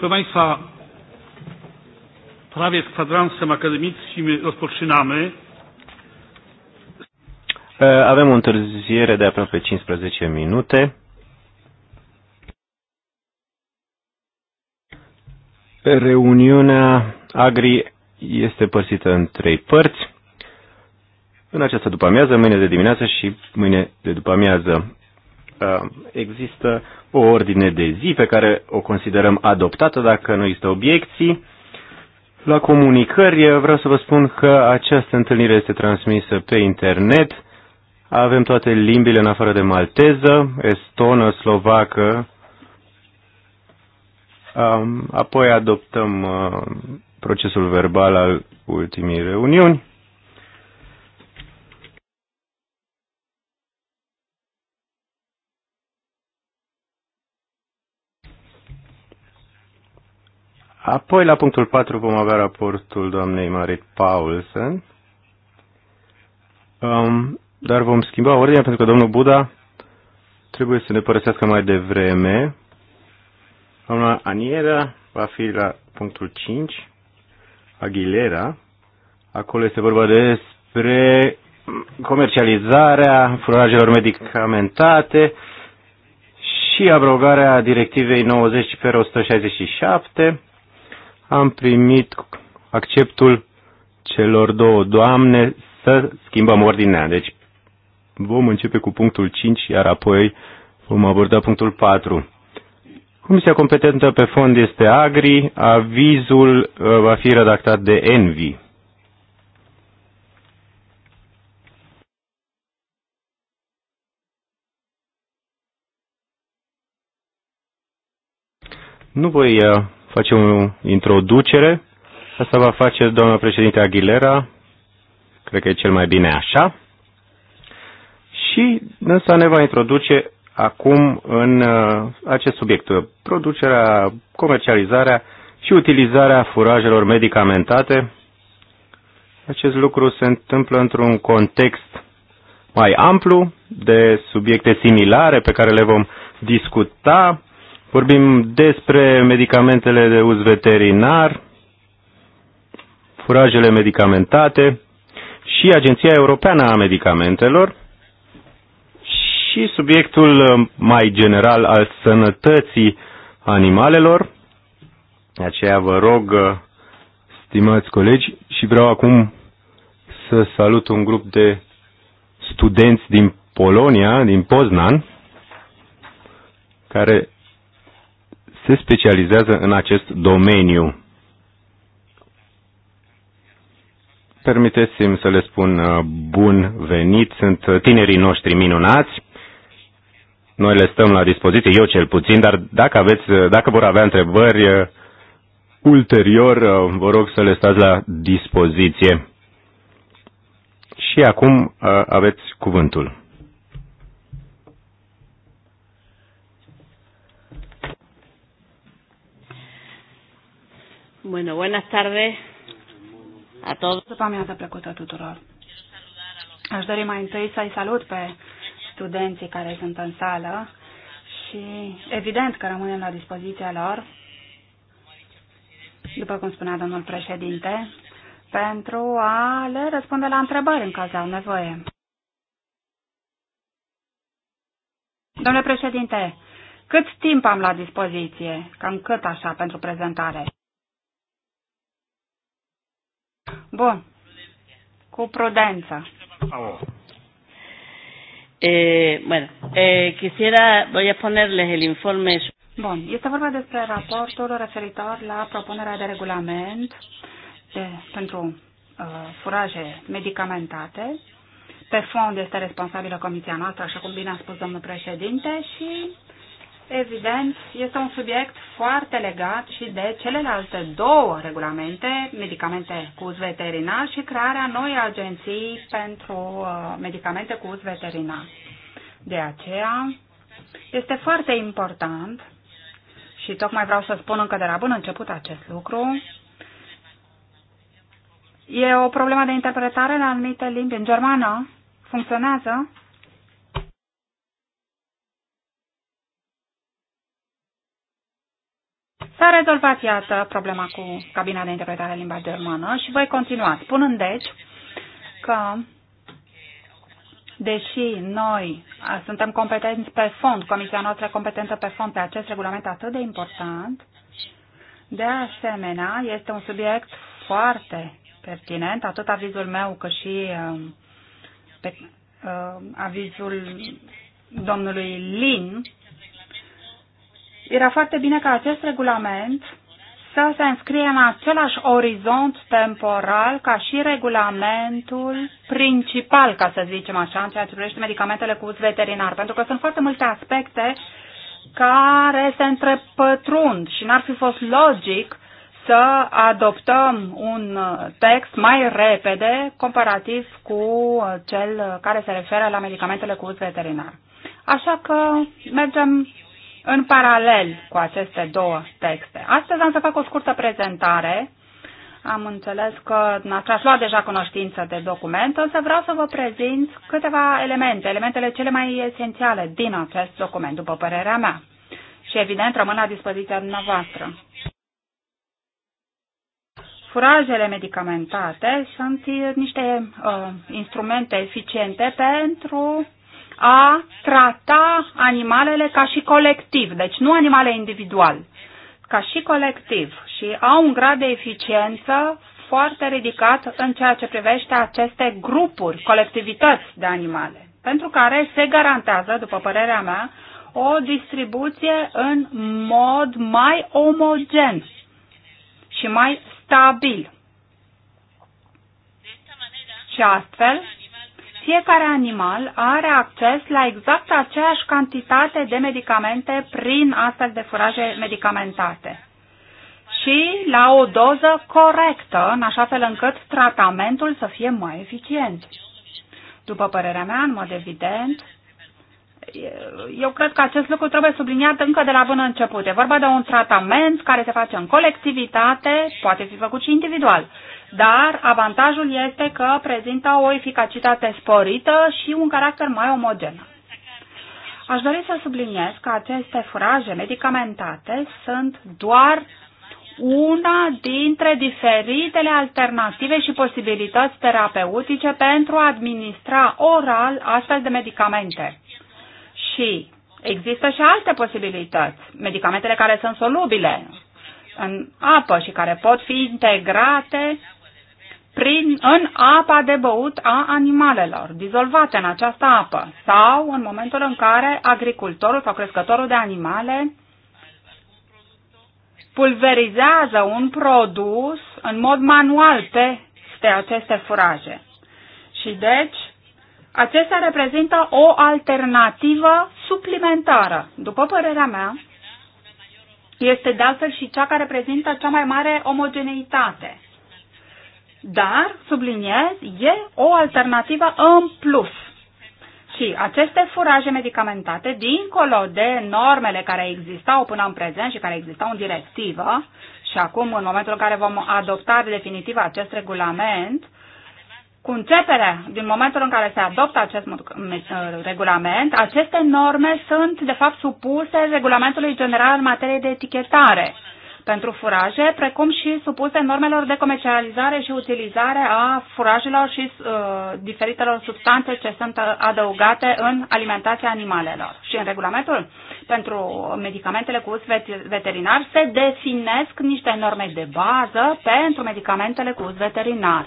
Proszę Państwa, prawie z kwadransem akademickim rozpoczynamy. Avem o întârziere de aproape 15 minute. Reuniunea Agri este părțită în trei părți. În această după amiază, mâine de dimineață și mâine de după amiază. Uh, există o ordine de zi pe care o considerăm adoptată dacă nu există obiecții. La comunicări uh, vreau să vă spun că această întâlnire este transmisă pe internet. Avem toate limbile în afară de malteză, estonă, slovacă. Um, apoi adoptăm uh, procesul verbal al ultimii reuniuni. Apoi, la punctul 4, vom avea raportul doamnei Marit Paulsen. Um, dar vom schimba ordinea pentru că domnul Buda trebuie să ne părăsească mai devreme. Doamna Aniera va fi la punctul 5, Aguilera. Acolo este vorba despre comercializarea furajelor medicamentate și abrogarea directivei 90 pe 167 am primit acceptul celor două doamne să schimbăm ordinea. Deci vom începe cu punctul 5, iar apoi vom aborda punctul 4. Comisia competentă pe fond este Agri, avizul uh, va fi redactat de Envi. Nu voi uh, face o introducere. Asta va face doamna președinte Aguilera. Cred că e cel mai bine așa. Și însă ne va introduce acum în uh, acest subiect, producerea, comercializarea și utilizarea furajelor medicamentate. Acest lucru se întâmplă într-un context mai amplu de subiecte similare pe care le vom discuta Vorbim despre medicamentele de uz veterinar, furajele medicamentate și Agenția Europeană a Medicamentelor și subiectul mai general al sănătății animalelor. De aceea vă rog, stimați colegi, și vreau acum să salut un grup de studenți din Polonia, din Poznan, care se specializează în acest domeniu. Permiteți-mi să le spun uh, bun venit, sunt uh, tinerii noștri minunați, noi le stăm la dispoziție, eu cel puțin, dar dacă, aveți, uh, dacă vor avea întrebări ulterior, vă rog să le stați la dispoziție. Și acum aveți cuvântul. Bueno, buenas tardes a todos. După amiază plăcută tuturor. Aș dori mai întâi să-i salut pe studenții care sunt în sală și evident că rămânem la dispoziția lor, după cum spunea domnul președinte, pentru a le răspunde la întrebări în caz au nevoie. Domnule președinte, cât timp am la dispoziție? Cam cât așa pentru prezentare? Bun. Cu prudență. Eh, bueno, eh, quisiera, voy a ponerles el informe. Bun, este vorba despre raportul referitor la propunerea de regulament de, pentru uh, furaje medicamentate. Pe fond este responsabilă comisia noastră, așa cum bine a spus domnul președinte, și uh, Evident, este un subiect foarte legat și de celelalte două regulamente, medicamente cu uz veterinar și crearea noi agenții pentru uh, medicamente cu uz veterinar. De aceea, este foarte important și tocmai vreau să spun încă de la bun început acest lucru, E o problemă de interpretare în anumite limbi. În germană funcționează S-a rezolvat, iată, problema cu cabina de interpretare a limba germană și voi continua, spunând deci că deși noi suntem competenți pe fond, comisia noastră competentă pe fond pe acest regulament atât de important, de asemenea, este un subiect foarte pertinent, atât avizul meu cât și pe, uh, avizul domnului Lin era foarte bine ca acest regulament să se înscrie în același orizont temporal ca și regulamentul principal, ca să zicem așa, în ceea ce privește medicamentele cu uz veterinar, pentru că sunt foarte multe aspecte care se întrepătrund și n-ar fi fost logic să adoptăm un text mai repede comparativ cu cel care se referă la medicamentele cu uz veterinar. Așa că mergem în paralel cu aceste două texte. Astăzi am să fac o scurtă prezentare. Am înțeles că ați luat deja cunoștință de document, însă vreau să vă prezint câteva elemente, elementele cele mai esențiale din acest document, după părerea mea. Și evident rămân la dispoziția dumneavoastră. Furajele medicamentate sunt niște uh, instrumente eficiente pentru a trata animalele ca și colectiv, deci nu animale individual, ca și colectiv și au un grad de eficiență foarte ridicat în ceea ce privește aceste grupuri, colectivități de animale, pentru care se garantează, după părerea mea, o distribuție în mod mai omogen și mai stabil. Și astfel, fiecare animal are acces la exact aceeași cantitate de medicamente prin astfel de furaje medicamentate și la o doză corectă, în așa fel încât tratamentul să fie mai eficient. După părerea mea, în mod evident, eu cred că acest lucru trebuie subliniat încă de la bun început. E vorba de un tratament care se face în colectivitate, poate fi făcut și individual dar avantajul este că prezintă o eficacitate sporită și un caracter mai omogen. Aș dori să subliniez că aceste furaje medicamentate sunt doar una dintre diferitele alternative și posibilități terapeutice pentru a administra oral astfel de medicamente. Și există și alte posibilități, medicamentele care sunt solubile în apă și care pot fi integrate prin, în apa de băut a animalelor, dizolvate în această apă, sau în momentul în care agricultorul sau crescătorul de animale pulverizează un produs în mod manual pe aceste furaje. Și deci, acestea reprezintă o alternativă suplimentară. După părerea mea, este de altfel și cea care reprezintă cea mai mare omogeneitate dar, subliniez, e o alternativă în plus. Și aceste furaje medicamentate, dincolo de normele care existau până în prezent și care existau în directivă, și acum, în momentul în care vom adopta definitiv acest regulament, cu începere, din momentul în care se adoptă acest uh, regulament, aceste norme sunt, de fapt, supuse regulamentului general în materie de etichetare pentru furaje, precum și supuse normelor de comercializare și utilizare a furajelor și uh, diferitelor substanțe ce sunt adăugate în alimentația animalelor. Și în regulamentul pentru medicamentele cu uz veterinar se definesc niște norme de bază pentru medicamentele cu uz veterinar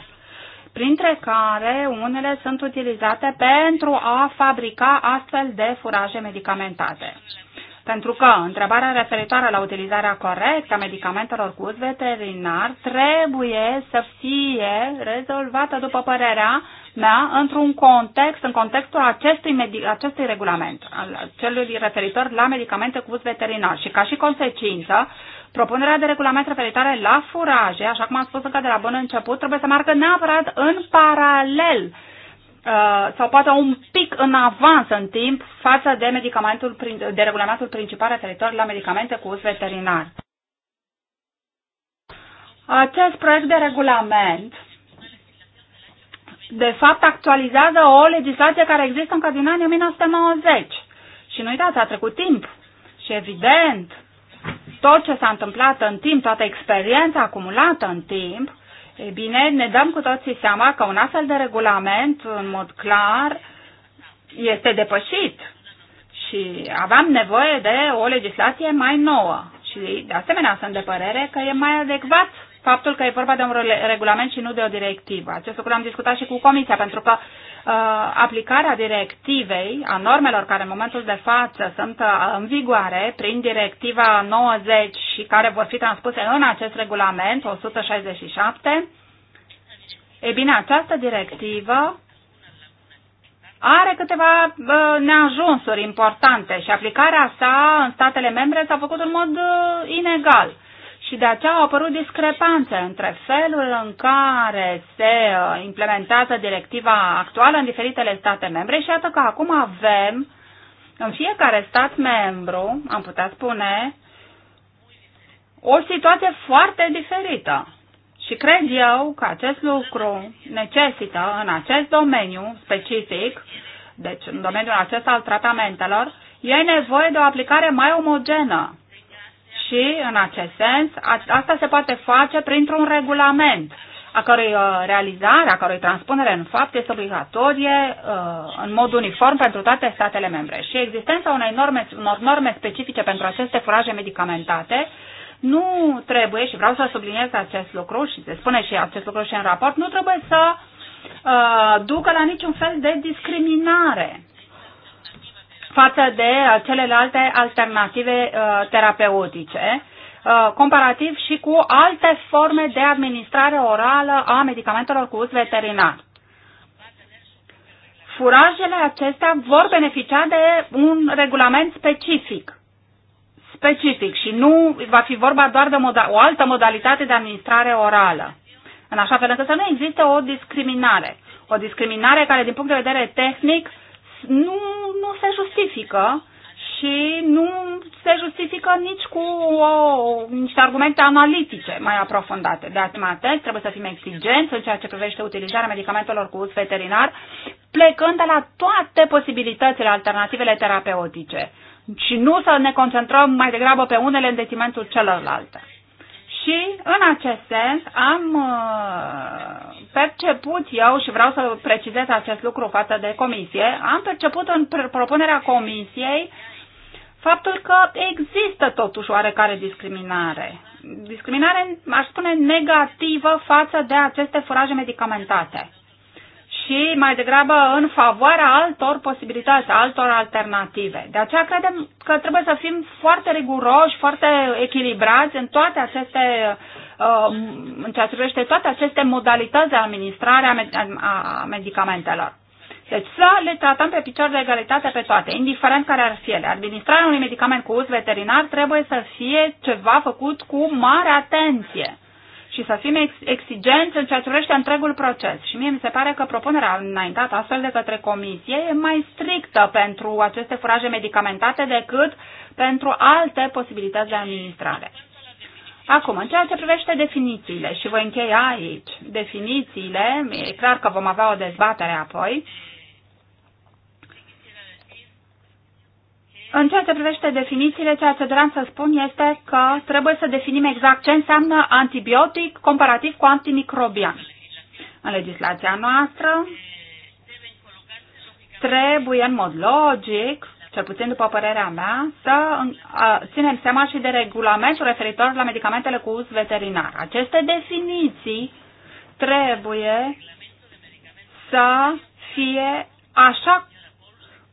printre care unele sunt utilizate pentru a fabrica astfel de furaje medicamentate. Pentru că întrebarea referitoare la utilizarea corectă a medicamentelor cu uz veterinar trebuie să fie rezolvată, după părerea mea, într-un context, în contextul acestui, acestui regulament, al celui referitor la medicamente cu uz veterinar. Și ca și consecință, Propunerea de regulament referitoare la furaje, așa cum am spus încă de la bun început, trebuie să meargă neapărat în paralel Uh, sau poate un pic în avans în timp față de, medicamentul, de regulamentul principal referitor la medicamente cu uz veterinar. Acest proiect de regulament de fapt actualizează o legislație care există încă din anii 1990. Și nu uitați, a trecut timp. Și evident, tot ce s-a întâmplat în timp, toată experiența acumulată în timp, ei bine, ne dăm cu toții seama că un astfel de regulament, în mod clar, este depășit și aveam nevoie de o legislație mai nouă. Și, de asemenea, sunt de părere că e mai adecvat faptul că e vorba de un regulament și nu de o directivă. Acest lucru am discutat și cu Comisia, pentru că uh, aplicarea directivei, a normelor care în momentul de față sunt uh, în vigoare prin directiva 90 și care vor fi transpuse în acest regulament 167, e bine, această directivă are câteva uh, neajunsuri importante și aplicarea sa în statele membre s-a făcut în mod uh, inegal. Și de aceea au apărut discrepanțe între felul în care se uh, implementează directiva actuală în diferitele state membre și iată că acum avem în fiecare stat membru, am putea spune, o situație foarte diferită. Și cred eu că acest lucru necesită în acest domeniu specific, deci în domeniul acesta al tratamentelor, e nevoie de o aplicare mai omogenă și, în acest sens, asta se poate face printr-un regulament a cărui uh, realizare, a cărui transpunere în fapt este obligatorie uh, în mod uniform pentru toate statele membre. Și existența unei norme, unor norme specifice pentru aceste furaje medicamentate nu trebuie, și vreau să subliniez acest lucru și se spune și acest lucru și în raport, nu trebuie să uh, ducă la niciun fel de discriminare față de uh, celelalte alternative uh, terapeutice, uh, comparativ și cu alte forme de administrare orală a medicamentelor cu uz veterinar. Furajele acestea vor beneficia de un regulament specific specific și nu va fi vorba doar de o altă modalitate de administrare orală. În așa fel încât să nu existe o discriminare. O discriminare care, din punct de vedere tehnic, nu, nu se justifică și nu se justifică nici cu o, niște argumente analitice mai aprofundate. De atunci trebuie să fim exigenți în ceea ce privește utilizarea medicamentelor cu uz veterinar, plecând de la toate posibilitățile alternativele terapeutice și nu să ne concentrăm mai degrabă pe unele în detrimentul celorlalte. Și în acest sens am uh, perceput eu, și vreau să precizez acest lucru față de comisie, am perceput în propunerea comisiei faptul că există totuși oarecare discriminare. Discriminare, aș spune, negativă față de aceste furaje medicamentate și mai degrabă în favoarea altor posibilități, altor alternative. De aceea credem că trebuie să fim foarte riguroși, foarte echilibrați în toate aceste uh, în ceea ce privește toate aceste modalități de administrare a medicamentelor. Deci să le tratăm pe picior de egalitate pe toate, indiferent care ar fi ele. Administrarea unui medicament cu uz veterinar trebuie să fie ceva făcut cu mare atenție și să fim exigenți în ceea ce privește întregul proces. Și mie mi se pare că propunerea înaintată astfel de către comisie e mai strictă pentru aceste furaje medicamentate decât pentru alte posibilități de administrare. Acum, în ceea ce privește definițiile, și voi încheia aici, definițiile, e clar că vom avea o dezbatere apoi, În ceea ce privește definițiile, ceea ce doream să spun este că trebuie să definim exact ce înseamnă antibiotic comparativ cu antimicrobian. În legislația noastră trebuie în mod logic, cel puțin după părerea mea, să ținem seama și de regulamentul referitor la medicamentele cu uz veterinar. Aceste definiții trebuie să fie așa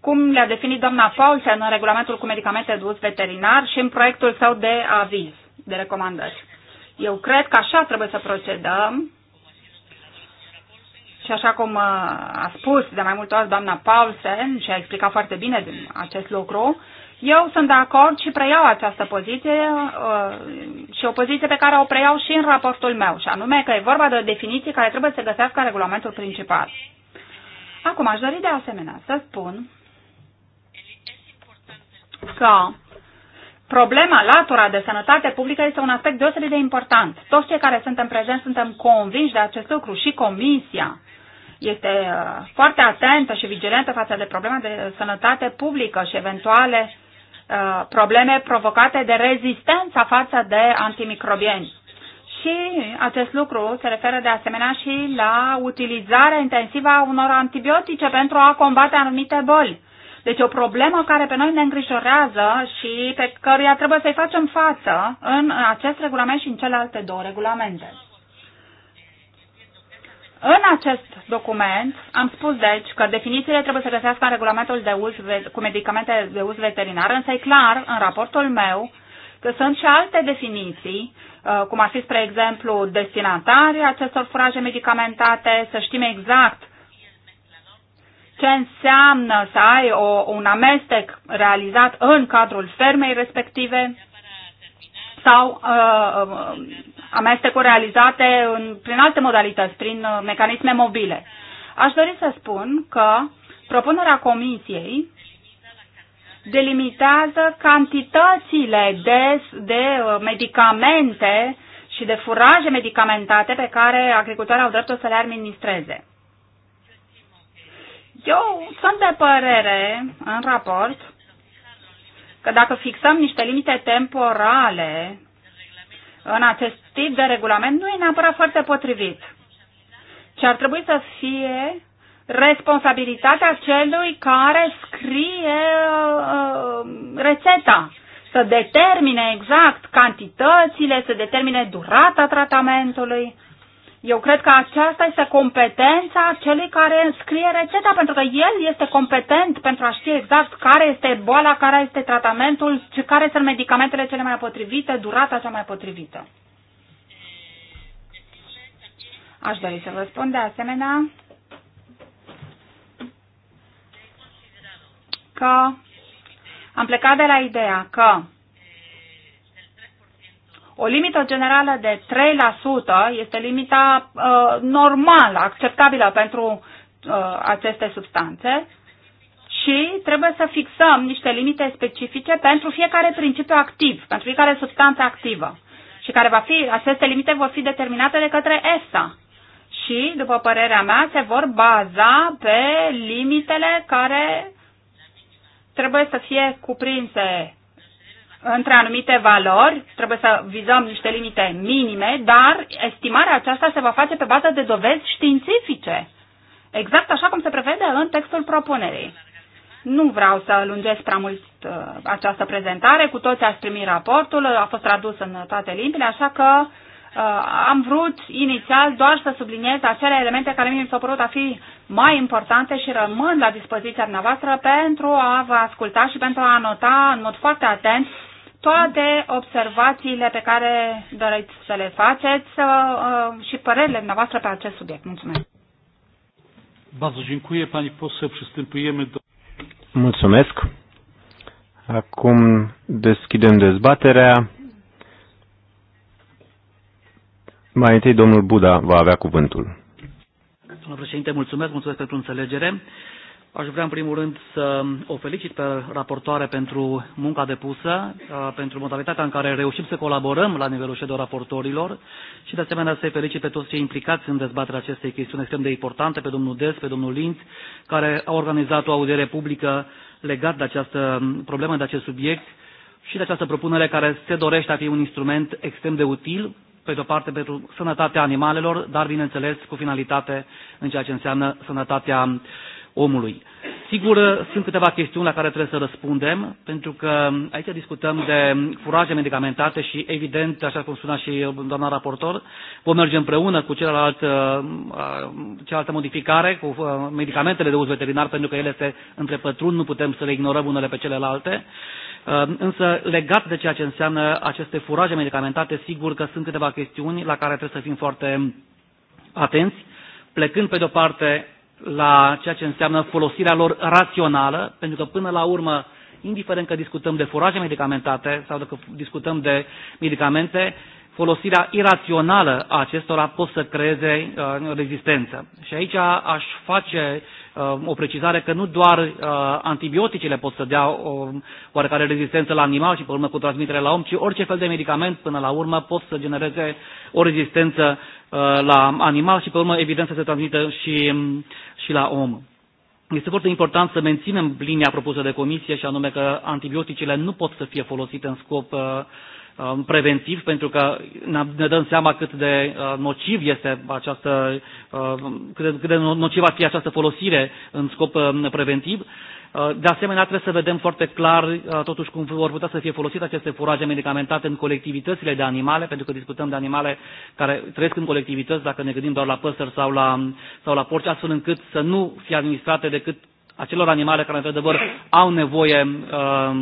cum le-a definit doamna Paulsen în regulamentul cu medicamente de uz veterinar și în proiectul său de aviz, de recomandări. Eu cred că așa trebuie să procedăm și așa cum uh, a spus de mai multe ori doamna Paulsen și a explicat foarte bine acest lucru, eu sunt de acord și preiau această poziție uh, și o poziție pe care o preiau și în raportul meu, și anume că e vorba de o definiție care trebuie să găsească regulamentul principal. Acum aș dori de asemenea să spun că problema, latura de sănătate publică este un aspect deosebit de important. Toți cei care suntem prezenți suntem convinși de acest lucru și Comisia este uh, foarte atentă și vigilentă față de problema de sănătate publică și eventuale uh, probleme provocate de rezistența față de antimicrobieni. Și acest lucru se referă de asemenea și la utilizarea intensivă a unor antibiotice pentru a combate anumite boli. Deci o problemă care pe noi ne îngrijorează și pe căruia trebuie să-i facem față în acest regulament și în celelalte două regulamente. În acest document am spus deci că definițiile trebuie să găsească în regulamentul de uz cu medicamente de uz veterinar, însă e clar în raportul meu că sunt și alte definiții, uh, cum ar fi, spre exemplu, destinatarii acestor furaje medicamentate, să știm exact ce înseamnă să ai o, un amestec realizat în cadrul fermei respective sau uh, uh amestecuri realizate în, prin alte modalități, prin uh, mecanisme mobile. Aș dori să spun că propunerea comisiei delimitează cantitățile de, de uh, medicamente și de furaje medicamentate pe care agricultorii au dreptul să le administreze. Eu sunt de părere în raport că dacă fixăm niște limite temporale în acest tip de regulament, nu e neapărat foarte potrivit, Ce ar trebui să fie responsabilitatea celui care scrie uh, rețeta, să determine exact cantitățile, să determine durata tratamentului. Eu cred că aceasta este competența celui care scrie rețeta, pentru că el este competent pentru a ști exact care este boala, care este tratamentul, care sunt medicamentele cele mai potrivite, durata cea mai potrivită. Aș dori să răspund de asemenea că am plecat de la ideea că o limită generală de 3% este limita uh, normală, acceptabilă pentru uh, aceste substanțe și trebuie să fixăm niște limite specifice pentru fiecare principiu activ, pentru fiecare substanță activă și care va fi, aceste limite vor fi determinate de către ESA și, după părerea mea, se vor baza pe limitele care trebuie să fie cuprinse între anumite valori, trebuie să vizăm niște limite minime, dar estimarea aceasta se va face pe bază de dovezi științifice, exact așa cum se prevede în textul propunerii. Nu vreau să lungesc prea mult uh, această prezentare, cu toți ați primit raportul, a fost tradus în toate limbile, așa că uh, am vrut inițial doar să subliniez acele elemente care mi s-au părut a fi mai importante și rămân la dispoziția dumneavoastră pentru a vă asculta și pentru a anota în mod foarte atent toate observațiile pe care doriți să le faceți uh, și părerile noastre pe acest subiect. Mulțumesc! pani do... Mulțumesc. Acum deschidem dezbaterea. Mai întâi domnul Buda va avea cuvântul. Domnul președinte, mulțumesc, mulțumesc pentru înțelegere. Aș vrea în primul rând să o felicit pe raportoare pentru munca depusă, pentru modalitatea în care reușim să colaborăm la nivelul ședor raportorilor și de asemenea să-i felicit pe toți cei implicați în dezbaterea acestei chestiuni extrem de importante, pe domnul Des, pe domnul Linț, care au organizat o audiere publică legat de această problemă, de acest subiect și de această propunere care se dorește a fi un instrument extrem de util pe de-o parte pentru sănătatea animalelor, dar bineînțeles cu finalitate în ceea ce înseamnă sănătatea uh, omului. Sigur, sunt câteva chestiuni la care trebuie să răspundem, pentru că aici discutăm de furaje medicamentate și, evident, așa cum spunea și doamna raportor, vom merge împreună cu celălalt, uh, uh, cealaltă modificare, cu uh, medicamentele de uz veterinar, pentru că ele se întrepătrund, nu putem să le ignorăm unele pe celelalte. Însă, legat de ceea ce înseamnă aceste furaje medicamentate, sigur că sunt câteva chestiuni la care trebuie să fim foarte atenți, plecând pe de-o parte la ceea ce înseamnă folosirea lor rațională, pentru că până la urmă, indiferent că discutăm de furaje medicamentate sau dacă discutăm de medicamente, folosirea irațională a acestora pot să creeze uh, rezistență. Și aici aș face uh, o precizare că nu doar uh, antibioticele pot să dea o oarecare rezistență la animal și pe urmă cu transmitere la om, ci orice fel de medicament până la urmă pot să genereze o rezistență la animal și pe urmă evident să se transmită și, și la om. Este foarte important să menținem linia propusă de comisie și anume că antibioticele nu pot să fie folosite în scop uh, Um, preventiv, pentru că ne dăm seama cât de uh, nociv este această, uh, cât de, cât de nociv ar fi această folosire în scop um, preventiv. Uh, de asemenea, trebuie să vedem foarte clar, totuși, cum vor putea să fie folosite aceste furaje medicamentate în colectivitățile de animale, pentru că discutăm de animale care trăiesc în colectivități, dacă ne gândim doar la păsări sau la, sau la porci, astfel încât să nu fie administrate decât acelor animale care, într-adevăr, au nevoie uh,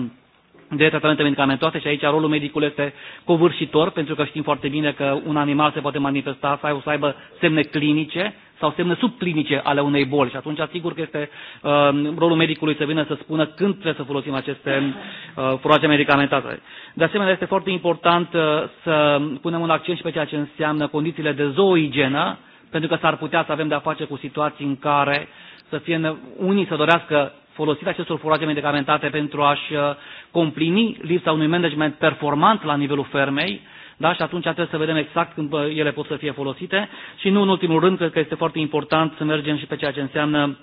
de tratamente medicamentoase și aici rolul medicului este covârșitor, pentru că știm foarte bine că un animal se poate manifesta sau să aibă semne clinice sau semne subclinice ale unei boli. Și atunci, sigur că este uh, rolul medicului să vină să spună când trebuie să folosim aceste uh, furaje medicamentate. De asemenea, este foarte important uh, să punem un accent și pe ceea ce înseamnă condițiile de zooigenă, pentru că s-ar putea să avem de-a face cu situații în care să fie unii să dorească folosirea acestor furaje medicamentate pentru a-și uh, complini lipsa unui management performant la nivelul fermei, da? și atunci trebuie să vedem exact când ele pot să fie folosite. Și nu în ultimul rând, cred că este foarte important să mergem și pe ceea ce înseamnă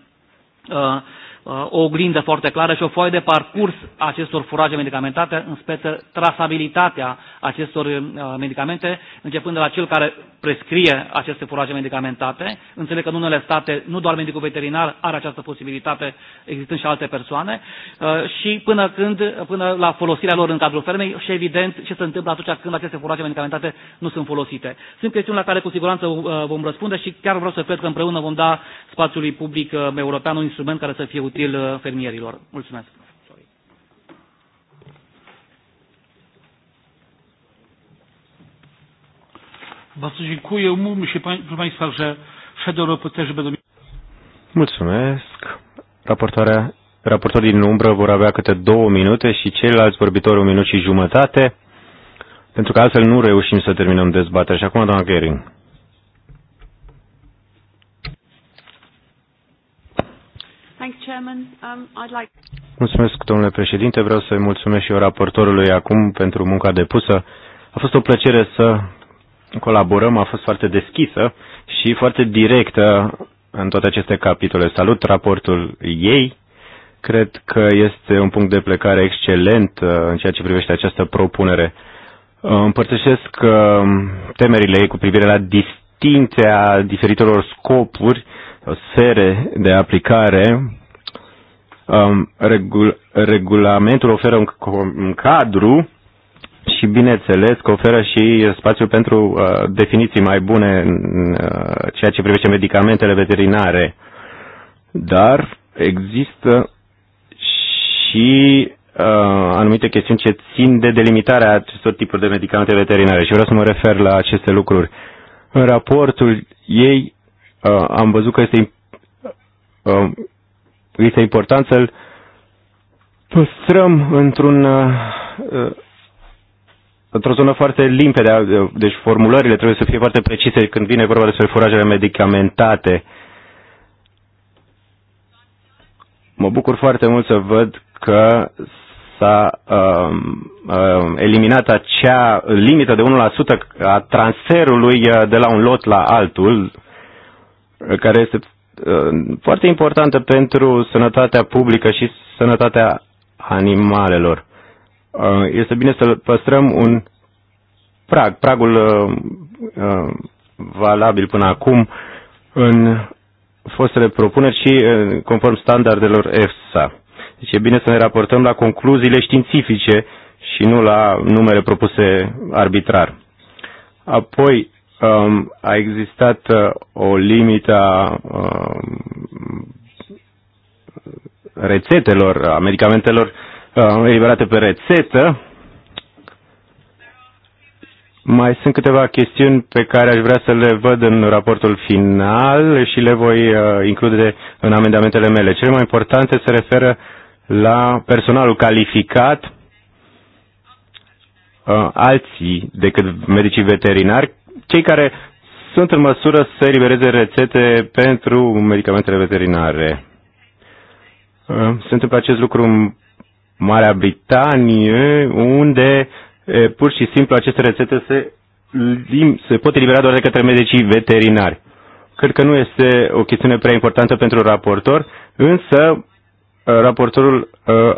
uh, Uh, o oglindă foarte clară și o foaie de parcurs a acestor furaje medicamentate, în speță trasabilitatea acestor uh, medicamente, începând de la cel care prescrie aceste furaje medicamentate. Înțeleg că în unele state, nu doar medicul veterinar are această posibilitate, existând și alte persoane, uh, și până când, până la folosirea lor în cadrul fermei și evident ce se întâmplă atunci când aceste furaje medicamentate nu sunt folosite. Sunt chestiuni la care cu siguranță vom răspunde și chiar vreau să cred că împreună vom da spațiului public european un instrument care să fie util util uh, fermierilor. Mulțumesc! Bardzo dziękuję. Umówmy się, proszę Państwa, że shadow raporterzy będą... Mulțumesc. Raportarea, raportorii din umbră vor avea câte două minute și ceilalți vorbitori un minut și jumătate, pentru că altfel nu reușim să terminăm dezbaterea. Și acum, doamna Gering. Um, mulțumesc, domnule președinte. Vreau să-i mulțumesc și eu raportorului acum pentru munca depusă. A fost o plăcere să colaborăm, a fost foarte deschisă și foarte directă în toate aceste capitole. Salut raportul ei. Cred că este un punct de plecare excelent uh, în ceea ce privește această propunere. Uh, împărtășesc uh, temerile ei cu privire la distinția diferitelor scopuri sfere de aplicare, um, regul, regulamentul oferă un, un cadru și, bineînțeles, că oferă și spațiul pentru uh, definiții mai bune în uh, ceea ce privește medicamentele veterinare. Dar există și uh, anumite chestiuni ce țin de delimitarea acestor tipuri de medicamente veterinare și vreau să mă refer la aceste lucruri. În raportul ei Uh, am văzut că este, uh, este important să-l păstrăm într-un uh, într-o zonă foarte limpede, deci formulările trebuie să fie foarte precise când vine vorba despre furajele medicamentate. Mă bucur foarte mult să văd că s-a um, um, eliminat acea limită de 1% a transferului de la un lot la altul, care este uh, foarte importantă pentru sănătatea publică și sănătatea animalelor. Uh, este bine să păstrăm un prag, pragul uh, valabil până acum în fostele propuneri și conform standardelor EFSA. Deci e bine să ne raportăm la concluziile științifice și nu la numere propuse arbitrar. Apoi, um, a existat uh, o limită a uh, rețetelor, a medicamentelor uh, eliberate pe rețetă. Mai sunt câteva chestiuni pe care aș vrea să le văd în raportul final și le voi uh, include în amendamentele mele. Cele mai importante se referă la personalul calificat, uh, alții decât medicii veterinari cei care sunt în măsură să elibereze rețete pentru medicamentele veterinare. Uh, se întâmplă acest lucru în Marea Britanie, unde pur și simplu aceste rețete se, se pot elibera doar de către medicii veterinari. Cred că nu este o chestiune prea importantă pentru raportor, însă uh, raportorul uh,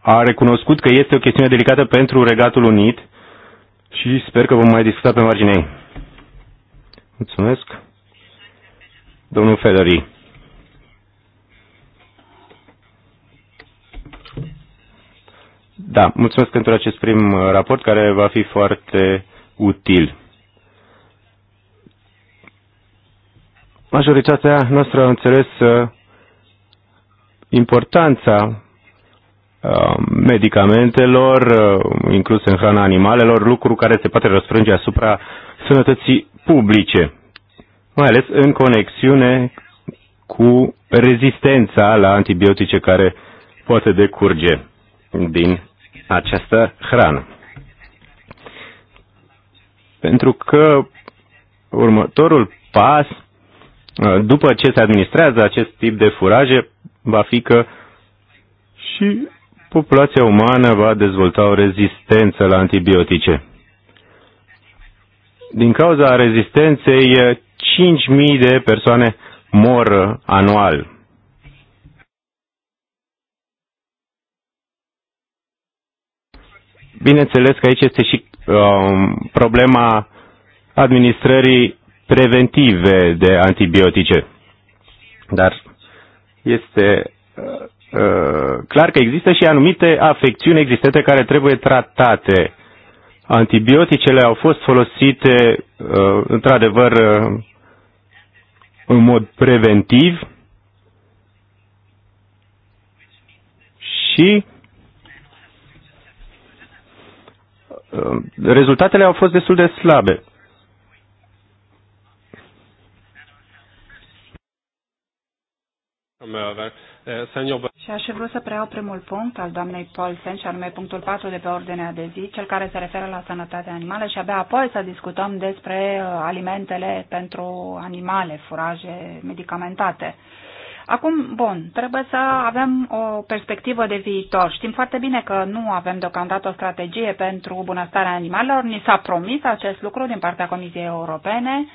a recunoscut că este o chestiune delicată pentru Regatul Unit și sper că vom mai discuta pe marginea ei. Mulțumesc. Domnul Federi. Da, mulțumesc pentru acest prim uh, raport care va fi foarte util. Majoritatea noastră a înțeles uh, importanța Um, medicamentelor uh, inclus în hrana animalelor, lucru care se poate răsfrânge asupra sănătății publice, mai ales în conexiune cu rezistența la antibiotice care poate decurge din această hrană. Pentru că următorul pas, uh, după ce se administrează acest tip de furaje, va fi că și populația umană va dezvolta o rezistență la antibiotice. Din cauza rezistenței, 5.000 de persoane mor anual. Bineînțeles că aici este și um, problema administrării preventive de antibiotice. Dar este uh, Uh, clar că există și anumite afecțiuni existente care trebuie tratate. Antibioticele au fost folosite uh, într-adevăr uh, în mod preventiv și rezultatele au fost destul de slabe. avut Eh, și aș vrea să preiau primul punct al doamnei Paulsen, și anume punctul 4 de pe ordinea de zi, cel care se referă la sănătatea animală și abia apoi să discutăm despre uh, alimentele pentru animale, furaje medicamentate. Acum, bun, trebuie să avem o perspectivă de viitor. Știm foarte bine că nu avem deocamdată o strategie pentru bunăstarea animalelor. Ni s-a promis acest lucru din partea Comisiei Europene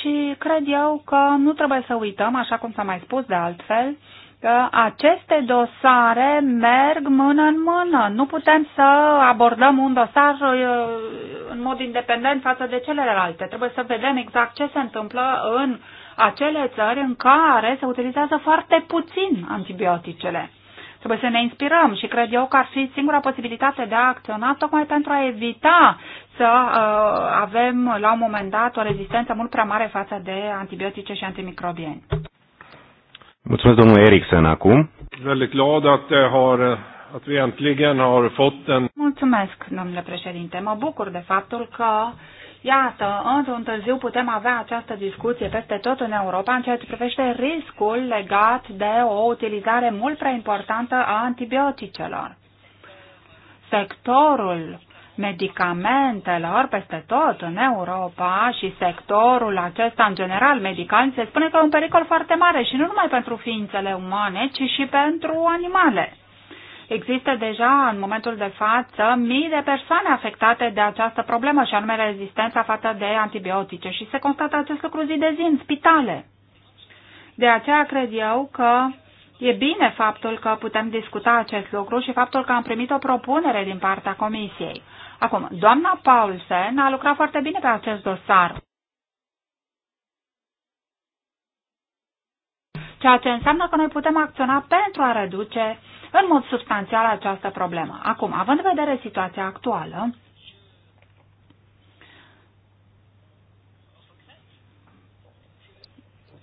și cred eu că nu trebuie să uităm, așa cum s-a mai spus de altfel, că aceste dosare merg mână în mână. Nu putem să abordăm un dosar uh, în mod independent față de celelalte. Trebuie să vedem exact ce se întâmplă în acele țări în care se utilizează foarte puțin antibioticele. Trebuie să ne inspirăm și cred eu că ar fi singura posibilitate de a acționa tocmai pentru a evita să uh, avem la un moment dat o rezistență mult prea mare față de antibiotice și antimicrobieni. Mulțumesc, domnul Eriksen, acum. Eh, eh, Mulțumesc, domnule președinte. Mă bucur de faptul că, iată, într-un târziu putem avea această discuție peste tot în Europa în ceea ce privește riscul legat de o utilizare mult prea importantă a antibioticelor. Sectorul medicamentelor peste tot în Europa și sectorul acesta în general medical se spune că e un pericol foarte mare și nu numai pentru ființele umane, ci și pentru animale. Există deja în momentul de față mii de persoane afectate de această problemă și anume rezistența față de antibiotice și se constată acest lucru zi de zi în spitale. De aceea cred eu că E bine faptul că putem discuta acest lucru și faptul că am primit o propunere din partea Comisiei. Acum, doamna Paulsen a lucrat foarte bine pe acest dosar. Ceea ce înseamnă că noi putem acționa pentru a reduce în mod substanțial această problemă. Acum, având în vedere situația actuală,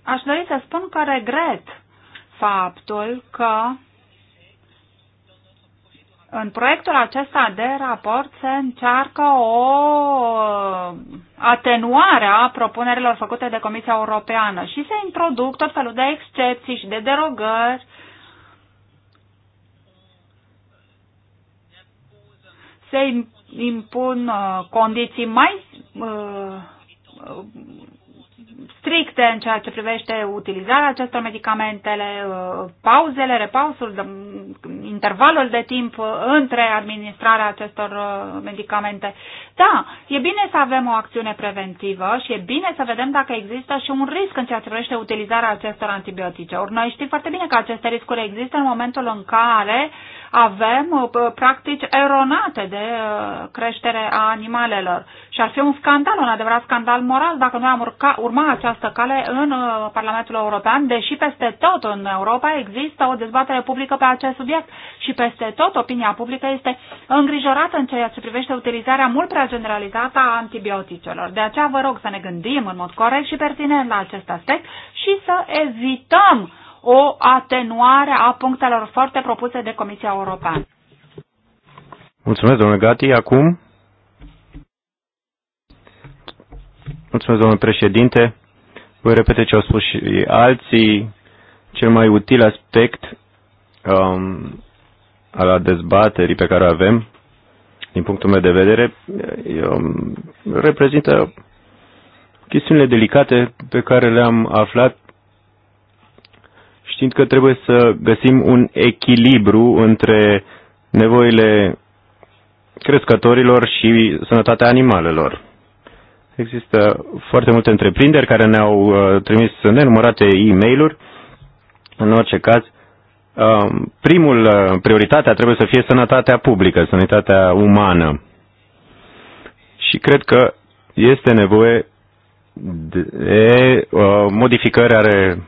aș dori să spun că regret faptul că în proiectul acesta de raport se încearcă o atenuare a propunerilor făcute de Comisia Europeană și se introduc tot felul de excepții și de derogări. Se impun uh, condiții mai uh, stricte în ceea ce privește utilizarea acestor medicamentele, uh, pauzele, repausul, intervalul de timp uh, între administrarea acestor uh, medicamente. Da, e bine să avem o acțiune preventivă și e bine să vedem dacă există și un risc în ceea ce privește utilizarea acestor antibiotice. Ori noi știm foarte bine că aceste riscuri există în momentul în care avem uh, practici eronate de uh, creștere a animalelor. Și ar fi un scandal, un adevărat scandal moral, dacă noi am urca, urma această cale în uh, Parlamentul European, deși peste tot în Europa există o dezbatere publică pe acest subiect și peste tot opinia publică este îngrijorată în ceea ce privește utilizarea mult prea generalizată a antibioticelor. De aceea vă rog să ne gândim în mod corect și pertinent la acest aspect și să evităm o atenuare a punctelor foarte propuse de Comisia Europeană. Mulțumesc, domnule Gati. Acum? Mulțumesc, domnule președinte. Voi repete ce au spus și alții. Cel mai util aspect um, al dezbaterii pe care o avem, din punctul meu de vedere, um, reprezintă chestiunile delicate pe care le-am aflat știind că trebuie să găsim un echilibru între nevoile crescătorilor și sănătatea animalelor. Există foarte multe întreprinderi care ne-au uh, trimis nenumărate e mail În orice caz, um, primul, uh, prioritatea trebuie să fie sănătatea publică, sănătatea umană. Și cred că este nevoie de uh, modificări ale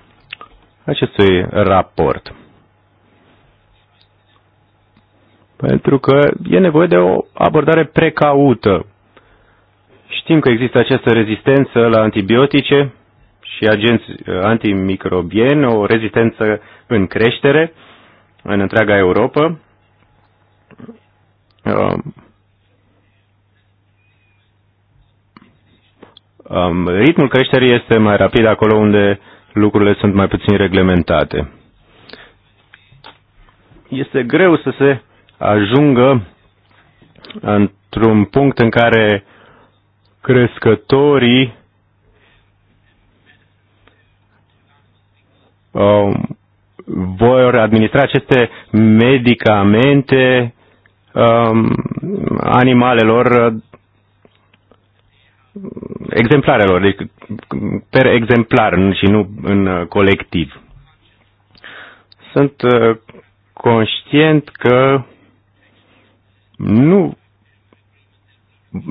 acestui raport. Pentru că e nevoie de o abordare precaută. Știm că există această rezistență la antibiotice și agenți antimicrobieni, o rezistență în creștere în întreaga Europa. Um, um, ritmul creșterii este mai rapid acolo unde lucrurile sunt mai puțin reglementate. Este greu să se ajungă într-un punct în care crescătorii um, vor administra aceste medicamente um, animalelor exemplarelor, deci per exemplar și nu în uh, colectiv. Sunt uh, conștient că nu,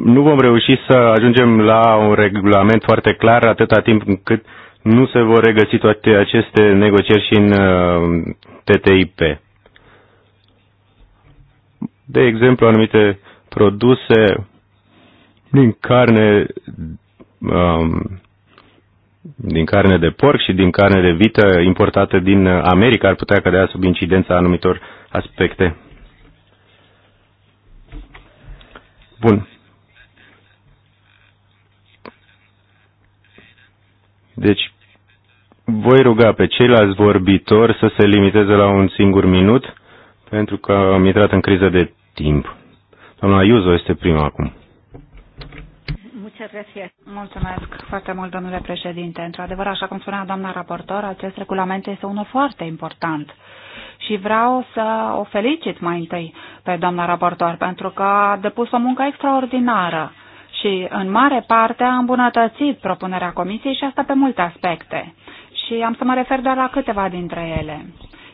nu vom reuși să ajungem la un regulament foarte clar atâta timp cât nu se vor regăsi toate aceste negocieri și în uh, TTIP. De exemplu, anumite produse din carne um, din carne de porc și din carne de vită importată din America ar putea cădea sub incidența anumitor aspecte. Bun. Deci, voi ruga pe ceilalți vorbitori să se limiteze la un singur minut, pentru că am intrat în criză de timp. Doamna Iuzo este prima acum. Mulțumesc foarte mult, domnule președinte. Într-adevăr, așa cum spunea doamna raportor, acest regulament este unul foarte important și vreau să o felicit mai întâi pe doamna raportor pentru că a depus o muncă extraordinară și în mare parte a îmbunătățit propunerea comisiei și asta pe multe aspecte. Și am să mă refer doar la câteva dintre ele.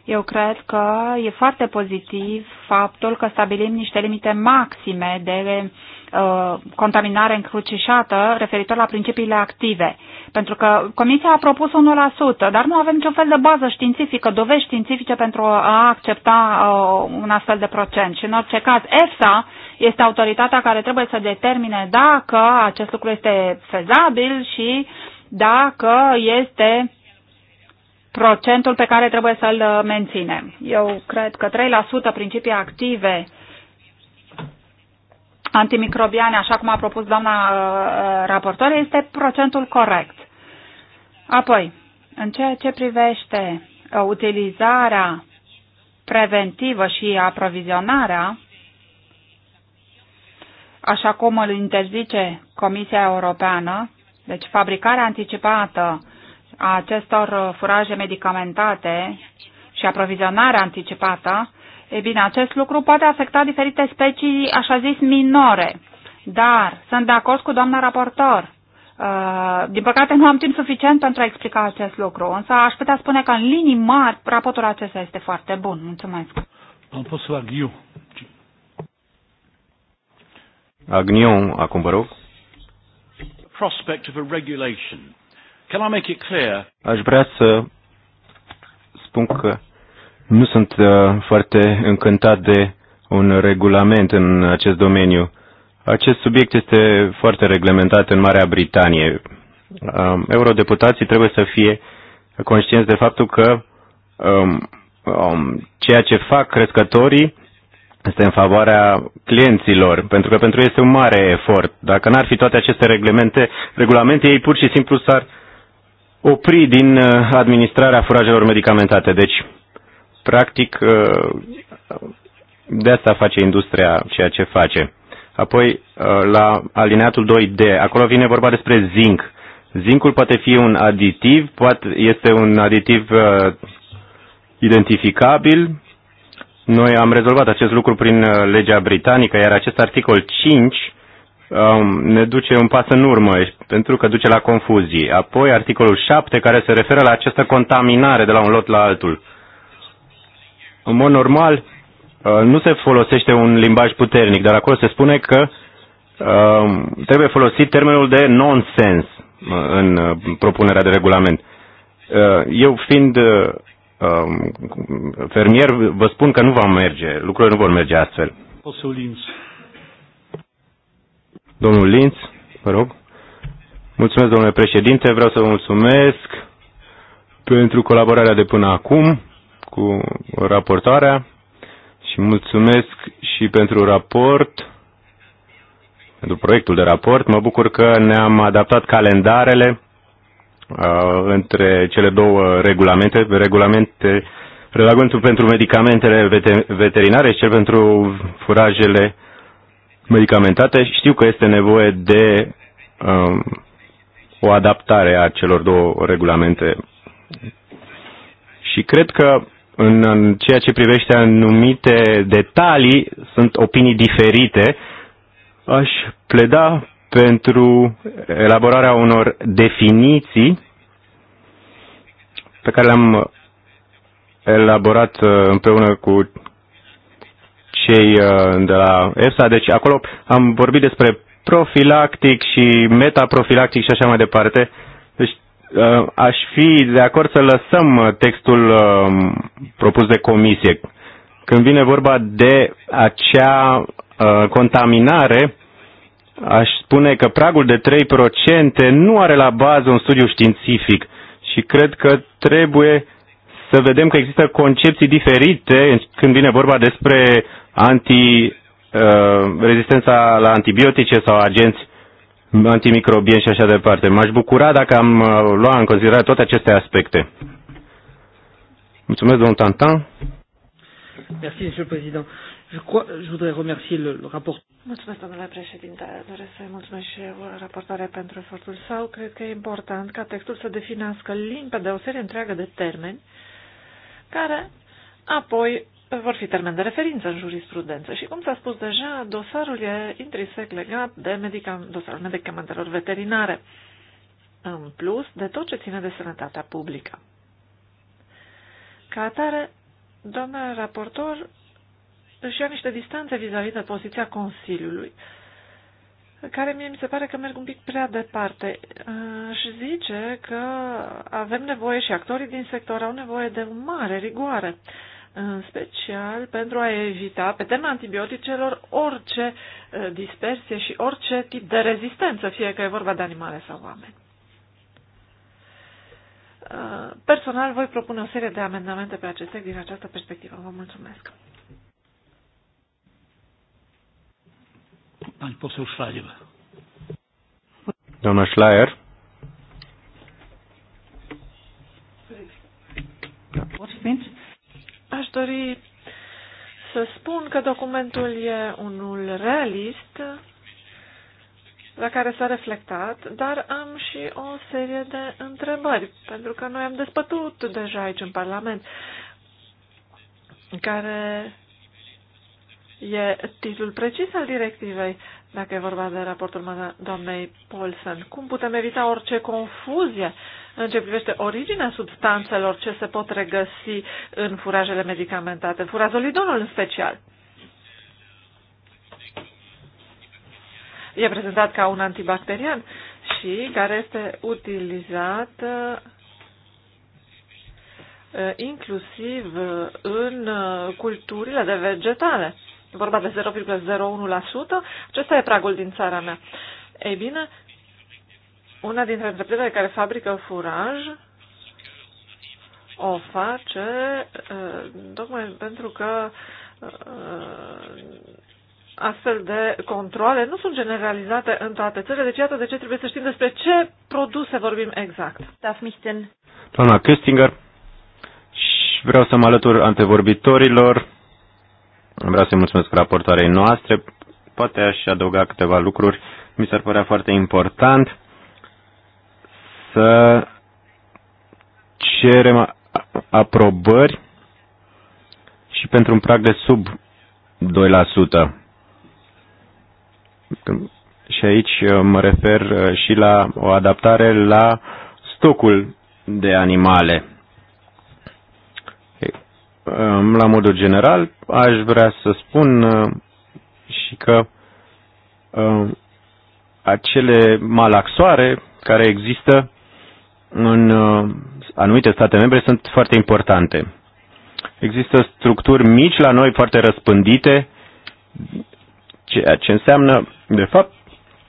Eu cred că e foarte pozitiv faptul că stabilim niște limite maxime de uh, contaminare încrucișată referitor la principiile active. Pentru că Comisia a propus 1%, dar nu avem niciun fel de bază științifică, dovești științifice pentru a accepta uh, un astfel de procent. Și în orice caz, EFSA este autoritatea care trebuie să determine dacă acest lucru este fezabil și dacă este procentul pe care trebuie să-l uh, menținem. Eu cred că 3% principii active antimicrobiane, așa cum a propus doamna uh, uh, raportor, este procentul corect. Apoi, în ceea ce privește utilizarea preventivă și aprovizionarea, așa cum îl interzice Comisia Europeană, deci fabricarea anticipată a acestor uh, furaje medicamentate și aprovizionarea anticipată, e bine, acest lucru poate afecta diferite specii, așa zis, minore. Dar sunt de acord cu doamna raportor. Uh, din păcate nu am timp suficient pentru a explica acest lucru, însă aș putea spune că în linii mari raportul acesta este foarte bun. Mulțumesc. Agniu. Agniu, acum vă rog. Can I make it clear? Aș vrea să spun că nu sunt uh, foarte încântat de un regulament în acest domeniu. Acest subiect este foarte reglementat în Marea Britanie. Um, eurodeputații trebuie să fie conștienți de faptul că um, um, ceea ce fac crescătorii este în favoarea clienților, pentru că pentru ei este un mare efort. Dacă n-ar fi toate aceste reglemente, regulamente, ei pur și simplu s-ar opri din uh, administrarea furajelor medicamentate. Deci, practic, uh, de asta face industria ceea ce face. Apoi, uh, la alineatul 2D, acolo vine vorba despre zinc. Zincul poate fi un aditiv, poate, este un aditiv uh, identificabil. Noi am rezolvat acest lucru prin legea britanică, iar acest articol 5 Um, ne duce un pas în urmă, pentru că duce la confuzii. Apoi articolul 7, care se referă la această contaminare de la un lot la altul. În mod normal, uh, nu se folosește un limbaj puternic, dar acolo se spune că um, trebuie folosit termenul de nonsens uh, în uh, propunerea de regulament. Eu fiind um, fermier, vă spun că nu va merge, lucrurile nu vor merge astfel. Domnul Linț, vă rog. Mulțumesc, domnule președinte, vreau să vă mulțumesc pentru colaborarea de până acum cu raportarea și mulțumesc și pentru raport, pentru proiectul de raport. Mă bucur că ne-am adaptat calendarele uh, între cele două regulamente, regulamente regulamentul pentru medicamentele veterinare și cel pentru furajele medicamentate, știu că este nevoie de um, o adaptare a celor două regulamente. Și cred că în, în ceea ce privește anumite detalii sunt opinii diferite. Aș pleda pentru elaborarea unor definiții pe care le-am elaborat uh, împreună cu cei uh, de la EFSA, deci acolo am vorbit despre profilactic și metaprofilactic și așa mai departe. Deci uh, aș fi de acord să lăsăm uh, textul propus de comisie. Când vine vorba de acea contaminare, aș spune că pragul de 3% nu are la bază un studiu științific și cred că trebuie să vedem că există concepții diferite când vine vorba despre anti, uh, rezistența la antibiotice sau agenți antimicrobieni și așa departe. M-aș bucura dacă am uh, luat în considerare toate aceste aspecte. Mulțumesc, domnul Tantan. Merci, monsieur le président. Je, crois, je voudrais remercier le, le rapport. Mulțumesc, domnule președinte. Doresc să-i mulțumesc și eu pentru efortul său. Cred că e important ca textul să definească limpede o serie întreagă de termeni care apoi vor fi termeni de referință în jurisprudență și, cum s-a spus deja, dosarul e intrisec legat de medicam, dosarul medicamentelor veterinare, în plus de tot ce ține de sănătatea publică. Ca atare, doamna raportor își ia niște distanțe vis-a-vis -vis de poziția Consiliului, care mie mi se pare că merg un pic prea departe. Și zice că avem nevoie și actorii din sector au nevoie de mare rigoare în special pentru a evita, pe tema antibioticelor, orice uh, dispersie și orice tip de rezistență, fie că e vorba de animale sau oameni. Uh, personal voi propune o serie de amendamente pe acest text din această perspectivă. Vă mulțumesc. Doamna Schleier. What Aș dori să spun că documentul e unul realist la care s-a reflectat, dar am și o serie de întrebări, pentru că noi am despătut deja aici în Parlament, care e titlul precis al directivei, dacă e vorba de raportul doamnei Paulsen. Cum putem evita orice confuzie uh, în ce privește originea substanțelor ce se pot regăsi în furajele medicamentate, furazolidonul în special. E prezentat ca un antibacterian și care este utilizat uh, inclusiv uh, în uh, culturile de vegetale. E vorba de 0,01%, acesta e pragul din țara mea. Ei bine, una dintre întreprinderile care fabrică furaj o face uh, tocmai pentru că uh, astfel de controle nu sunt generalizate în toate țările, deci iată de ce trebuie să știm despre ce produse vorbim exact. Doamna Köstinger, și vreau să mă alătur antevorbitorilor, vreau să-i mulțumesc raportoarei noastre, poate aș adăuga câteva lucruri, mi s-ar părea foarte important să cerem aprobări și pentru un prag de sub 2%. Și aici uh, mă refer uh, și la o adaptare la stocul de animale. Um, la modul general, aș vrea să spun uh, și că acele malaxoare care există în uh, anumite state membre sunt foarte importante. Există structuri mici la noi, foarte răspândite, ceea ce înseamnă, de fapt,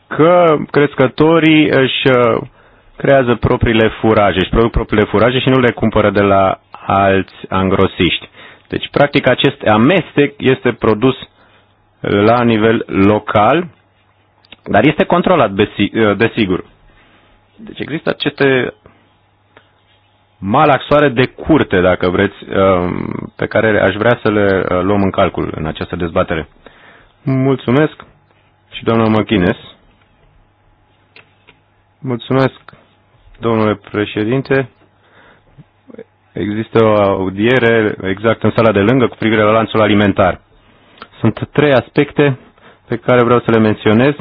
că crescătorii își uh, creează propriile furaje, își produc propriile furaje și nu le cumpără de la alți angrosiști. Deci, practic, acest amestec este produs la nivel local, dar este controlat, uh, desigur. Deci există aceste malaxoare de curte, dacă vreți, um, pe care aș vrea să le uh, luăm în calcul în această dezbatere. Mulțumesc și doamna Machines. Mulțumesc, domnule președinte. Există o audiere exact în sala de lângă cu privire la lanțul alimentar. Sunt trei aspecte pe care vreau să le menționez.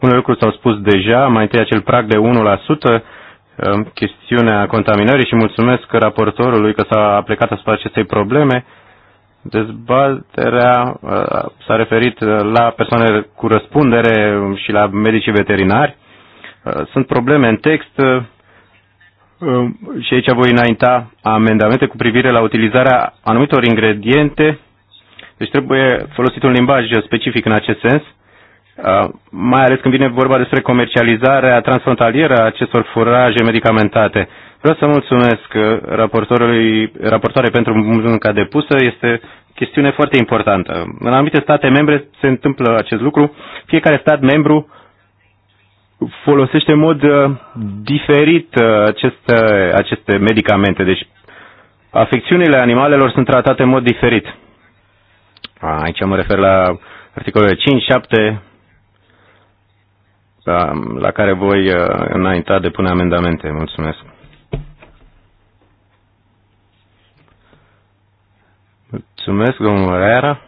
Unele lucruri s-au spus deja, mai întâi acel prag de chestiunea contaminării și mulțumesc raportorului că s-a aplicat asupra acestei probleme. Dezbaterea uh, s-a referit uh, la persoane cu răspundere și la medicii veterinari. Uh, sunt probleme în text și aici voi înainta amendamente cu privire la utilizarea anumitor ingrediente. Deci trebuie folosit un limbaj specific în acest sens Uh, mai ales când vine vorba despre comercializarea transfrontalieră a acestor furaje medicamentate. Vreau să mulțumesc uh, raportorului, raportoare pentru munca depusă, este chestiune foarte importantă. În anumite state membre se întâmplă acest lucru, fiecare stat membru folosește în mod uh, diferit aceste, aceste medicamente, deci afecțiunile animalelor sunt tratate în mod diferit. Aici mă refer la articolele 5, 7, Um, la care voi uh, înainta depune amendamente. Mulțumesc. Mulțumesc, domnul Moreira.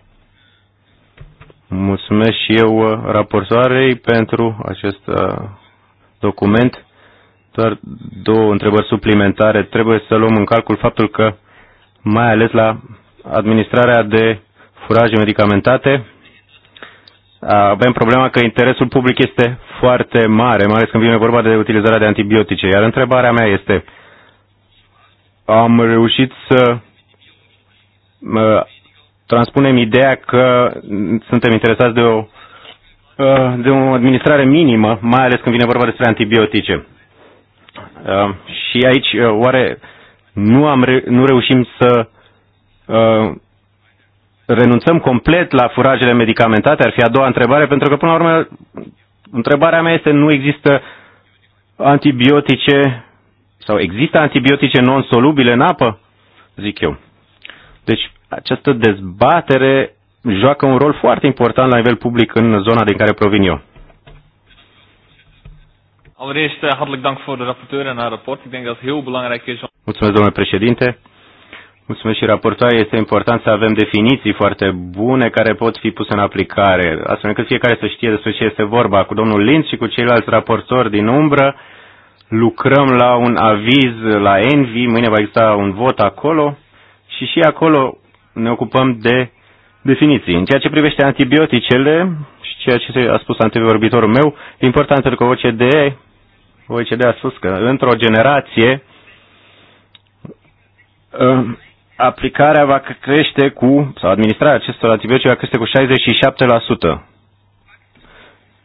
Mulțumesc și eu uh, raportoarei pentru acest uh, document. Doar două întrebări suplimentare. Trebuie să luăm în calcul faptul că, mai ales la administrarea de furaje medicamentate, Ah, avem problema că interesul public este foarte mare, mai ales când vine vorba de utilizarea de antibiotice. Iar întrebarea mea este, am reușit să transpunem ideea că suntem interesați de o, ă, de o administrare minimă, mai ales când vine vorba despre antibiotice. Ah, și aici, ă, oare nu, am, nu reușim să ă, renunțăm complet la furajele medicamentate? Ar fi a doua întrebare, pentru că, până la urmă, întrebarea mea este, nu există antibiotice sau există antibiotice non-solubile în apă? Zic eu. Deci, această dezbatere joacă un rol foarte important la nivel public în zona din care provin eu. Eh, Mulțumesc, domnule președinte. Mulțumesc și raportoare. Este important să avem definiții foarte bune care pot fi puse în aplicare, astfel încât fiecare să știe despre ce este vorba. Cu domnul Linz și cu ceilalți raportori din umbră lucrăm la un aviz la Envi, mâine va exista un vot acolo și și acolo ne ocupăm de definiții. În ceea ce privește antibioticele și ceea ce a spus antevorbitorul meu, e important pentru că OCD, OCD a spus că într-o generație uh, aplicarea va crește cu, sau administrarea acestor antibiotice va crește cu 67%.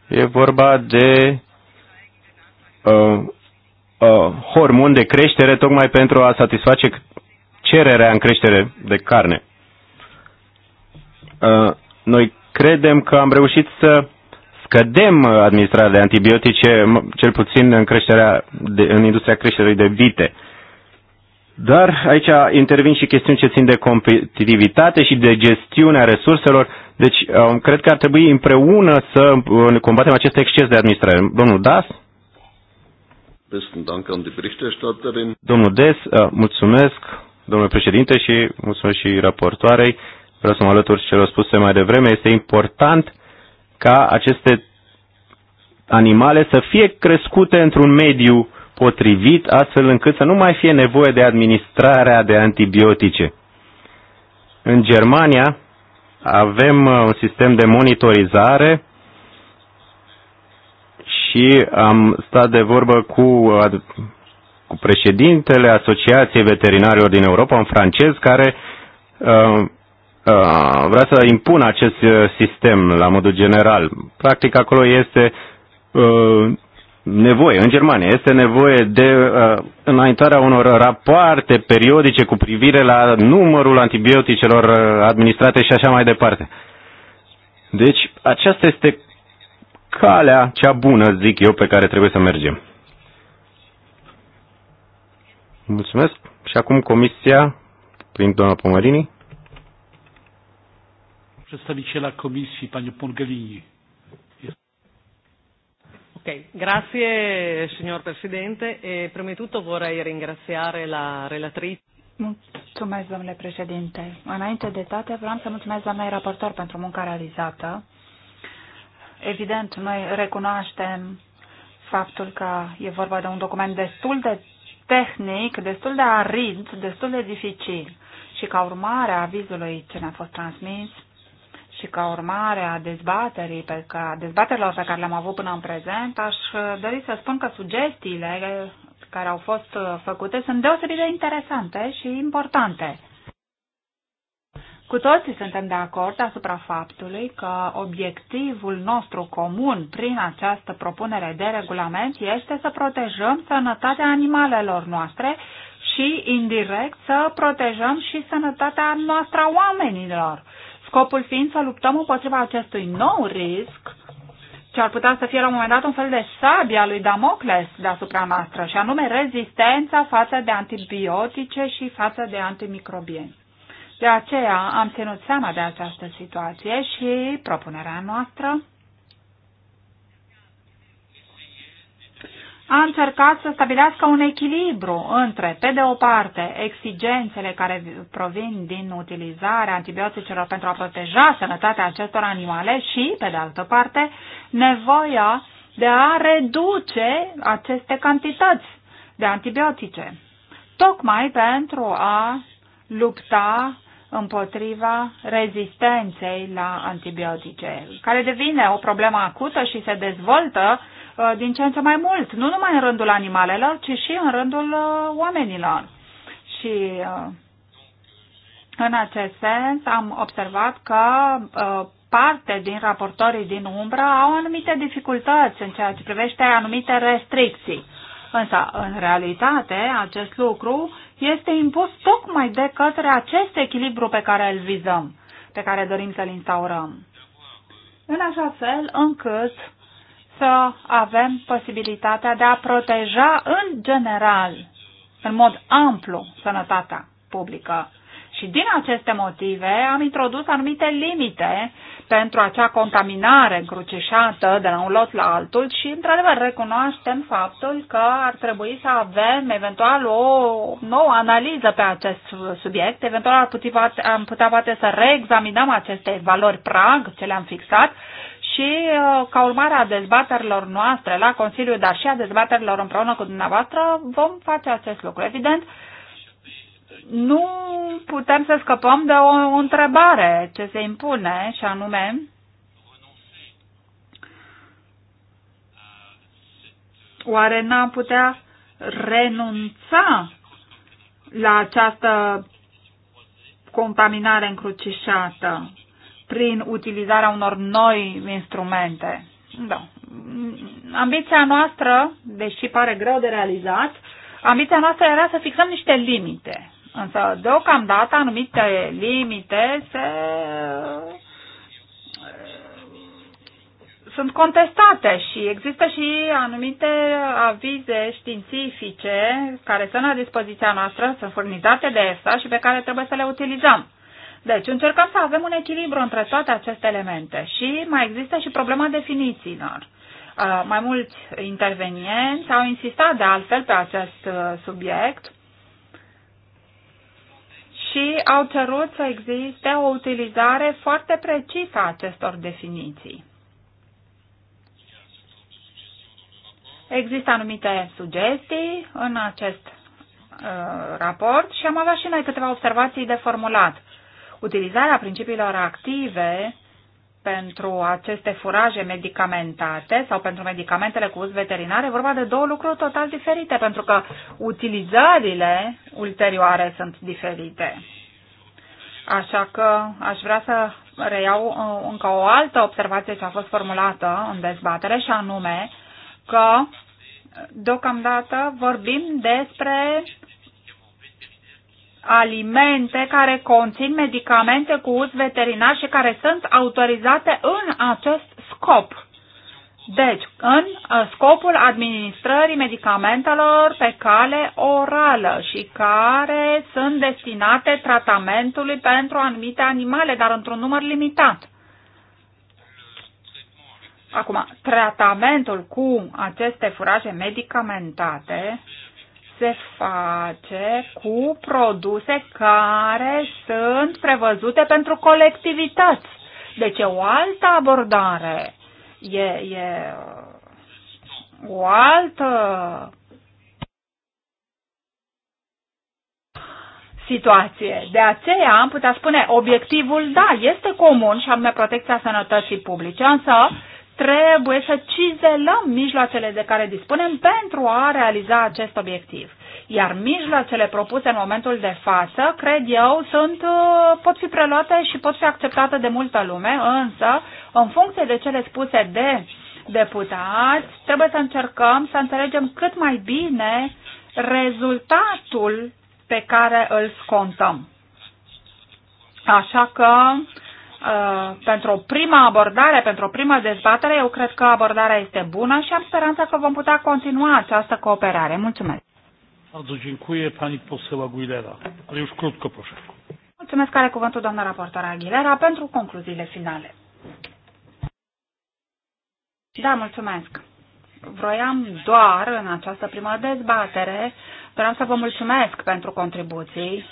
E vorba de uh, uh, hormon de creștere tocmai pentru a satisface cererea în creștere de carne. Uh, noi credem că am reușit să scădem administrarea de antibiotice, cel puțin în creșterea de, în industria creșterii de vite. Uh, dar aici intervin și chestiuni ce țin de competitivitate și de gestiunea resurselor. Deci, uh, cred că ar trebui împreună să uh, combatem acest exces de administrare. Domnul Das? Domnul Des, uh, mulțumesc, domnule președinte, și mulțumesc și raportoarei. Vreau să mă alătur celor spuse mai devreme. Este important ca aceste animale să fie crescute într-un mediu potrivit, astfel încât să nu mai fie nevoie de administrarea de antibiotice. În Germania avem uh, un sistem de monitorizare și am stat de vorbă cu, uh, cu președintele Asociației Veterinarilor din Europa, un francez, care uh, uh, vrea să impună acest uh, sistem la modul general. Practic acolo este uh, nevoie, în Germania, este nevoie de uh, înaintarea unor rapoarte periodice cu privire la numărul antibioticelor uh, administrate și așa mai departe. Deci, aceasta este calea cea bună, zic eu, pe care trebuie să mergem. Mulțumesc. Și acum Comisia, prin doamna Pomarini. Przedstawiciela Komisji, panie Pongelini. Okay. grazie signor Presidente e prima di tutto vorrei ringraziare la relatrice. Mulțumesc, domnule președinte. Înainte de toate, vreau să mulțumesc doamnei raportor pentru munca realizată. Evident, noi recunoaștem faptul că e vorba de un document destul de tehnic, destul de arid, destul de dificil și ca urmare a avizului ce ne-a fost transmis, și ca urmare a dezbaterii pe care, dezbaterilor pe care le-am avut până în prezent, aș uh, dori să spun că sugestiile care au fost uh, făcute sunt deosebit de interesante și importante. Cu toții suntem de acord asupra faptului că obiectivul nostru comun prin această propunere de regulament este să protejăm sănătatea animalelor noastre și, indirect, să protejăm și sănătatea noastră a oamenilor. Scopul fiind să luptăm împotriva acestui nou risc ce ar putea să fie la un moment dat un fel de sabia lui Damocles deasupra noastră, și anume rezistența față de antibiotice și față de antimicrobieni. De aceea am ținut seama de această situație și propunerea noastră a încercat să stabilească un echilibru între, pe de o parte, exigențele care provin din utilizarea antibioticelor pentru a proteja sănătatea acestor animale și, pe de altă parte, nevoia de a reduce aceste cantități de antibiotice, tocmai pentru a lupta împotriva rezistenței la antibiotice, care devine o problemă acută și se dezvoltă uh, Uh, din ce în ce mai mult, nu numai în rândul animalelor, ci și în rândul uh, oamenilor. Și uh, în acest sens am observat că parte din raportorii din umbră au anumite dificultăți în ceea ce privește anumite restricții. Însă, în realitate, acest lucru este impus tocmai de către acest echilibru pe care îl vizăm, pe care dorim să-l instaurăm. În așa fel încât să avem posibilitatea de a proteja în general, în mod amplu, sănătatea publică. Și din aceste motive am introdus anumite limite pentru acea contaminare crucișată de la un lot la altul și, într-adevăr, recunoaștem faptul că ar trebui să avem eventual o nouă analiză pe acest subiect. Eventual ar putea, am putea poate să reexaminăm aceste valori prag ce le-am fixat și uh, ca urmare a dezbaterilor noastre la Consiliu, dar și a dezbaterilor împreună cu dumneavoastră, vom face acest lucru. Evident, nu putem să scăpăm de o întrebare ce se impune și anume oare n-am putea renunța la această contaminare încrucișată? prin utilizarea unor noi instrumente. Da. Ambiția noastră, deși pare greu de realizat, ambiția noastră era să fixăm niște limite. Însă, deocamdată, anumite limite se eh, sunt contestate și există și anumite avize științifice care sunt la dispoziția noastră, sunt furnizate de EFSA și pe care trebuie să le utilizăm. Deci încercăm să avem un echilibru între toate aceste elemente și mai există și problema definițiilor. Uh, mai mulți intervenienți au insistat de altfel pe acest uh, subiect și au cerut să existe o utilizare foarte precisă a acestor definiții. Există anumite sugestii în acest uh, raport și am avea și noi câteva observații de formulat utilizarea principiilor active pentru aceste furaje medicamentate sau pentru medicamentele cu uz veterinar e vorba de două lucruri total diferite, pentru că utilizările ulterioare sunt diferite. Așa că aș vrea să reiau uh, încă o altă observație ce a fost formulată în dezbatere și anume că deocamdată vorbim despre alimente care conțin medicamente cu uz veterinar și care sunt autorizate în acest scop. Deci, în uh, scopul administrării medicamentelor pe cale orală și care sunt destinate tratamentului pentru anumite animale, dar într-un număr limitat. Acum, tratamentul cu aceste furaje medicamentate se face cu produse care sunt prevăzute pentru colectivități. Deci e o altă abordare, e, e o altă situație. De aceea am putea spune obiectivul, da, este comun și anume protecția sănătății publice, însă trebuie să cizelăm mijloacele de care dispunem pentru a realiza acest obiectiv. Iar mijloacele propuse în momentul de față, cred eu, sunt, uh, pot fi preluate și pot fi acceptate de multă lume, însă, în funcție de cele spuse de deputați, trebuie să încercăm să înțelegem cât mai bine rezultatul pe care îl scontăm. Așa că Uh, pentru o prima abordare, pentru o primă dezbatere, eu cred că abordarea este bună și am speranța că vom putea continua această cooperare. Mulțumesc! Aguilera, Mulțumesc, care cuvântul doamna Raportor Aguilera, pentru concluziile finale. Da, mulțumesc. Vroiam doar în această primă dezbatere, vreau să vă mulțumesc pentru contribuții.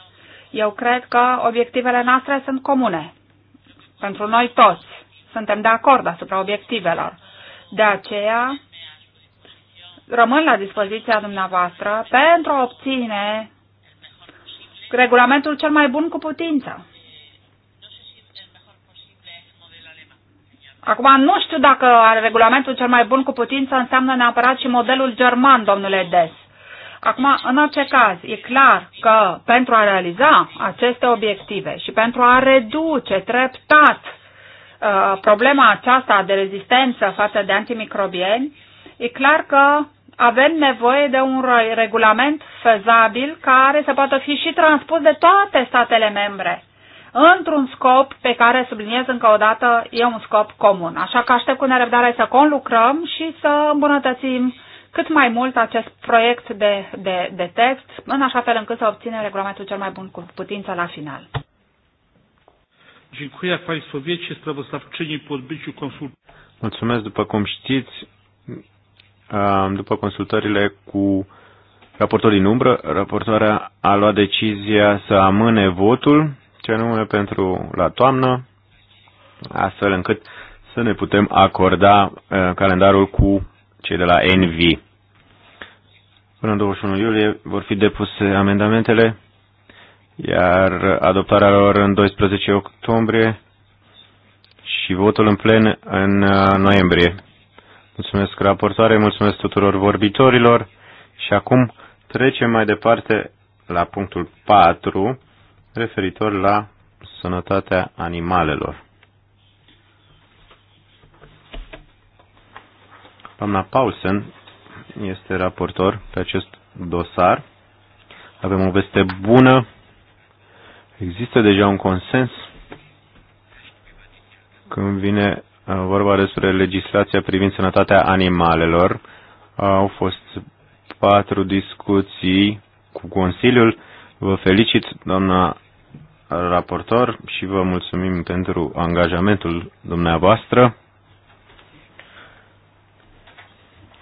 Eu cred că obiectivele noastre sunt comune pentru noi toți. Suntem de acord asupra obiectivelor. De aceea, rămân la dispoziția dumneavoastră pentru a obține regulamentul cel mai bun cu putință. Acum, nu știu dacă regulamentul cel mai bun cu putință înseamnă neapărat și modelul german, domnule Des. Acum, în orice caz, e clar că pentru a realiza aceste obiective și pentru a reduce treptat uh, problema aceasta de rezistență față de antimicrobieni, e clar că avem nevoie de un regulament fezabil care să poată fi și transpus de toate statele membre într-un scop pe care, subliniez încă o dată, e un scop comun. Așa că aștept cu nerăbdare să conlucrăm și să îmbunătățim cât mai mult acest proiect de, de, de text, în așa fel încât să obținem regulamentul cel mai bun cu putință la final. Mulțumesc. După cum știți, după consultările cu raportorii din umbră, raportoarea a luat decizia să amâne votul, ce anume pentru la toamnă, astfel încât să ne putem acorda eh, calendarul cu cei de la NV. Până în 21 iulie vor fi depuse amendamentele, iar adoptarea lor în 12 octombrie și votul în plen în uh, noiembrie. Mulțumesc raportoare, mulțumesc tuturor vorbitorilor și acum trecem mai departe la punctul 4 referitor la sănătatea animalelor. Doamna Paulsen este raportor pe acest dosar. Avem o veste bună. Există deja un consens când vine uh, vorba despre legislația privind sănătatea animalelor. Au fost patru discuții cu Consiliul. Vă felicit, doamna raportor, și vă mulțumim pentru angajamentul dumneavoastră.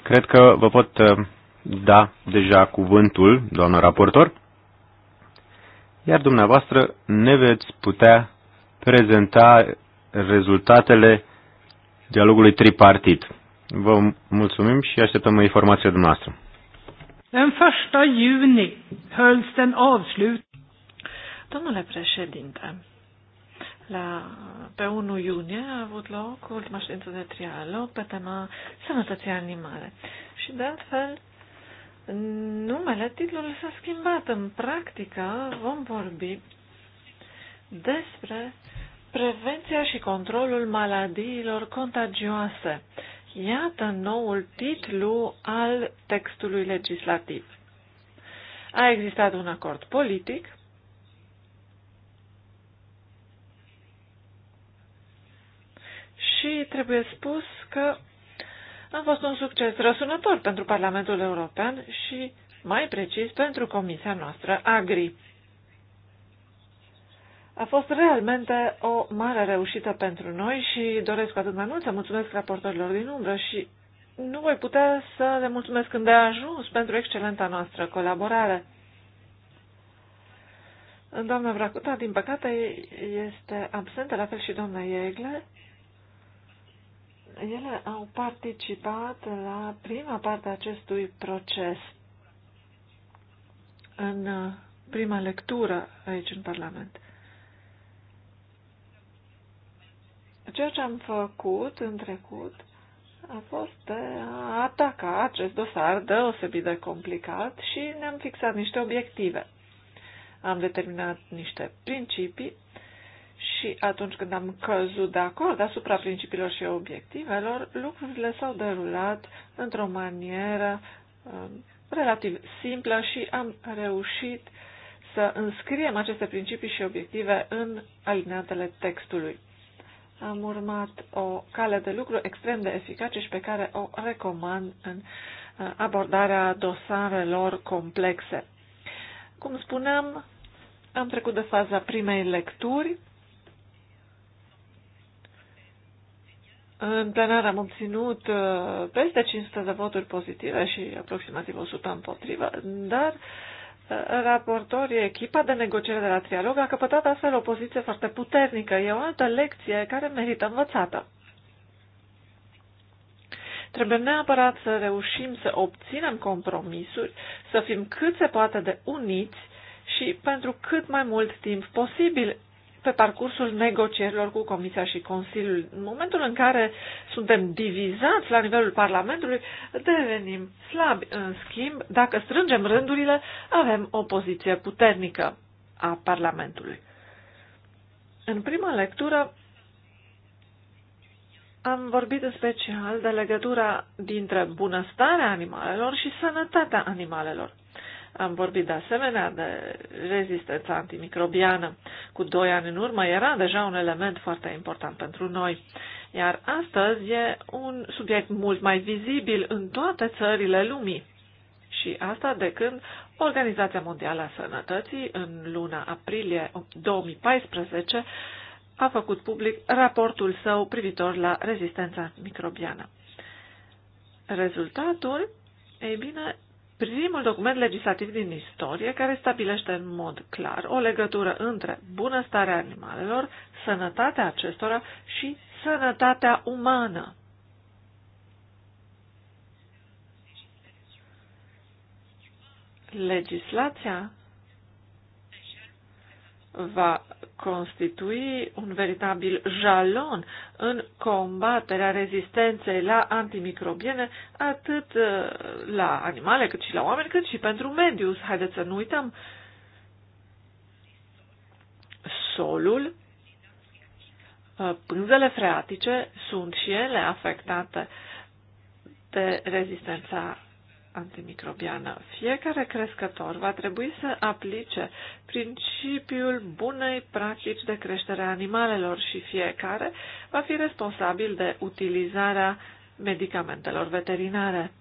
Cred că vă pot uh, da deja cuvântul, doamnă raportor, iar dumneavoastră ne veți putea prezenta rezultatele dialogului tripartit. Vă mulțumim și așteptăm informația dumneavoastră. În 1 iunie, Hölsten den avslut. Domnule președinte, la, pe 1 iunie a avut loc ultima ședință de trialog pe tema sănătății animale. Și de altfel, numele, titlul s-a schimbat. În practică vom vorbi despre prevenția și controlul maladiilor contagioase. Iată noul titlu al textului legislativ. A existat un acord politic și trebuie spus că a fost un succes răsunător pentru Parlamentul European și, mai precis, pentru Comisia noastră Agri. A fost realmente o mare reușită pentru noi și doresc atât mai mult să mulțumesc raportorilor din umbră și nu voi putea să le mulțumesc când a ajuns pentru excelenta noastră colaborare. Doamna Vracuta, din păcate, este absentă, la fel și doamna Iegle, ele au participat la prima parte a acestui proces în uh, prima lectură aici în Parlament. Ceea ce am făcut în trecut a fost de a ataca acest dosar deosebit de complicat și ne-am fixat niște obiective. Am determinat niște principii și atunci când am căzut de acord asupra principiilor și obiectivelor, lucrurile s-au derulat într-o manieră um, relativ simplă și am reușit să înscriem aceste principii și obiective în alineatele textului. Am urmat o cale de lucru extrem de eficace și pe care o recomand în uh, abordarea dosarelor complexe. Cum spuneam, am trecut de faza primei lecturi În plenar am obținut uh, peste 500 de voturi pozitive și aproximativ 100 împotrivă, dar uh, raportorii, echipa de negociere de la trialog a căpătat astfel o poziție foarte puternică. E o altă lecție care merită învățată. Trebuie neapărat să reușim să obținem compromisuri, să fim cât se poate de uniți și pentru cât mai mult timp posibil pe parcursul negocierilor cu Comisia și Consiliul. În momentul în care suntem divizați la nivelul Parlamentului, devenim slabi. În schimb, dacă strângem rândurile, avem o poziție puternică a Parlamentului. În prima lectură am vorbit în special de legătura dintre bunăstarea animalelor și sănătatea animalelor. Am vorbit de asemenea de rezistența antimicrobiană. Cu doi ani în urmă era deja un element foarte important pentru noi. Iar astăzi e un subiect mult mai vizibil în toate țările lumii. Și asta de când Organizația Mondială a Sănătății, în luna aprilie 2014, a făcut public raportul său privitor la rezistența microbiană. Rezultatul, ei bine, primul document legislativ din istorie care stabilește în mod clar o legătură între bunăstarea animalelor, sănătatea acestora și sănătatea umană. Legislația va constitui un veritabil jalon în combaterea rezistenței la antimicrobiene, atât uh, la animale cât și la oameni, cât și pentru mediu. Haideți să nu uităm. Solul, uh, pânzele freatice sunt și ele afectate de rezistența antimicrobiană. Fiecare crescător va trebui să aplice principiul bunei practici de creștere a animalelor și fiecare va fi responsabil de utilizarea medicamentelor veterinare.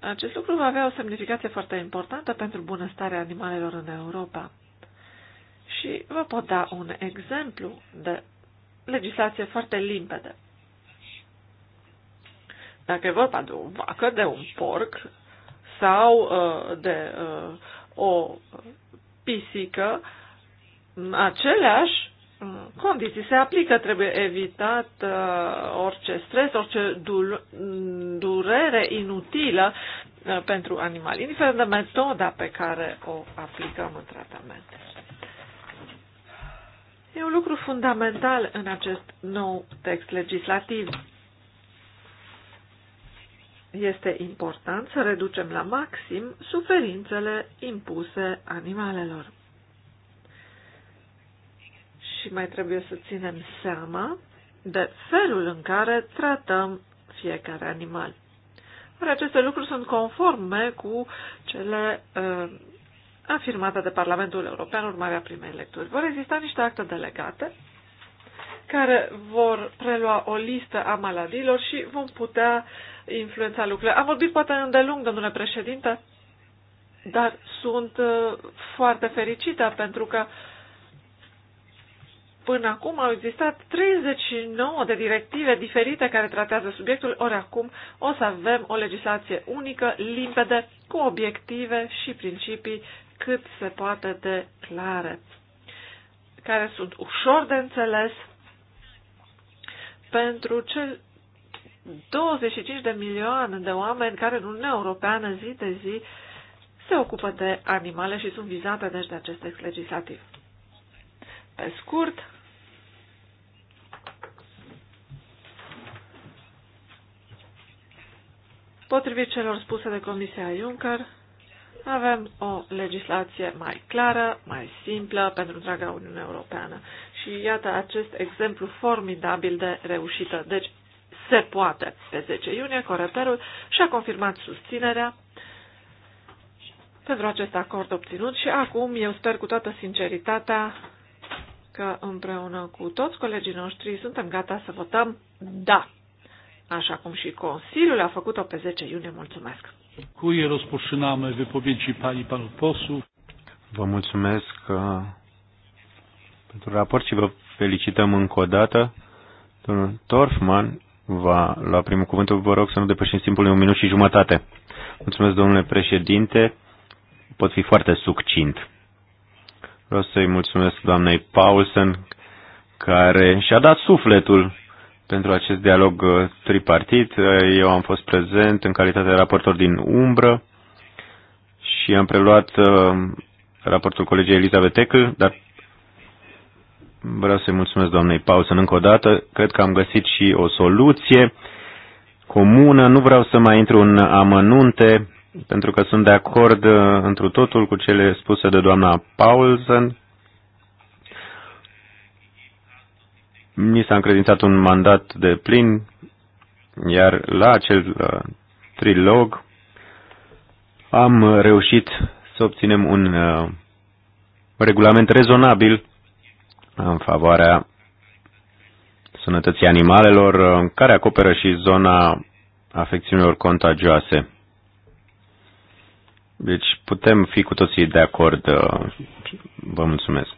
Acest lucru va avea o semnificație foarte importantă pentru bunăstarea animalelor în Europa. Și vă pot da un exemplu de legislație foarte limpede. Dacă e vorba de o vacă, de un porc sau uh, de uh, o pisică, aceleași mm, condiții se aplică. Trebuie evitat uh, orice stres, orice du- durere inutilă uh, pentru animal, indiferent de metoda pe care o aplicăm în tratament. E un lucru fundamental în acest nou text legislativ. Este important să reducem la maxim suferințele impuse animalelor. Și mai trebuie să ținem seama de felul în care tratăm fiecare animal. Ori aceste lucruri sunt conforme cu cele uh, afirmate de Parlamentul European urmarea primei lecturi. Vor exista niște acte delegate care vor prelua o listă a maladilor și vom putea uh, influența lucrurile. Am vorbit poate îndelung, domnule președinte, dar sunt uh, foarte fericită pentru că până acum au existat 39 de directive diferite care tratează subiectul, ori acum o să avem o legislație unică, limpede, cu obiective și principii cât se poate de clare, care sunt ușor de înțeles pentru cel 25 de milioane de oameni care în Uniunea Europeană zi de zi se ocupă de animale și sunt vizate deci de acest text legislativ. Pe scurt, potrivit celor spuse de Comisia Juncker, avem o legislație mai clară, mai simplă pentru întreaga Uniune Europeană. Și iată acest exemplu formidabil de reușită. Deci se poate. Pe 10 iunie, Coreperul și-a confirmat susținerea pentru acest acord obținut și acum eu sper cu toată sinceritatea că împreună cu toți colegii noștri suntem gata să votăm da, așa cum și Consiliul a făcut-o pe 10 iunie. Mulțumesc! Vă mulțumesc uh, pentru raport și vă felicităm încă o dată. Domnul Torfman va lua primul cuvântul. Vă rog să nu depășim timpul de un minut și jumătate. Mulțumesc, domnule președinte. Pot fi foarte succint. Vreau să-i mulțumesc doamnei Paulsen, care și-a dat sufletul pentru acest dialog uh, tripartit. Eu am fost prezent în calitate de raportor din umbră și am preluat uh, raportul colegii Elizabeth Eckel, dar Vreau să-i mulțumesc doamnei Paulsen încă o dată. Cred că am găsit și o soluție comună. Nu vreau să mai intru în amănunte, pentru că sunt de acord uh, întru totul cu cele spuse de doamna Paulsen. Mi s-a încredințat un mandat de plin, iar la acel uh, trilog am reușit să obținem un uh, regulament rezonabil în favoarea sănătății animalelor, care acoperă și zona afecțiunilor contagioase. Deci putem fi cu toții de acord. Uh, vă mulțumesc.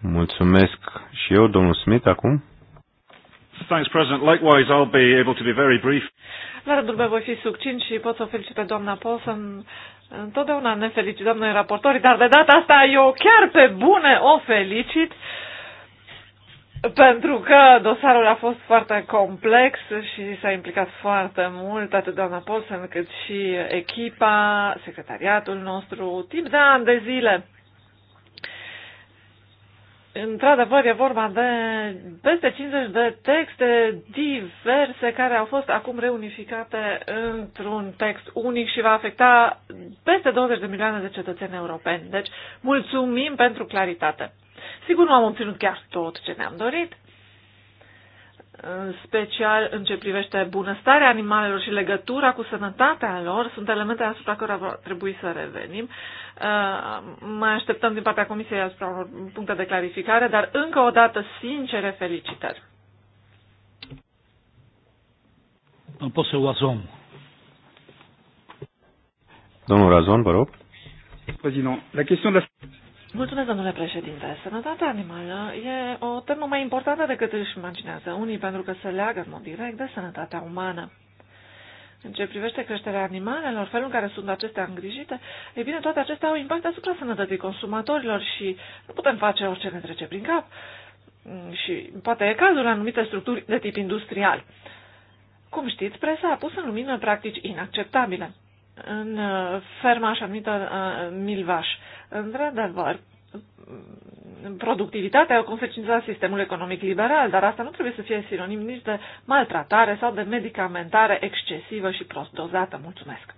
Mulțumesc și eu, domnul Smith, acum. Thanks, President. Likewise, I'll be able to be very brief. La rândul meu voi fi succint și pot să o felicit pe doamna Paulson. Întotdeauna ne felicit, noi raportori, dar de data asta eu chiar pe bune o felicit pentru că dosarul a fost foarte complex și s-a implicat foarte mult atât doamna Paulson cât și echipa, secretariatul nostru, timp de ani de zile. Într-adevăr, e vorba de peste 50 de texte diverse care au fost acum reunificate într-un text unic și va afecta peste 20 de milioane de cetățeni europeni. Deci, mulțumim pentru claritate. Sigur, nu am obținut chiar tot ce ne-am dorit, în special în ce privește bunăstarea animalelor și legătura cu sănătatea lor, sunt elemente asupra care va trebui să revenim. Uh, mai așteptăm din partea Comisiei asupra unor puncte de clarificare, dar încă o dată, sincere, felicitări. Domnul pot să Domnul Razon, vă rog. Président, la question de la Mulțumesc, domnule președinte. Sănătatea animală e o temă mai importantă decât își imaginează unii, pentru că se leagă în mod direct de sănătatea umană. În ce privește creșterea animalelor, felul în care sunt acestea îngrijite, e bine, toate acestea au impact asupra sănătății consumatorilor și nu putem face orice ne trece prin cap. Și poate e cazul la anumite structuri de tip industrial. Cum știți, presa a pus în lumină practici inacceptabile. În uh, ferma așa numită uh, Milvaș, Într-adevăr, productivitatea e o consecință a sistemului economic liberal, dar asta nu trebuie să fie sinonim nici de maltratare sau de medicamentare excesivă și prost dozată. Mulțumesc!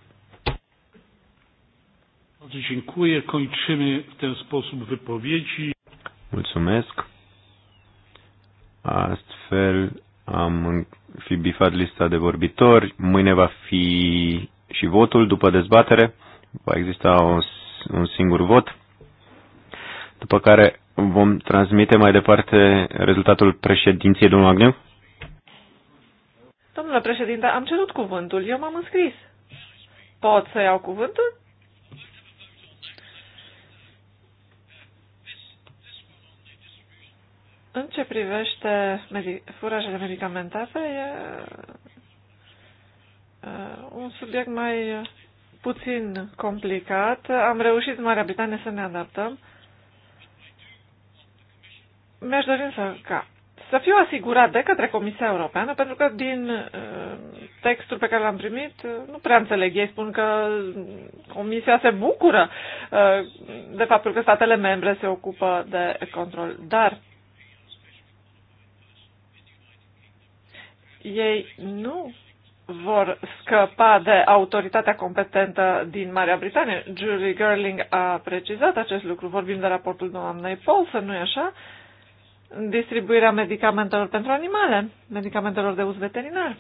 Mulțumesc. Astfel am fi bifat lista de vorbitori. Mâine va fi și votul după dezbatere. Va exista o un singur vot, după care vom transmite mai departe rezultatul președinției domnului Agnew. Domnule președinte, am cerut cuvântul, eu m-am înscris. Pot să iau cuvântul? În ce privește furajele medicamentate, e un subiect mai puțin complicat. Am reușit în Marea Britanie să ne adaptăm. Mi-aș dori să ca să fiu asigurat de către Comisia Europeană, pentru că din uh, textul pe care l-am primit, uh, nu prea înțeleg. Ei spun că Comisia se bucură uh, de faptul că statele membre se ocupă de control, dar ei nu vor scăpa de autoritatea competentă din Marea Britanie. Julie Gerling a precizat acest lucru. Vorbim de raportul doamnei Paulson, nu-i așa? Distribuirea medicamentelor pentru animale, medicamentelor de uz veterinar.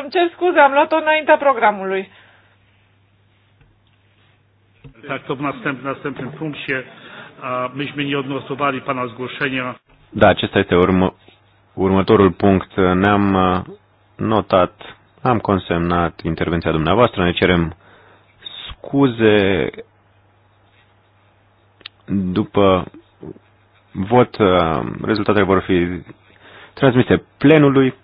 Îmi cer scuze, am luat-o înaintea programului. Da, acesta este urmă. Următorul punct ne-am uh, notat, am consemnat intervenția dumneavoastră, ne cerem scuze după vot, uh, rezultatele vor fi transmise plenului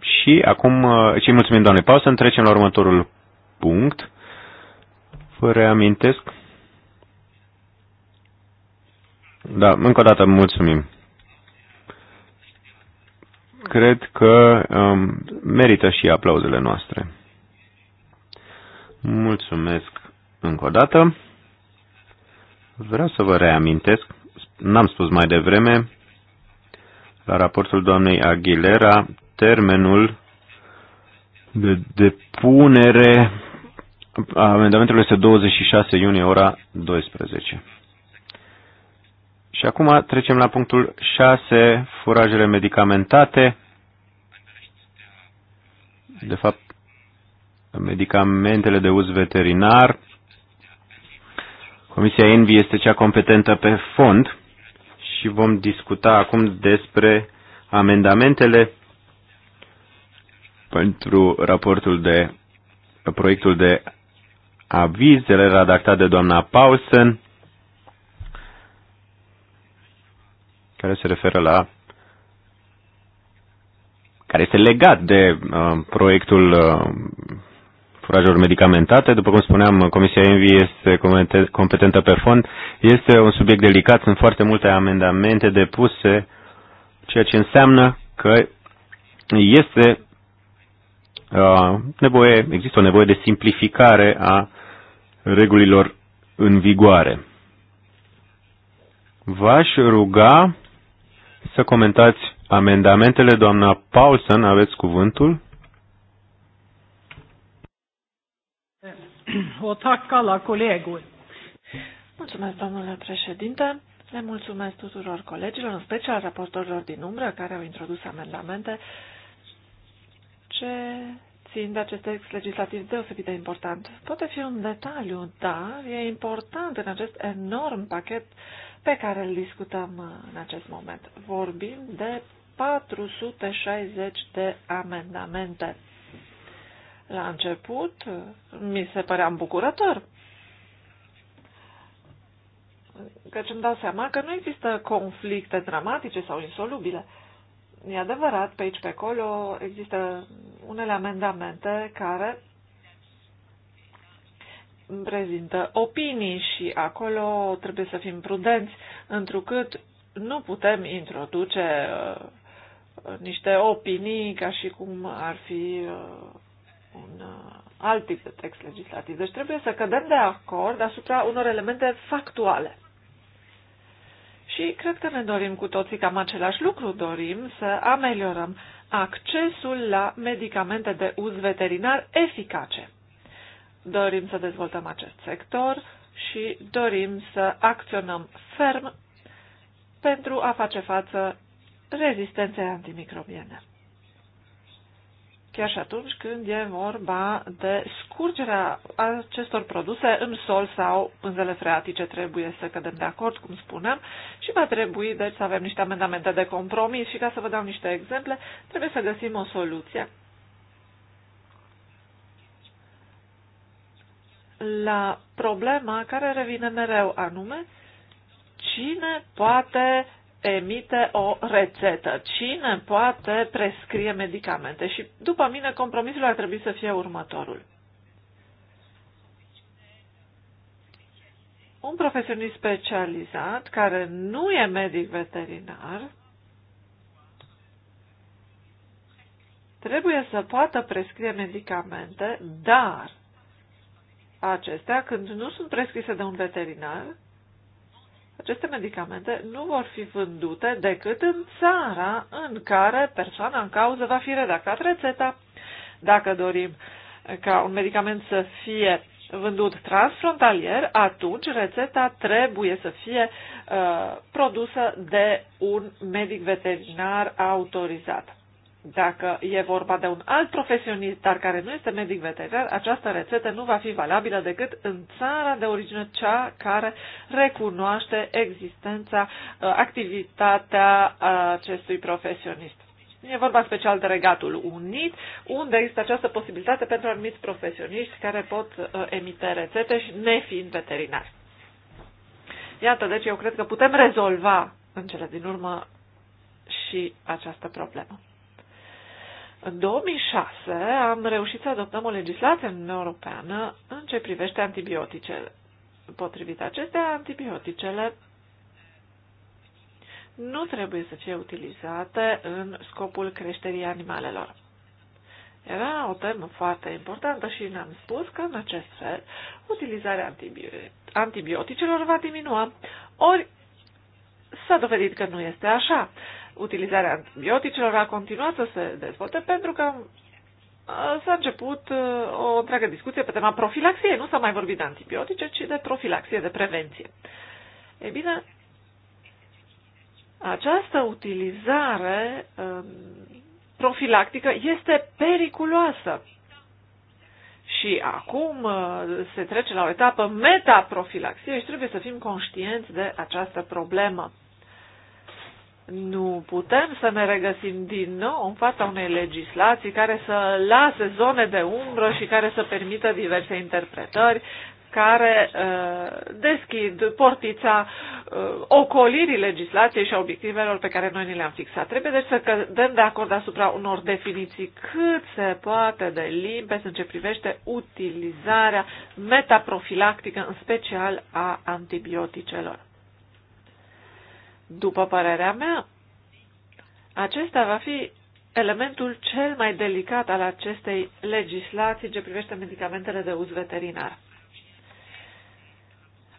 și acum, cei uh, mulțumim doamne Paulsen, trecem la următorul punct. Vă reamintesc. Da, încă o dată mulțumim cred că um, merită și aplauzele noastre. Mulțumesc încă o dată. Vreau să vă reamintesc, n-am spus mai devreme, la raportul doamnei Aguilera, termenul de depunere a amendamentelor este 26 iunie ora 12. Și acum trecem la punctul 6, furajele medicamentate. De fapt, medicamentele de uz veterinar. Comisia ENVI este cea competentă pe fond și vom discuta acum despre amendamentele pentru raportul de proiectul de aviz, redactat de doamna Paulsen care se referă la care este legat de uh, proiectul uh, furajelor medicamentate. După cum spuneam, Comisia ENVI este competentă pe fond. Este un subiect delicat, sunt foarte multe amendamente depuse, ceea ce înseamnă că este uh, nevoie, există o nevoie de simplificare a regulilor în vigoare. V-aș ruga să comentați amendamentele. Doamna Paulsen, aveți cuvântul. O tacă la colegul. Mulțumesc, domnule președinte. Le mulțumesc tuturor colegilor, în special raportorilor din umbră, care au introdus amendamente ce țin de acest text legislativ deosebit de important. Poate fi un detaliu, da, e important în acest enorm pachet pe care îl discutăm uh, în acest moment. Vorbim de 460 de amendamente. La început uh, mi se părea îmbucurător, căci îmi dau seama că nu există conflicte dramatice sau insolubile. E adevărat, pe aici, pe acolo, există unele amendamente care prezintă opinii și acolo trebuie să fim prudenți, întrucât nu putem introduce uh, niște opinii ca și cum ar fi uh, un uh, alt tip de text legislativ. Deci trebuie să cădem de acord asupra unor elemente factuale. Și cred că ne dorim cu toții cam același lucru, dorim să ameliorăm accesul la medicamente de uz veterinar eficace dorim să dezvoltăm acest sector și dorim să acționăm ferm pentru a face față rezistenței antimicrobiene. Chiar și atunci când e vorba de scurgerea acestor produse în sol sau pânzele freatice, trebuie să cădem de acord, cum spuneam, și va trebui deci să avem niște amendamente de compromis și ca să vă dau niște exemple, trebuie să găsim o soluție la problema care revine mereu, anume cine poate emite o rețetă, cine poate prescrie medicamente și după mine compromisul ar trebui să fie următorul. Un profesionist specializat care nu e medic veterinar trebuie să poată prescrie medicamente, dar acestea, când nu sunt prescrise de un veterinar, aceste medicamente nu vor fi vândute decât în țara în care persoana în cauză va fi redactat rețeta. Dacă dorim ca un medicament să fie vândut transfrontalier, atunci rețeta trebuie să fie uh, produsă de un medic veterinar autorizat. Dacă e vorba de un alt profesionist, dar care nu este medic veterinar, această rețetă nu va fi valabilă decât în țara de origine, cea care recunoaște existența, uh, activitatea acestui profesionist. E vorba special de Regatul Unit, unde există această posibilitate pentru anumiți profesioniști care pot uh, emite rețete și nefiind veterinari. Iată, deci eu cred că putem rezolva în cele din urmă și această problemă. În 2006 am reușit să adoptăm o legislație în Uniunea Europeană în ce privește antibioticele. Potrivit acestea, antibioticele nu trebuie să fie utilizate în scopul creșterii animalelor. Era o temă foarte importantă și ne-am spus că, în acest fel, utilizarea antibioticelor va diminua. Ori s-a dovedit că nu este așa utilizarea antibioticelor a continuat să se dezvolte pentru că uh, s-a început uh, o întreagă discuție pe tema profilaxiei. Nu s-a mai vorbit de antibiotice, ci de profilaxie, de prevenție. E bine, această utilizare um, profilactică este periculoasă. Și acum uh, se trece la o etapă metaprofilaxie și trebuie să fim conștienți de această problemă. Nu putem să ne regăsim din nou în fața unei legislații care să lase zone de umbră și care să permită diverse interpretări, care uh, deschid portița uh, ocolirii legislației și a obiectivelor pe care noi ni le-am fixat. Trebuie deci să cădem de acord asupra unor definiții cât se poate de limpezi în ce privește utilizarea metaprofilactică, în special a antibioticelor. După părerea mea, acesta va fi elementul cel mai delicat al acestei legislații ce privește medicamentele de uz veterinar.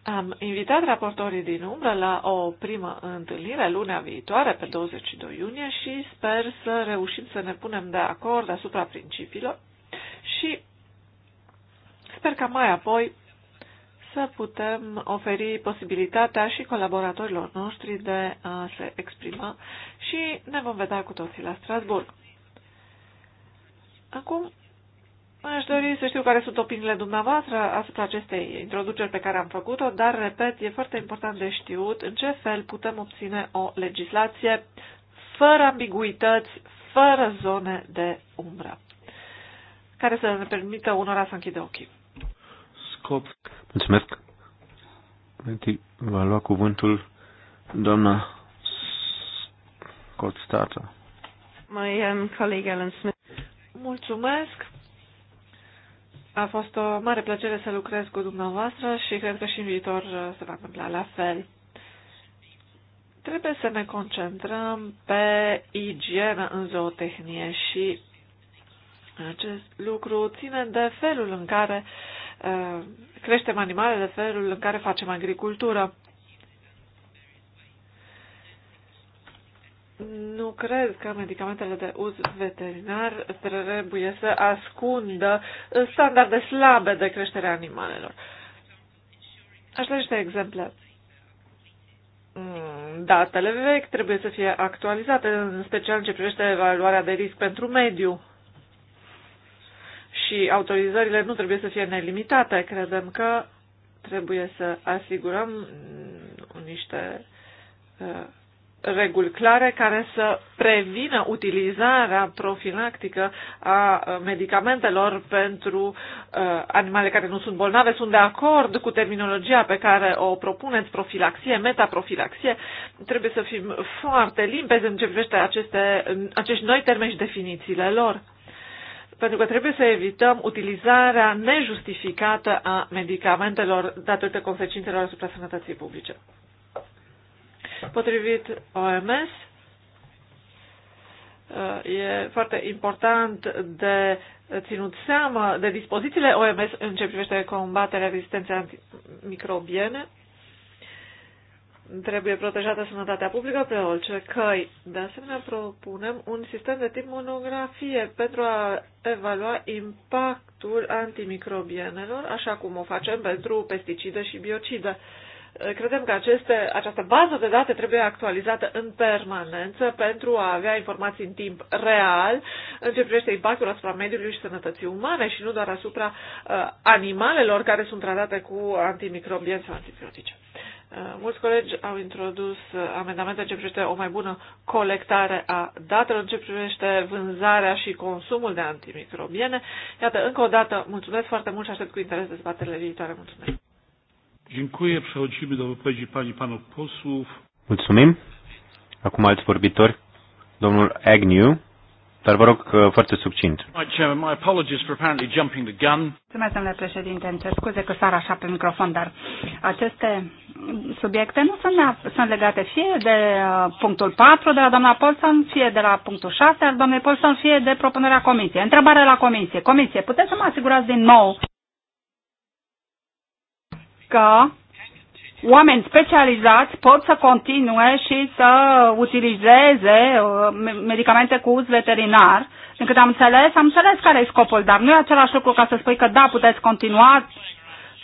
Am invitat raportorii din umbră la o primă întâlnire lunea viitoare, pe 22 iunie, și sper să reușim să ne punem de acord asupra principiilor și sper ca mai apoi să putem oferi posibilitatea și colaboratorilor noștri de a se exprima și ne vom vedea cu toții la Strasburg. Acum, aș dori să știu care sunt opiniile dumneavoastră asupra acestei introduceri pe care am făcut-o, dar, repet, e foarte important de știut în ce fel putem obține o legislație fără ambiguități, fără zone de umbră, care să ne permită unora să închidă ochii. Scop Mulțumesc. Va lua cuvântul doamna Scott Mai am um, Alan Smith. Mulțumesc. A fost o mare plăcere să lucrez cu dumneavoastră și cred că și în viitor uh, se va întâmpla la fel. Trebuie să ne concentrăm pe igienă în zootehnie și acest lucru ține de felul în care uh, Eh, creștem animalele, felul în care facem agricultură. Nu cred că medicamentele de uz veterinar trebuie să ascundă standarde slabe de creștere a animalelor. Aș lăsa niște exemple. Mm, datele vechi trebuie să fie actualizate, în special în ce privește evaluarea de risc pentru mediu și autorizările nu trebuie să fie nelimitate. Credem că trebuie să asigurăm mm, niște uh, reguli clare care să prevină utilizarea profilactică a uh, medicamentelor pentru uh, animale care nu sunt bolnave. Sunt de acord cu terminologia pe care o propuneți, profilaxie, metaprofilaxie. Trebuie să fim foarte limpezi în ce privește aceste, acești noi termeni și definițiile lor pentru că trebuie să evităm utilizarea nejustificată a medicamentelor datorită consecințelor asupra sănătății publice. Potrivit OMS, uh, e foarte important de ținut seama de dispozițiile OMS în ce privește combaterea rezistenței antimicrobiene Trebuie protejată sănătatea publică pe orice căi. De asemenea, propunem un sistem de tip monografie pentru a evalua impactul antimicrobienelor, așa cum o facem pentru pesticide și biocide. Credem că aceste, această bază de date trebuie actualizată în permanență pentru a avea informații în timp real în ce privește impactul asupra mediului și sănătății umane și nu doar asupra uh, animalelor care sunt tratate cu antimicrobieni sau antibiotice. Uh, mulți colegi au introdus uh, amendamente în ce privește o mai bună colectare a datelor, în ce privește vânzarea și consumul de antimicrobiene. Iată, încă o dată, mulțumesc foarte mult și aștept cu interes dezbaterile viitoare. Mulțumesc. Dziękuję. Przechodzimy do wypowiedzi pani panów posłów. Mulțumim. Acum alți vorbitori. Domnul Agnew. Dar vă rog uh, foarte succint. Mulțumesc, domnule președinte. Îmi cer scuze că sar așa pe microfon, dar aceste subiecte nu sunt, sunt legate fie de uh, punctul 4 de la doamna Polson, fie de la punctul 6 al doamnei Polson, fie de propunerea comisiei. Întrebare la comisie. Comisie, puteți să mă asigurați din nou că oameni specializați pot să continue și să utilizeze uh, medicamente cu uz veterinar. Din câte am înțeles, am înțeles care e scopul, dar nu e același lucru ca să spui că da, puteți continua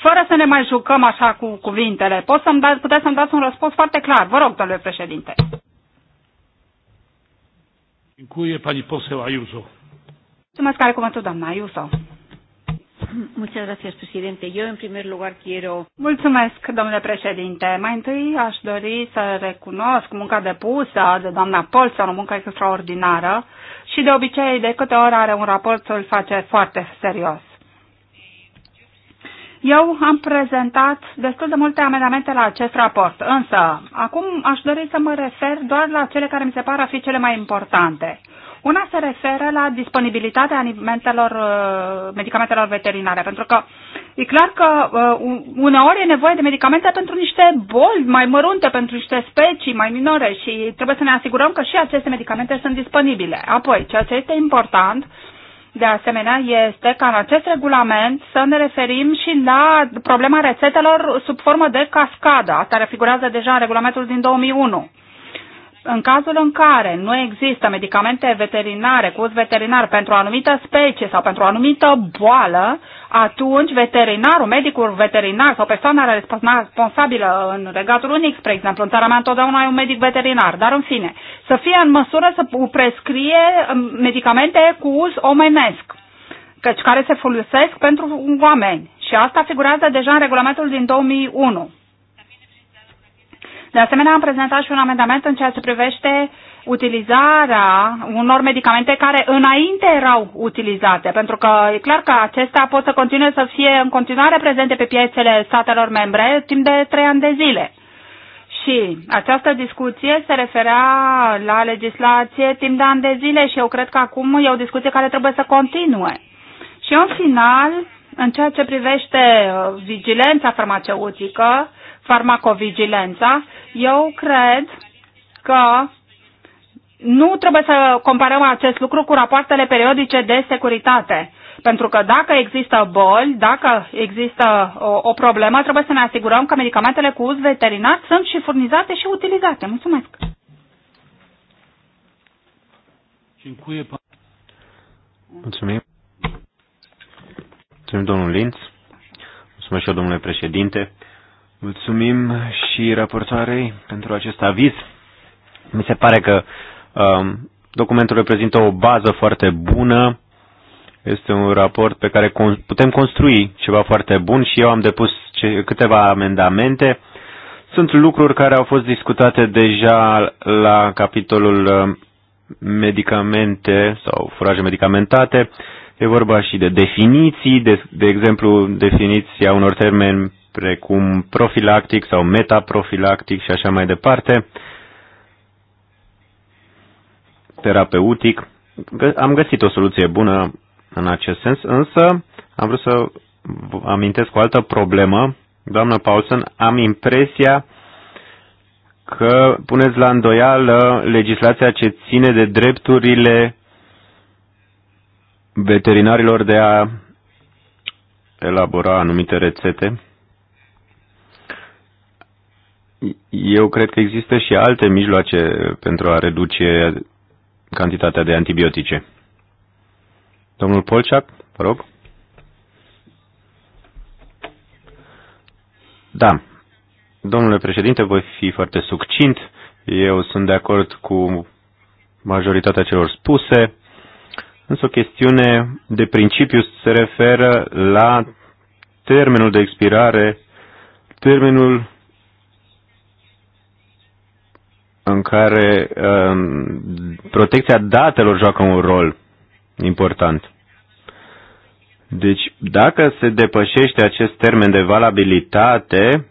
fără să ne mai jucăm așa cu cuvintele. Pot să da, puteți să-mi dați un răspuns foarte clar. Vă rog, domnule președinte. Mulțumesc, care cuvântul, doamna Iuso. Muchas gracias, presidente. Eu, în primer lugar, quiero... Mulțumesc, domnule președinte. Mai întâi aș dori să recunosc munca depusă de doamna Polson, o muncă extraordinară și de obicei, de câte ori are un raport, să îl face foarte serios. Eu am prezentat destul de multe amendamente la acest raport, însă acum aș dori să mă refer doar la cele care mi se par a fi cele mai importante. Una se referă la disponibilitatea alimentelor, uh, medicamentelor veterinare, pentru că e clar că uh, uneori e nevoie de medicamente pentru niște boli mai mărunte, pentru niște specii mai minore și trebuie să ne asigurăm că și aceste medicamente sunt disponibile. Apoi, ceea ce este important, de asemenea, este ca în acest regulament să ne referim și la problema rețetelor sub formă de cascadă. Asta refigurează deja în regulamentul din 2001 în cazul în care nu există medicamente veterinare cu uz veterinar pentru o anumită specie sau pentru o anumită boală, atunci veterinarul, medicul veterinar sau persoana responsabilă în regatul unic, spre exemplu, în țara mea întotdeauna e un medic veterinar, dar în fine, să fie în măsură să prescrie um, medicamente cu uz omenesc, căci care se folosesc pentru oameni. Și asta figurează deja în regulamentul din 2001. De asemenea, am prezentat și un amendament în ceea ce privește utilizarea unor medicamente care înainte erau utilizate, pentru că e clar că acestea pot să continue să fie în continuare prezente pe piețele statelor membre timp de trei ani de zile. Și această discuție se referea la legislație timp de ani de zile și eu cred că acum e o discuție care trebuie să continue. Și în final, în ceea ce privește uh, vigilența farmaceutică, farmacovigilența, eu cred că nu trebuie să comparăm acest lucru cu rapoartele periodice de securitate. Pentru că dacă există boli, dacă există o, o problemă, trebuie să ne asigurăm că medicamentele cu uz veterinar sunt și furnizate și utilizate. Mulțumesc! Mulțumim. Mulțumim, domnul Linț. Mulțumesc și eu, domnule președinte. Mulțumim și raportoarei pentru acest aviz. Mi se pare că um, documentul reprezintă o bază foarte bună. Este un raport pe care putem construi ceva foarte bun și eu am depus ce, câteva amendamente. Sunt lucruri care au fost discutate deja la capitolul um, medicamente sau furaje medicamentate. E vorba și de definiții, de, de exemplu, definiția unor termeni precum profilactic sau metaprofilactic și așa mai departe, terapeutic. Am găsit o soluție bună în acest sens, însă am vrut să amintesc o altă problemă. Doamnă Paulsen, am impresia că puneți la îndoială legislația ce ține de drepturile veterinarilor de a elabora anumite rețete eu cred că există și alte mijloace pentru a reduce cantitatea de antibiotice. Domnul Polciac, vă rog. Da. Domnule președinte, voi fi foarte succint. Eu sunt de acord cu majoritatea celor spuse. Însă o chestiune de principiu se referă la termenul de expirare, termenul în care um, protecția datelor joacă un rol important. Deci, dacă se depășește acest termen de valabilitate,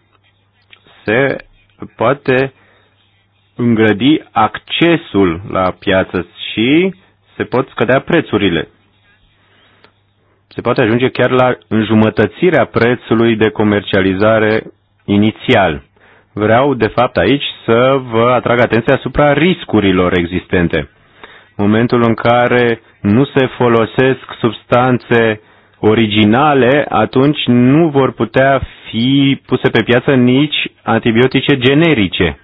se poate îngrădi accesul la piață și se pot scădea prețurile. Se poate ajunge chiar la înjumătățirea prețului de comercializare inițial. Vreau, de fapt, aici să vă atrag atenția asupra riscurilor existente. Momentul în care nu se folosesc substanțe originale, atunci nu vor putea fi puse pe piață nici antibiotice generice.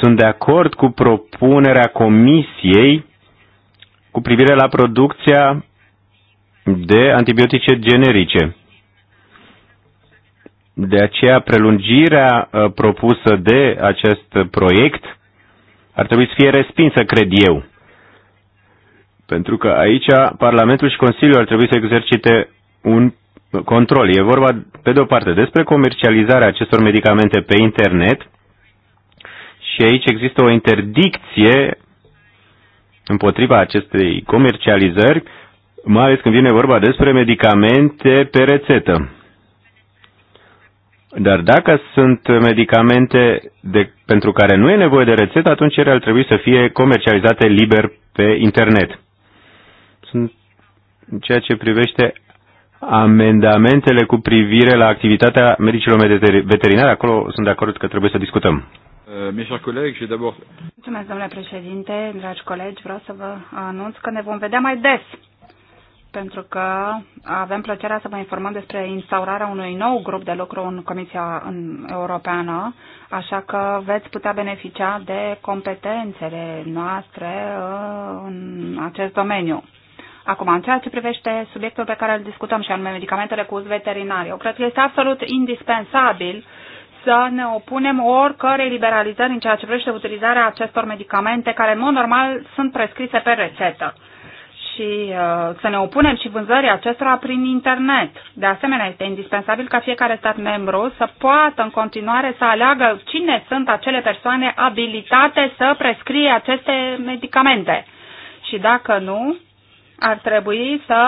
Sunt de acord cu propunerea Comisiei cu privire la producția de antibiotice generice. De aceea, prelungirea uh, propusă de acest proiect ar trebui să fie respinsă, cred eu. Pentru că aici Parlamentul și Consiliul ar trebui să exercite un control. E vorba, pe de o parte, despre comercializarea acestor medicamente pe internet și aici există o interdicție împotriva acestei comercializări, mai ales când vine vorba despre medicamente pe rețetă. Dar dacă sunt medicamente de, pentru care nu e nevoie de rețetă, atunci ele ar trebui să fie comercializate liber pe internet. Sunt în ceea ce privește amendamentele cu privire la activitatea medicilor veterinari, acolo sunt de acord că trebuie să discutăm. Uh, Mulțumesc, domnule președinte, dragi colegi, vreau să vă anunț că ne vom vedea mai des pentru că avem plăcerea să vă informăm despre instaurarea unui nou grup de lucru în Comisia Europeană, așa că veți putea beneficia de competențele noastre uh, în acest domeniu. Acum, în ceea ce privește subiectul pe care îl discutăm, și anume medicamentele cu uz veterinar, eu cred că este absolut indispensabil să ne opunem oricărei liberalizări în ceea ce privește utilizarea acestor medicamente, care, în mod normal, sunt prescrise pe rețetă și uh, să ne opunem și vânzării acestora prin internet. De asemenea, este indispensabil ca fiecare stat membru să poată în continuare să aleagă cine sunt acele persoane abilitate să prescrie aceste medicamente. Și dacă nu, ar trebui să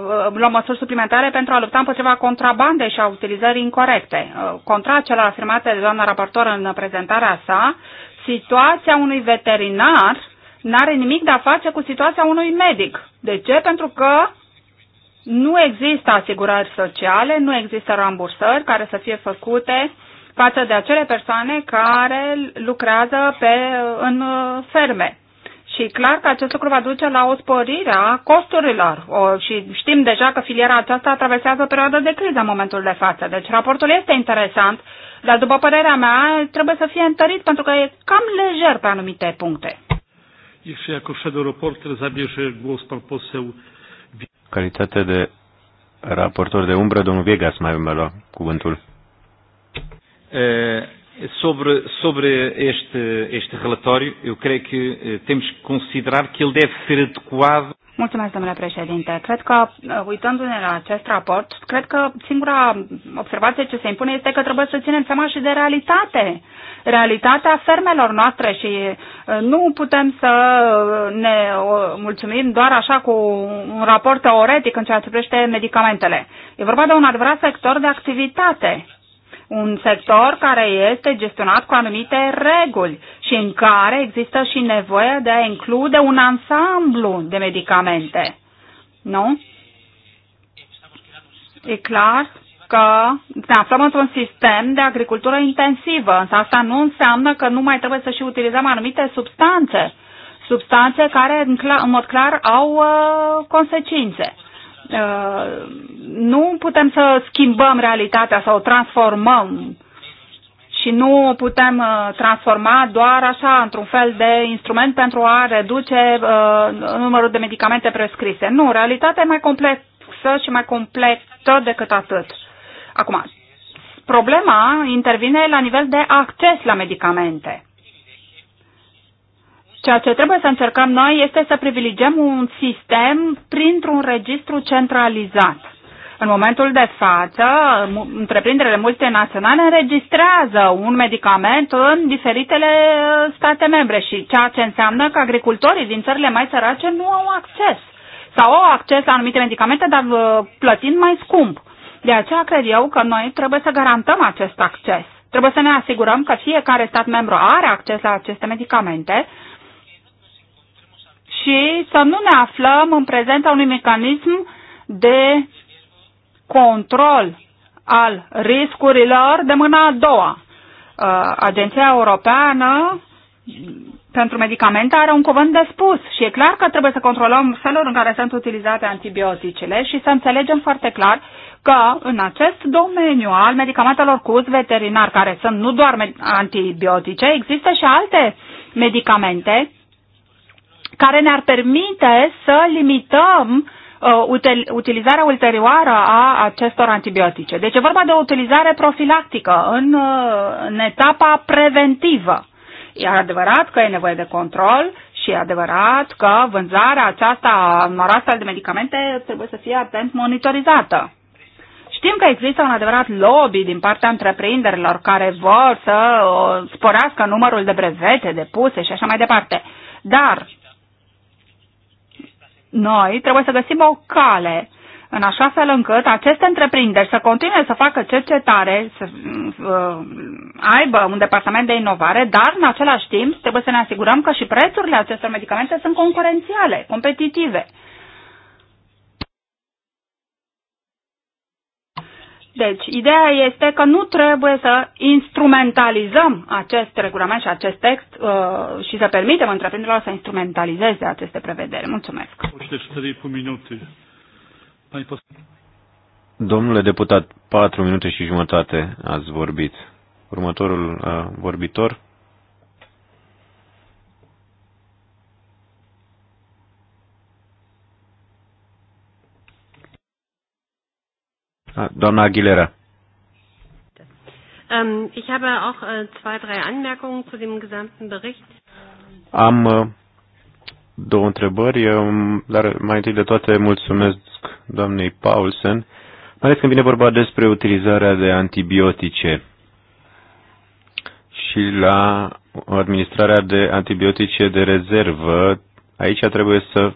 uh, luăm măsuri suplimentare pentru a lupta împotriva contrabandei și a utilizării incorrecte. Uh, Contra celor afirmate de doamna raportor în prezentarea sa, situația unui veterinar n-are nimic de a face cu situația unui medic. De ce? Pentru că nu există asigurări sociale, nu există rambursări care să fie făcute față de acele persoane care lucrează pe, în uh, ferme. Și clar că acest lucru va duce la o sporire a costurilor. O, și știm deja că filiera aceasta atraversează o perioadă de criză în momentul de față. Deci raportul este interesant, dar după părerea mea trebuie să fie întărit pentru că e cam lejer pe anumite puncte. Jeszcze jako shadow zabierze głos pan poseł. Calitate de raportor de umbră, domnul Viegas mai mă lua cuvântul. Eh, sobre, sobre este, este relatório, eu creio que eh, temos que considerar que ele deve ser adequado Mulțumesc, domnule președinte. Cred că, uh, uitându-ne la acest raport, cred că singura observație ce se impune este că trebuie să ținem seama și de realitate. Realitatea fermelor noastre și uh, nu putem să uh, ne mulțumim doar așa cu un raport teoretic în ceea ce privește medicamentele. E vorba de un adevărat sector de activitate un sector care este gestionat cu anumite reguli și în care există și nevoie de a include un ansamblu de medicamente. Nu? E clar că ne aflăm într-un sistem de agricultură intensivă, însă asta nu înseamnă că nu mai trebuie să și utilizăm anumite substanțe, substanțe care în, clar, în mod clar au uh, consecințe. Uh, nu putem să schimbăm realitatea sau o transformăm și nu o putem uh, transforma doar așa într-un fel de instrument pentru a reduce uh, numărul de medicamente prescrise. Nu, realitatea e mai complexă și mai completă decât atât. Acum, problema intervine la nivel de acces la medicamente. Ceea ce trebuie să încercăm noi este să privilegiem un sistem printr-un registru centralizat. În momentul de față, întreprinderile multinaționale înregistrează un medicament în diferitele uh, state membre și ceea ce înseamnă că agricultorii din țările mai sărace nu au acces sau au acces la anumite medicamente, dar uh, plătind mai scump. De aceea cred eu că noi trebuie să garantăm acest acces. Trebuie să ne asigurăm că fiecare stat membru are acces la aceste medicamente și să nu ne aflăm în prezența unui mecanism de control al riscurilor de mâna a doua. Uh, Agenția Europeană pentru medicamente are un cuvânt de spus și e clar că trebuie să controlăm felul în care sunt utilizate antibioticele și să înțelegem foarte clar că în acest domeniu al medicamentelor cu uz veterinar, care sunt nu doar antibiotice, există și alte medicamente care ne-ar permite să limităm uh, utilizarea ulterioară a acestor antibiotice. Deci e vorba de o utilizare profilactică în, uh, în etapa preventivă. E adevărat că e nevoie de control și e adevărat că vânzarea aceasta, unor astfel de medicamente, trebuie să fie atent monitorizată. Știm că există un adevărat lobby din partea întreprinderilor care vor să uh, sporească numărul de brevete depuse și așa mai departe. Dar noi trebuie să găsim o cale în așa fel încât aceste întreprinderi să continue să facă cercetare, să uh, aibă un departament de inovare, dar în același timp trebuie să ne asigurăm că și prețurile acestor medicamente sunt concurențiale, competitive. Uh, Deci, ideea este că nu trebuie să instrumentalizăm acest regulament și acest text uh, și să permitem întreprinderilor să instrumentalizeze aceste prevederi. Mulțumesc. Domnule deputat, patru minute și jumătate ați vorbit. Următorul uh, vorbitor, Ah, doamna Aguilera. Um, ich habe auch äh, zwei, drei Anmerkungen zu dem gesamten Bericht. Am uh, două întrebări. Um, dar mai întâi de toate mulțumesc doamnei Paulsen, mai ales când vine vorba despre utilizarea de antibiotice și la administrarea de antibiotice de rezervă. Aici trebuie să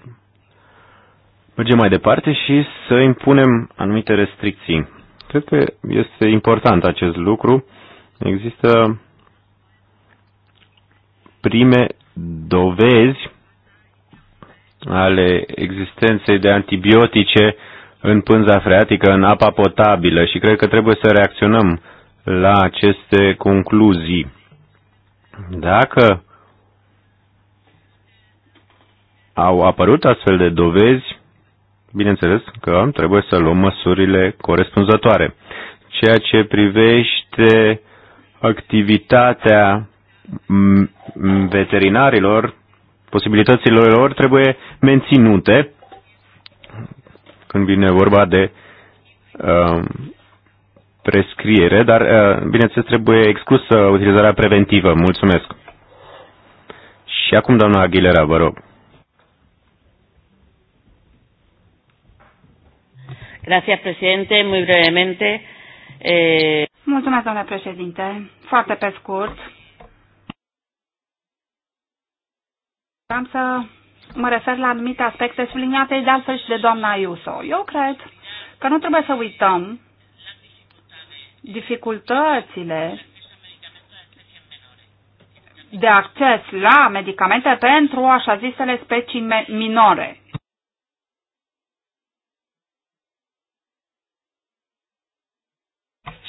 mergem mai departe și să impunem anumite restricții. Cred că este important acest lucru. Există prime dovezi ale existenței de antibiotice în pânza freatică, în apa potabilă și cred că trebuie să reacționăm la aceste concluzii. Dacă au apărut astfel de dovezi, bineînțeles că trebuie să luăm măsurile corespunzătoare. Ceea ce privește activitatea veterinarilor, posibilitățile lor trebuie menținute când vine vorba de uh, prescriere, dar uh, bineînțeles trebuie exclusă utilizarea preventivă. Mulțumesc. Și acum, doamna Aguilera, vă rog. Gracias, presidente. Muy brevemente. Eh... Mulțumesc, domnule președinte. Foarte pe scurt. Am să mă refer la anumite aspecte subliniate de altfel și de doamna Iuso. Eu cred că nu trebuie să uităm dificultățile de acces la medicamente pentru așa zisele specii minore.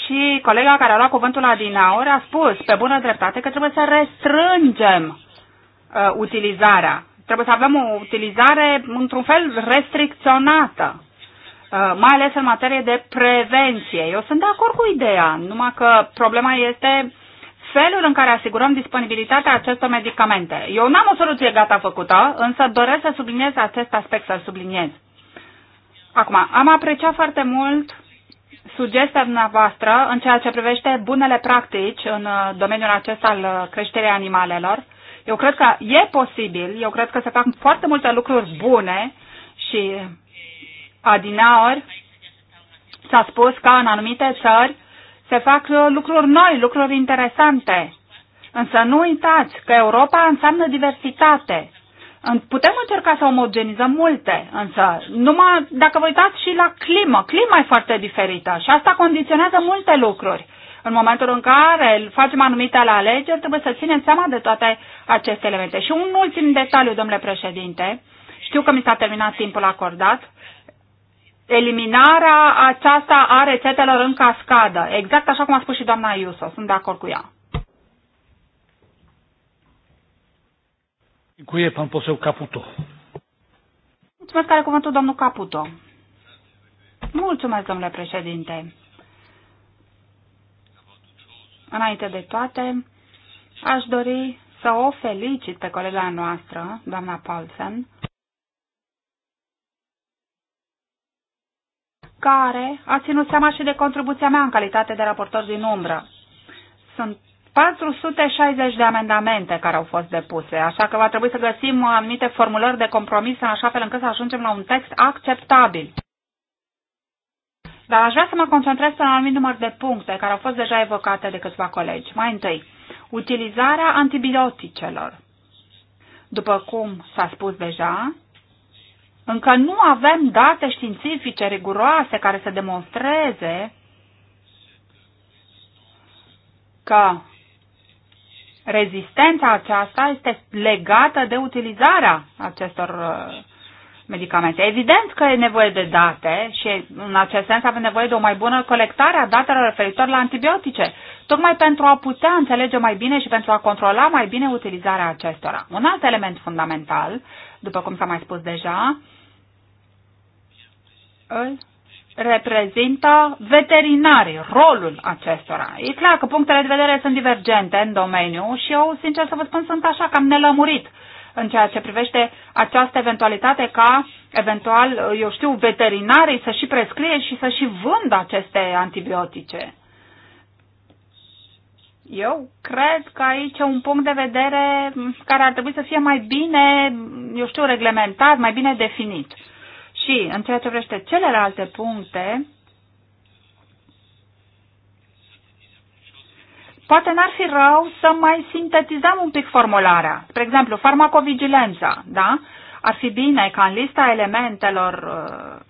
și colega care a luat cuvântul la dinaur a spus pe bună dreptate că trebuie să restrângem uh, utilizarea. Trebuie să avem o utilizare într-un fel restricționată, uh, mai ales în materie de prevenție. Eu sunt de acord cu ideea, numai că problema este felul în care asigurăm disponibilitatea acestor medicamente. Eu n-am o soluție gata făcută, însă doresc să subliniez acest aspect, să-l subliniez. Acum, am apreciat foarte mult sugestia dumneavoastră în ceea ce privește bunele practici în uh, domeniul acesta al uh, creșterii animalelor. Eu cred că e posibil, eu cred că se fac foarte multe lucruri bune și adinaori s-a spus că în anumite țări se fac uh, lucruri noi, lucruri interesante. Însă nu uitați că Europa înseamnă diversitate Putem încerca să omogenizăm multe, însă numai dacă vă uitați și la climă, clima e foarte diferită și asta condiționează multe lucruri. În momentul în care facem anumite la alegeri, trebuie să ținem seama de toate aceste elemente. Și un ultim detaliu, domnule președinte, știu că mi s-a terminat timpul acordat, eliminarea aceasta a rețetelor în cascadă, exact așa cum a spus și doamna Iuso, sunt de acord cu ea. Dziękuję, pan poseł Caputo. Mulțumesc, care cuvântul, domnul Caputo. Mulțumesc, domnule președinte. Înainte de toate, aș dori să o felicit pe colega noastră, doamna Paulsen, care a ținut seama și de contribuția mea în calitate de raportor din umbră. Sunt 460 de amendamente care au fost depuse, așa că va trebui să găsim anumite formulări de compromis în așa fel încât să ajungem la un text acceptabil. Dar aș vrea să mă concentrez pe un anumit număr de puncte care au fost deja evocate de câțiva colegi. Mai întâi, utilizarea antibioticelor. După cum s-a spus deja, încă nu avem date științifice riguroase care să demonstreze că rezistența aceasta este legată de utilizarea acestor uh, medicamente. Evident că e nevoie de date și în acest sens avem nevoie de o mai bună colectare a datelor referitor la antibiotice, tocmai pentru a putea înțelege mai bine și pentru a controla mai bine utilizarea acestora. Un alt element fundamental, după cum s-a mai spus deja, îl reprezintă veterinarii, rolul acestora. E clar că punctele de vedere sunt divergente în domeniu și eu, sincer să vă spun, sunt așa cam nelămurit în ceea ce privește această eventualitate ca, eventual, eu știu, veterinarii să și prescrie și să și vândă aceste antibiotice. Eu cred că aici e un punct de vedere care ar trebui să fie mai bine, eu știu, reglementat, mai bine definit. Și în ceea ce vrește celelalte puncte, poate n-ar fi rău să mai sintetizăm un pic formularea. Spre exemplu, farmacovigilența, da? Ar fi bine ca în lista elementelor uh,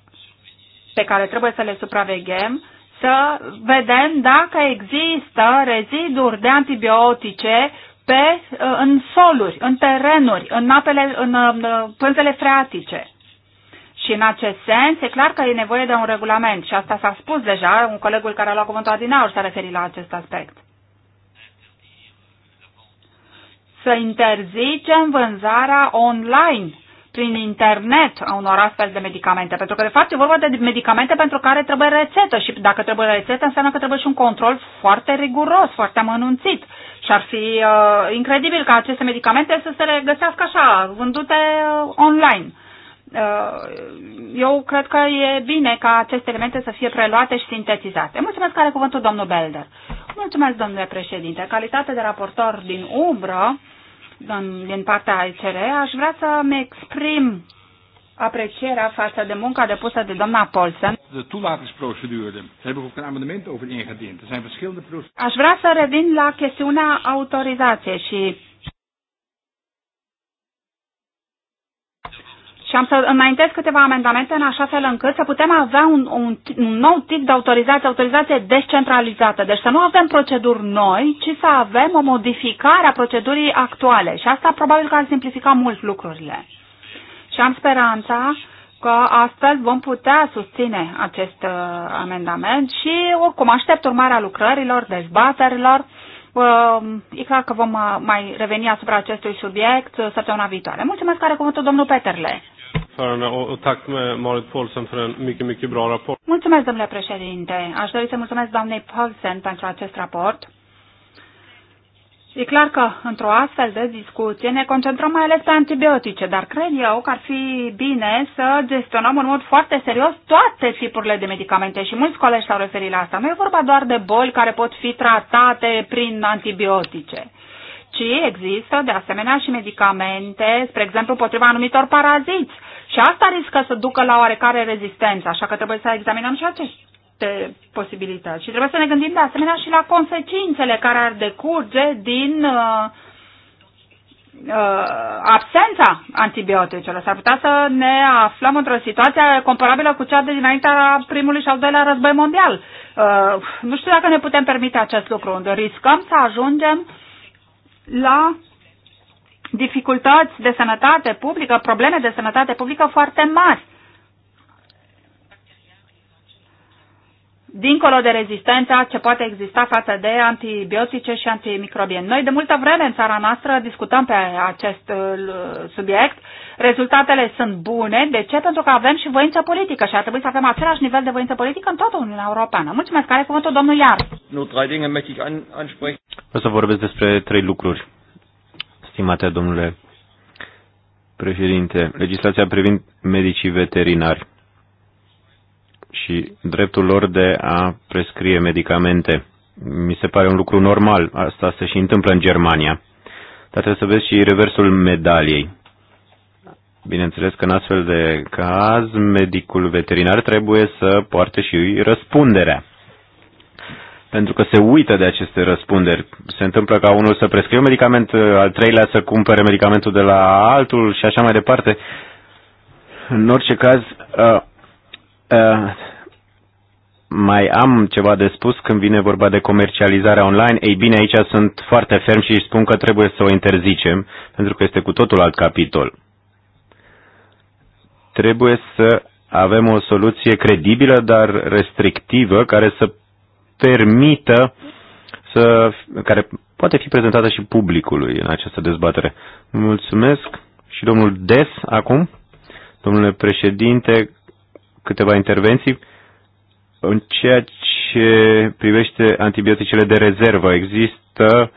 pe care trebuie să le supraveghem, să vedem dacă există reziduri de antibiotice pe, uh, în soluri, în terenuri, în apele, în uh, pânzele freatice. Și în acest sens, e clar că e nevoie de un regulament și asta s-a spus deja, un colegul care a luat cuvântul adinaur s-a referit la acest aspect. Să interzicem vânzarea online prin internet a unor astfel de medicamente. Pentru că, de fapt, e vorba de medicamente pentru care trebuie rețetă și dacă trebuie rețetă, înseamnă că trebuie și un control foarte riguros, foarte amănunțit. Și ar fi uh, incredibil ca aceste medicamente să se regăsească așa, vândute uh, online. Uh, eu cred că e bine ca aceste elemente să fie preluate și sintetizate. Mulțumesc care cuvântul domnul Belder. Mulțumesc, domnule președinte. Calitate de raportor din umbră, din partea ICR, aș vrea să-mi exprim aprecierea față de munca depusă de doamna Polsen. De er Aș vrea să revin la chestiunea autorizației și Și am să înaintez câteva amendamente în așa fel încât să putem avea un, un, un nou tip de autorizație, autorizație descentralizată. Deci să nu avem proceduri noi, ci să avem o modificare a procedurii actuale. Și asta probabil că ar simplifica mult lucrurile. Și am speranța că astfel vom putea susține acest uh, amendament și oricum aștept urmarea lucrărilor, dezbaterilor. Uh, e clar că vom uh, mai reveni asupra acestui subiect uh, săptămâna viitoare. Mulțumesc, care cuvântul domnul Peterle. Mulțumesc, domnule președinte. Aș dori să mulțumesc doamnei Paulsen pentru acest raport. E clar că într-o astfel de discuție ne concentrăm mai ales pe antibiotice, dar cred eu că ar fi bine să gestionăm în mod foarte serios toate tipurile de medicamente și mulți colegi s-au referit la asta. Nu e vorba doar de boli care pot fi tratate prin antibiotice ci există de asemenea și medicamente, spre exemplu, potriva anumitor paraziți. Și asta riscă să ducă la oarecare rezistență, așa că trebuie să examinăm și aceste posibilități. Și trebuie să ne gândim de asemenea și la consecințele care ar decurge din uh, uh, absența antibioticelor. S-ar putea să ne aflăm într-o situație comparabilă cu cea de dinaintea primului și al doilea război mondial. Uh, nu știu dacă ne putem permite acest lucru, unde riscăm să ajungem la dificultăți de sănătate publică, probleme de sănătate publică foarte mari. dincolo de rezistența ce poate exista față de antibiotice și antimicrobieni. Noi de multă vreme în țara noastră discutăm pe acest uh, subiect Rezultatele sunt bune. De ce? Pentru că avem și voință politică și ar trebui să avem același nivel de voință politică în toată Uniunea Europeană. Mulțumesc. Care cuvântul domnul Iar? Vreau să vorbesc despre trei lucruri, stimate domnule președinte. Legislația privind medicii veterinari și dreptul lor de a prescrie medicamente. Mi se pare un lucru normal. Asta se și întâmplă în Germania. Dar trebuie să vezi și reversul medaliei. Bineînțeles că în astfel de caz, medicul veterinar trebuie să poarte și răspunderea. Pentru că se uită de aceste răspunderi. Se întâmplă ca unul să prescrie un medicament, al treilea să cumpere medicamentul de la altul și așa mai departe. În orice caz, uh, uh, mai am ceva de spus când vine vorba de comercializarea online. Ei bine, aici sunt foarte ferm și spun că trebuie să o interzicem, pentru că este cu totul alt capitol. Trebuie să avem o soluție credibilă, dar restrictivă, care să permită să, care poate fi prezentată și publicului în această dezbatere. Mulțumesc și domnul Des acum, domnule președinte, câteva intervenții. În ceea ce privește antibioticele de rezervă, există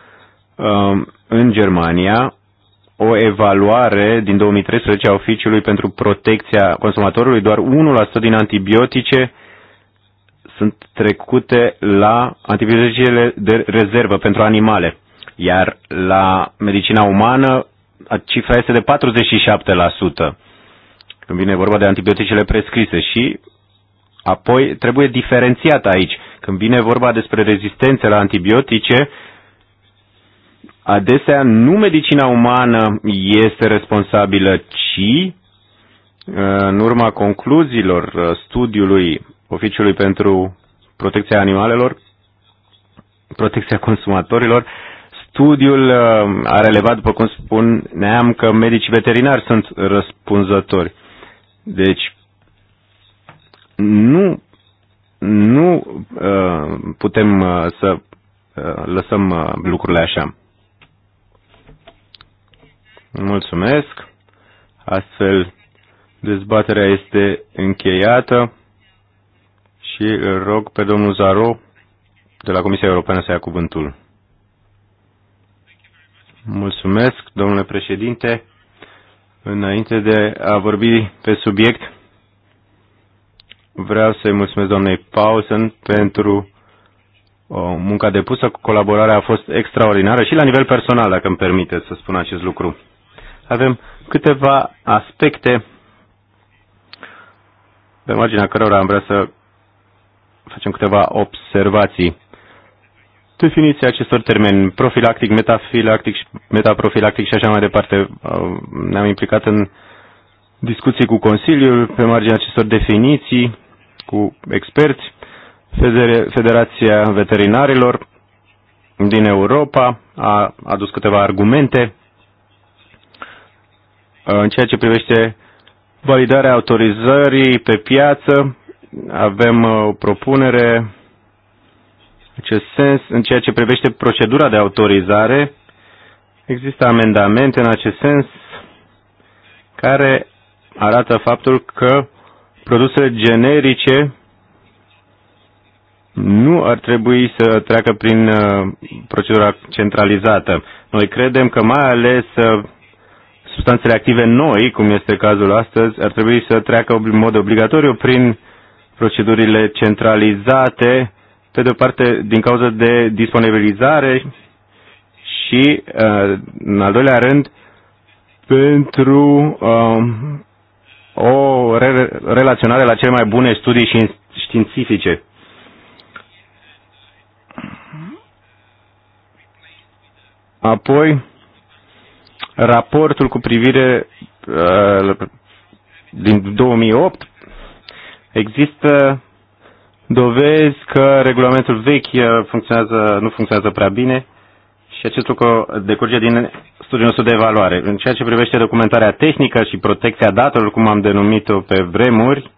um, în Germania o evaluare din 2013 a Oficiului pentru Protecția Consumatorului, doar 1% din antibiotice sunt trecute la antibioticele de rezervă pentru animale, iar la medicina umană cifra este de 47% când vine vorba de antibioticele prescrise și apoi trebuie diferențiat aici. Când vine vorba despre rezistențe la antibiotice, adesea nu medicina umană este responsabilă, ci în urma concluziilor studiului Oficiului pentru Protecția Animalelor, Protecția Consumatorilor, studiul uh, a relevat, după cum spuneam, că medicii veterinari sunt răspunzători. Deci, nu, nu uh, putem uh, să lăsăm lucrurile așa. Mulțumesc. Astfel, dezbaterea este încheiată și îl rog pe domnul Zaro de la Comisia Europeană să ia cuvântul. Mulțumesc, domnule președinte. Înainte de a vorbi pe subiect, vreau să-i mulțumesc doamnei Paulsen pentru o munca depusă. Colaborarea a fost extraordinară și la nivel personal, dacă îmi permiteți să spun acest lucru avem câteva aspecte pe marginea cărora am vrea să facem câteva observații. Definiția acestor termeni, profilactic, metafilactic, metaprofilactic și așa mai departe, ne-am implicat în discuții cu Consiliul pe marginea acestor definiții, cu experți, Federația Veterinarilor din Europa a adus câteva argumente în ceea ce privește validarea autorizării pe piață, avem uh, o propunere acest sens, în ceea ce privește procedura de autorizare, există amendamente în acest sens care arată faptul că produsele generice nu ar trebui să treacă prin uh, procedura centralizată. Noi credem că mai ales uh, substanțele active noi, cum este cazul astăzi, ar trebui să treacă în mod obligatoriu prin procedurile centralizate, pe de o parte din cauza de disponibilizare și, uh, în al doilea rând, pentru um, o re relaționare la cele mai bune studii științifice. Apoi, raportul cu privire uh, din 2008 există dovezi că regulamentul vechi uh, funcționează, nu funcționează prea bine și acest lucru decurge din studiul nostru de evaluare. În ceea ce privește documentarea tehnică și protecția datelor, cum am denumit-o pe vremuri,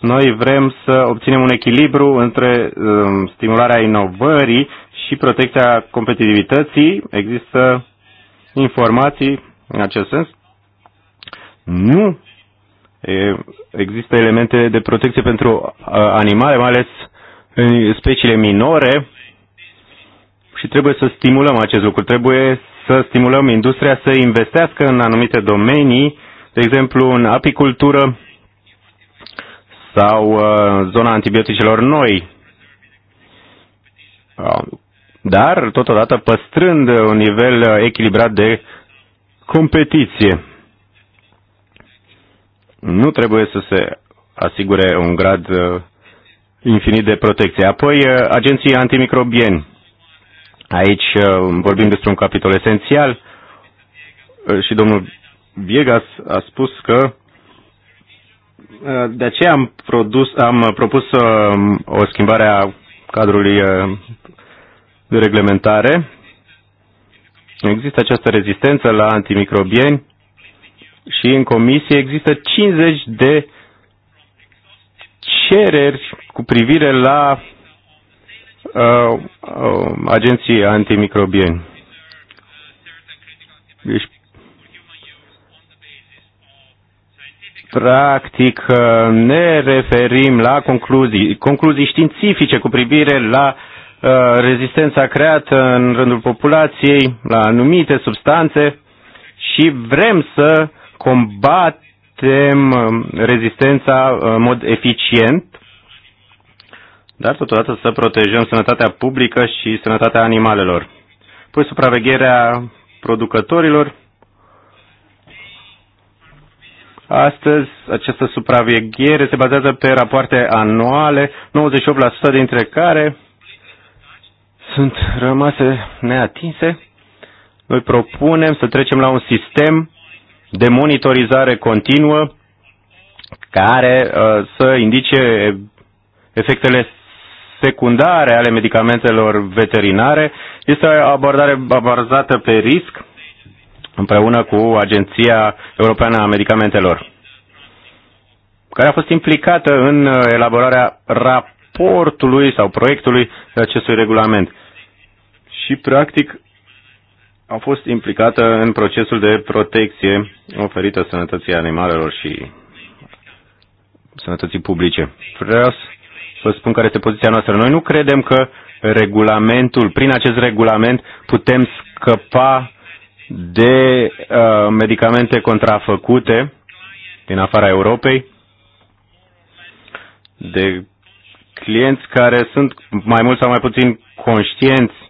noi vrem să obținem un echilibru între um, stimularea inovării și protecția competitivității. Există informații în acest sens. Nu există elemente de protecție pentru animale, mai ales în speciile minore și trebuie să stimulăm acest lucru. Trebuie să stimulăm industria să investească în anumite domenii, de exemplu în apicultură sau uh, zona antibioticelor noi, uh, dar totodată păstrând un nivel echilibrat de competiție. Nu trebuie să se asigure un grad uh, infinit de protecție. Apoi, uh, agenții antimicrobieni. Aici uh, vorbim despre un capitol esențial și domnul Viegas a spus că de aceea am, produs, am propus o schimbare a cadrului de reglementare. Există această rezistență la antimicrobieni și în comisie există 50 de cereri cu privire la uh, uh, agenții antimicrobieni. Deci, practic, uh, ne referim la concluzii, concluzii științifice cu privire la uh, Uh, rezistența creată în rândul populației la anumite substanțe și vrem să combatem um, rezistența uh, în mod eficient, dar totodată să protejăm sănătatea publică și sănătatea animalelor. Păi supravegherea producătorilor. Astăzi, această supraveghere se bazează pe rapoarte anuale, 98% dintre care sunt rămase neatinse, noi propunem să trecem la un sistem de monitorizare continuă care uh, să indice efectele secundare ale medicamentelor veterinare. Este o abordare bazată pe risc împreună cu Agenția Europeană a Medicamentelor, care a fost implicată în uh, elaborarea raportului sau proiectului acestui regulament și practic a fost implicată în procesul de protecție oferită sănătății animalelor și sănătății publice. Vreau să vă spun care este poziția noastră. Noi nu credem că regulamentul, prin acest regulament putem scăpa de uh, medicamente contrafăcute din afara Europei, de clienți care sunt mai mult sau mai puțin conștienți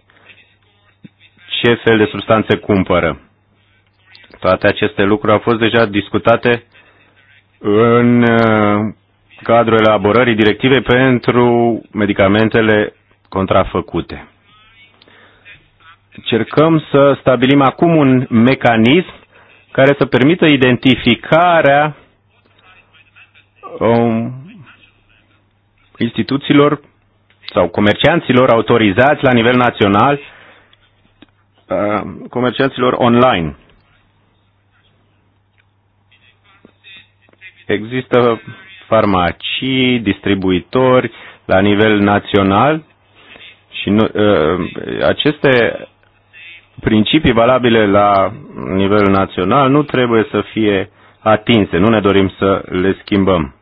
ce fel de substanțe cumpără. Toate aceste lucruri au fost deja discutate în uh, cadrul elaborării directivei pentru medicamentele contrafăcute. Cercăm să stabilim acum un mecanism care să permită identificarea um, instituțiilor sau comercianților autorizați la nivel național Uh, comercianților online. Există farmacii, distribuitori la nivel național și nu, uh, aceste principii valabile la nivel național nu trebuie să fie atinse, nu ne dorim să le schimbăm.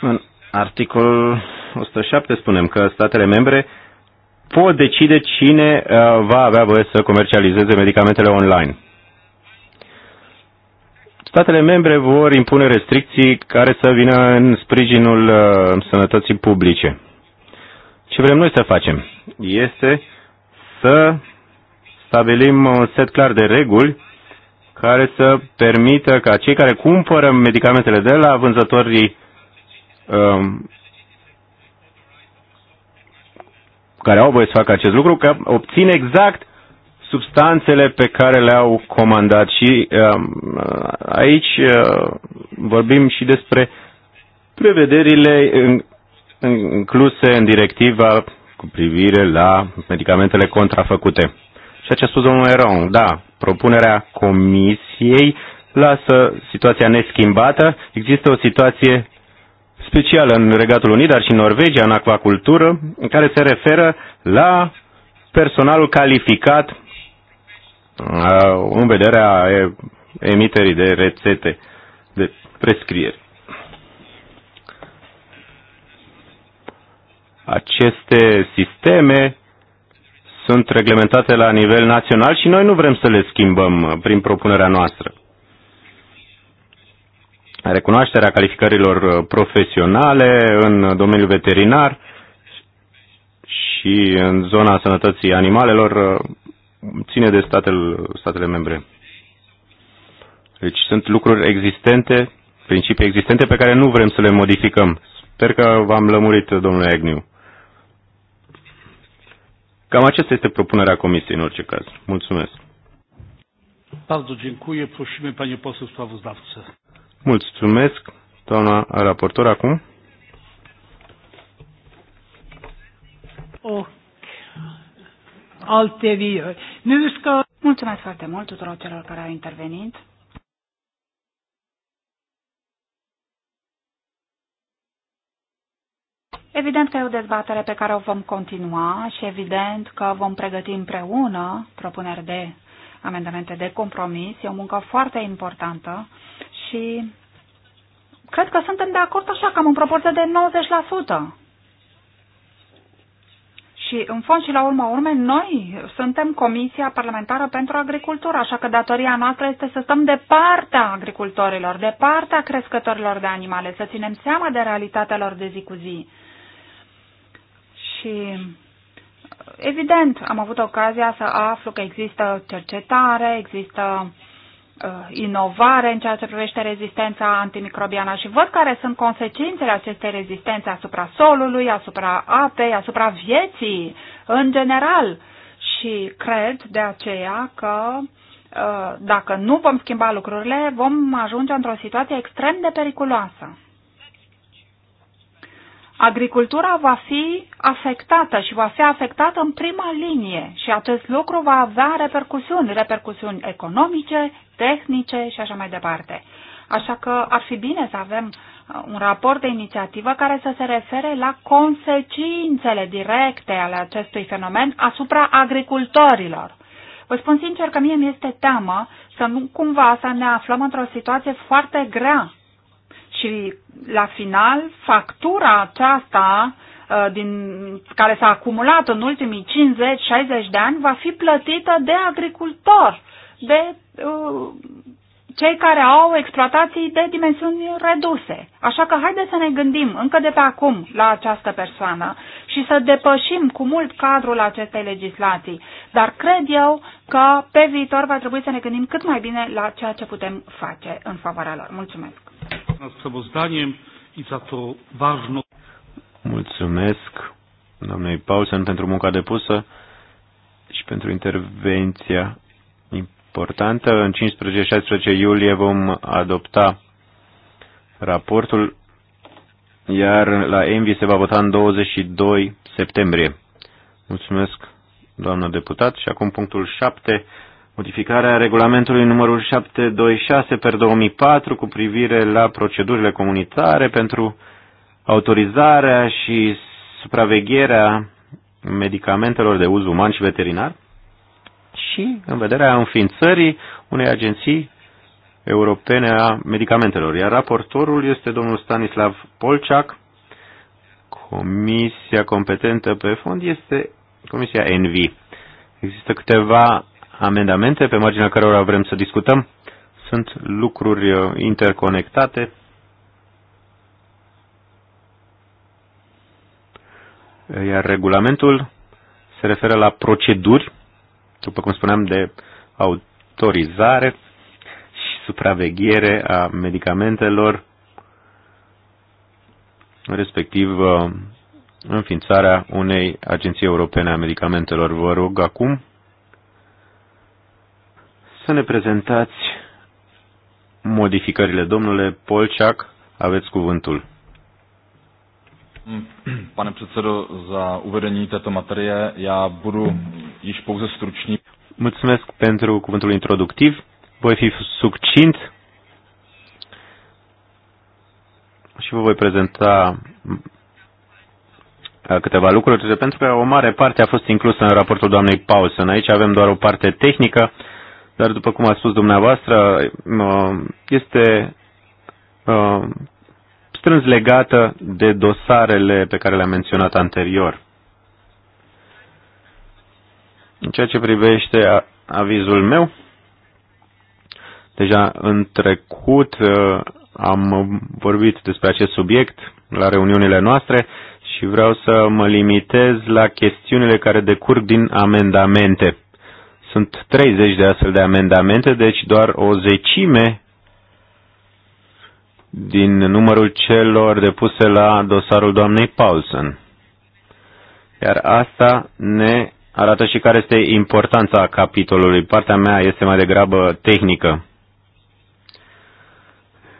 În articolul 107 spunem că statele membre pot decide cine uh, va avea voie să comercializeze medicamentele online. Statele membre vor impune restricții care să vină în sprijinul uh, sănătății publice. Ce vrem noi să facem este să stabilim un set clar de reguli care să permită ca cei care cumpără medicamentele de la vânzătorii um, care au voie să facă acest lucru, că obțin exact substanțele pe care le-au comandat. Și um, aici uh, vorbim și despre prevederile incluse în directiva cu privire la medicamentele contrafăcute. Și ce a spus domnul Eron, da, propunerea comisiei lasă situația neschimbată, există o situație specială în Regatul Unit, dar și în Norvegia, în acvacultură, în care se referă la personalul calificat uh, în vederea emiterii de rețete, de prescrieri. Aceste sisteme sunt reglementate la nivel național și noi nu vrem să le schimbăm prin propunerea noastră recunoașterea calificărilor uh, profesionale în domeniul veterinar și în zona sănătății animalelor uh, ține de statele, statele membre. Deci sunt lucruri existente, principii existente pe care nu vrem să le modificăm. Sper că v-am lămurit, domnule Agniu. Cam aceasta este propunerea comisiei în orice caz. Mulțumesc. Bardzo dziękuję. Prosimy panie poseł sprawozdawcę. Mulțumesc, doamna raportor, acum. Och ulterior. Nu ska... Mulțumesc foarte mult tuturor celor care au intervenit. Evident că e o dezbatere pe care o vom continua și evident că vom pregăti împreună propuneri de amendamente de compromis. E o muncă foarte importantă și cred că suntem de acord așa, cam în proporție de 90%. Și în fond și la urma urme, noi suntem Comisia Parlamentară pentru Agricultură, așa că datoria noastră este să stăm de partea agricultorilor, de partea crescătorilor de animale, să ținem seama de realitatea lor de zi cu zi. Și evident, am avut ocazia să aflu că există cercetare, există Uh, inovare în ceea ce privește rezistența antimicrobiană și văd care sunt consecințele acestei rezistențe asupra solului, asupra apei, asupra vieții în general. Și cred de aceea că uh, dacă nu vom schimba lucrurile, vom ajunge într-o situație extrem de periculoasă agricultura va fi afectată și va fi afectată în prima linie și acest lucru va avea repercusiuni, repercusiuni economice, tehnice și așa mai departe. Așa că ar fi bine să avem uh, un raport de inițiativă care să se refere la consecințele directe ale acestui fenomen asupra agricultorilor. Vă spun sincer că mie mi-este teamă să nu cumva să ne aflăm într-o situație foarte grea și la final factura aceasta uh, din, care s-a acumulat în ultimii 50-60 de ani va fi plătită de agricultor, de uh, cei care au exploatații de dimensiuni reduse. Așa că haideți să ne gândim încă de pe acum la această persoană și să depășim cu mult cadrul acestei legislații. Dar cred eu că pe viitor va trebui să ne gândim cât mai bine la ceea ce putem face în favoarea lor. Mulțumesc! Mulțumesc doamnei Paulsen pentru munca depusă și pentru intervenția importantă. În 15-16 iulie vom adopta raportul, iar la Envi se va vota în 22 septembrie. Mulțumesc, doamnă deputat. Și acum punctul 7 modificarea regulamentului numărul 726 per 2004 cu privire la procedurile comunitare pentru autorizarea și supravegherea medicamentelor de uz uman și veterinar și în vederea înființării unei agenții europene a medicamentelor. Iar raportorul este domnul Stanislav Polciac. Comisia competentă pe fond este Comisia ENVI. Există câteva amendamente pe marginea cărora vrem să discutăm. Sunt lucruri uh, interconectate. Iar regulamentul se referă la proceduri, după cum spuneam, de autorizare și supraveghere a medicamentelor, respectiv uh, înființarea unei agenții europene a medicamentelor. Vă rog acum să ne prezentați modificările. Domnule Polciac, aveți cuvântul. Pane předsedo, za uvedení této materie já budu již pouze stručný. Mulțumesc pentru cuvântul introductiv. Voi fi succint și vă voi prezenta câteva lucruri, pentru că o mare parte a fost inclusă în raportul doamnei Paulson. Aici avem doar o parte tehnică dar după cum a spus dumneavoastră, este strâns legată de dosarele pe care le-am menționat anterior. În ceea ce privește avizul meu, deja în trecut ă, am vorbit despre acest subiect la reuniunile noastre și vreau să mă limitez la chestiunile care decurg din amendamente. Sunt 30 de astfel de amendamente, deci doar o zecime din numărul celor depuse la dosarul doamnei Paulson. Iar asta ne arată și care este importanța capitolului. Partea mea este mai degrabă tehnică.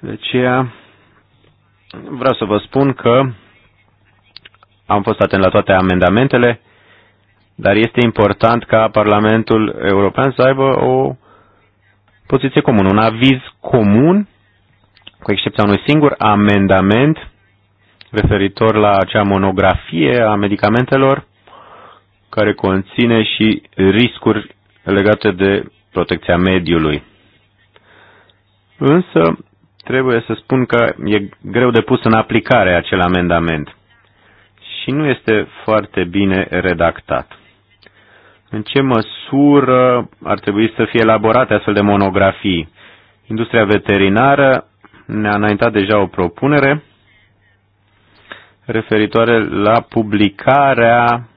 De deci, aceea vreau să vă spun că am fost atent la toate amendamentele dar este important ca Parlamentul European să aibă o poziție comună, un aviz comun, cu excepția unui singur amendament referitor la acea monografie a medicamentelor care conține și riscuri legate de protecția mediului. Însă, trebuie să spun că e greu de pus în aplicare acel amendament și nu este foarte bine redactat în ce măsură ar trebui să fie elaborate astfel de monografii. Industria veterinară ne-a înaintat deja o propunere referitoare la publicarea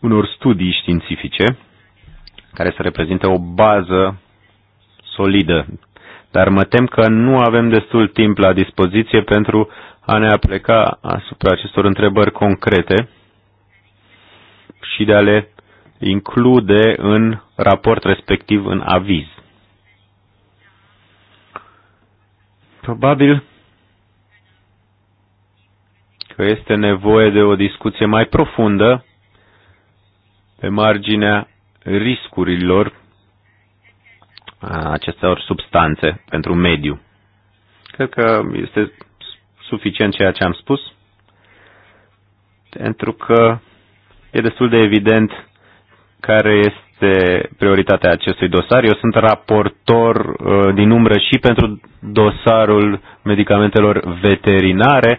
unor studii științifice care să reprezinte o bază solidă. Dar mă tem că nu avem destul timp la dispoziție pentru a ne apleca asupra acestor întrebări concrete și de a le include în raport respectiv în aviz. Probabil că este nevoie de o discuție mai profundă pe marginea riscurilor acestor substanțe pentru mediu. Cred că este suficient ceea ce am spus, pentru că e destul de evident care este prioritatea acestui dosar. Eu sunt raportor uh, din umbră și pentru dosarul medicamentelor veterinare.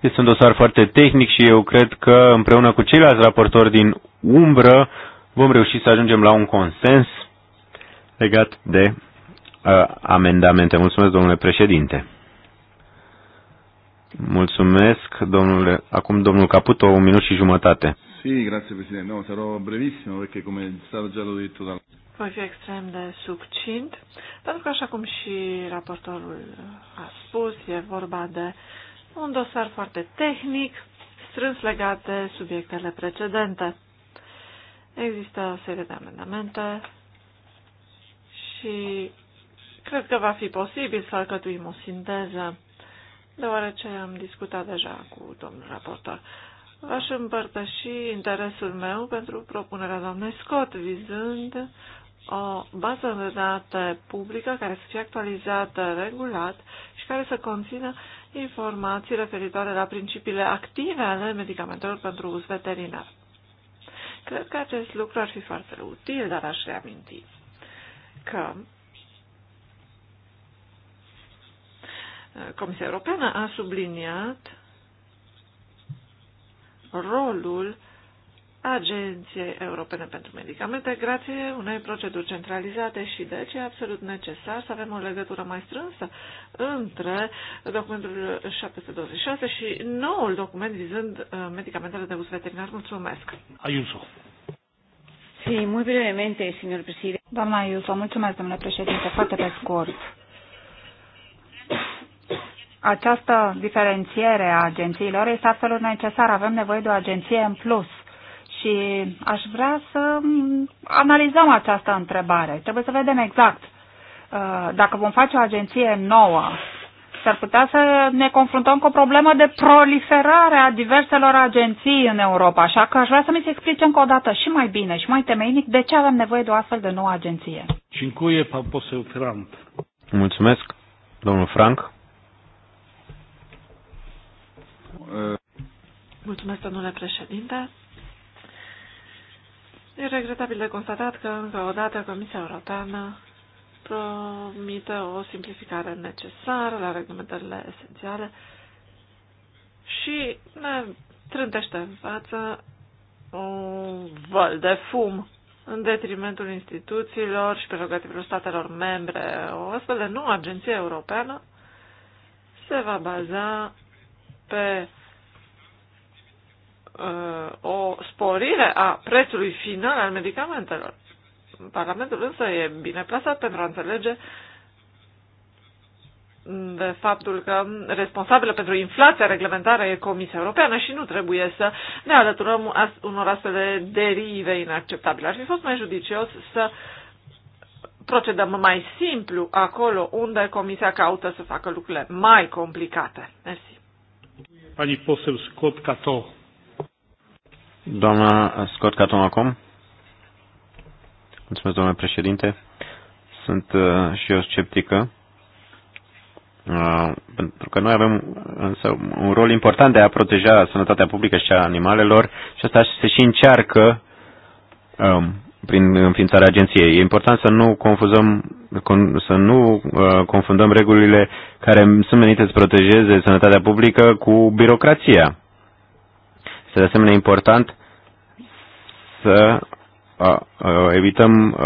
Este un dosar foarte tehnic și eu cred că împreună cu ceilalți raportori din umbră vom reuși să ajungem la un consens legat de uh, amendamente. Mulțumesc, domnule președinte. Mulțumesc, domnule. Acum domnul Caputo, un minut și jumătate. Sì, grazie Presidente. No, sarò brevissimo perché come è stato già detto dal... Voi fi extrem de succint, pentru că așa cum și raportorul a spus, e vorba de un dosar foarte tehnic, strâns legat de subiectele precedente. Există o serie de amendamente și cred că va fi posibil să alcătuim o sinteză, deoarece am discutat deja cu domnul raportor. Aș împărtăși interesul meu pentru propunerea doamnei Scott, vizând o bază de date publică care să fie actualizată regulat și care să conțină informații referitoare la principiile active ale medicamentelor pentru uz veterinar. Cred că acest lucru ar fi foarte util, dar aș reaminti că Comisia Europeană a subliniat rolul Agenției Europene pentru Medicamente, grație unei proceduri centralizate și deci e absolut necesar să avem o legătură mai strânsă între documentul 726 și noul document vizând uh, medicamentele de uz veterinar. Mulțumesc! Ayuso. Sí, muy brevemente, señor presidente. Doamna Ayuso, mulțumesc, domnule președinte, foarte pe scurt această diferențiere a agențiilor este absolut necesară. Avem nevoie de o agenție în plus. Și aș vrea să mm, analizăm această întrebare. Trebuie să vedem exact. Uh, dacă vom face o agenție nouă, s-ar putea să ne confruntăm cu o problemă de proliferare a diverselor agenții în Europa. Așa că aș vrea să mi se explice încă o dată și mai bine și mai temeinic de ce avem nevoie de o astfel de nouă agenție. Cincuie, Paposeu Frank. Mulțumesc, domnul Frank. Mulțumesc, domnule președinte. E regretabil de constatat că, încă o dată, Comisia Europeană promite o simplificare necesară la reglementările esențiale și ne trântește în față un val de fum în detrimentul instituțiilor și prerogativelor statelor membre. O astfel de nouă agenție europeană se va baza pe o sporire a prețului final al medicamentelor. Parlamentul însă e bine plasat pentru a înțelege de faptul că responsabilă pentru inflația reglementară e Comisia Europeană și nu trebuie să ne alăturăm unor astfel de derive inacceptabile. Ar fi fost mai judicios să procedăm mai simplu acolo unde Comisia caută să facă lucrurile mai complicate. Mersi. Pani poseł Scott Cato. Doamna Scott Caton acum. Mulțumesc, domnule președinte. Sunt uh, și eu sceptică, uh, pentru că noi avem însă un rol important de a proteja sănătatea publică și a animalelor și asta se și încearcă um, prin înființarea agenției. E important să nu confuzăm, să nu uh, confundăm regulile care sunt menite să protejeze sănătatea publică cu birocrația. Este de asemenea important să evităm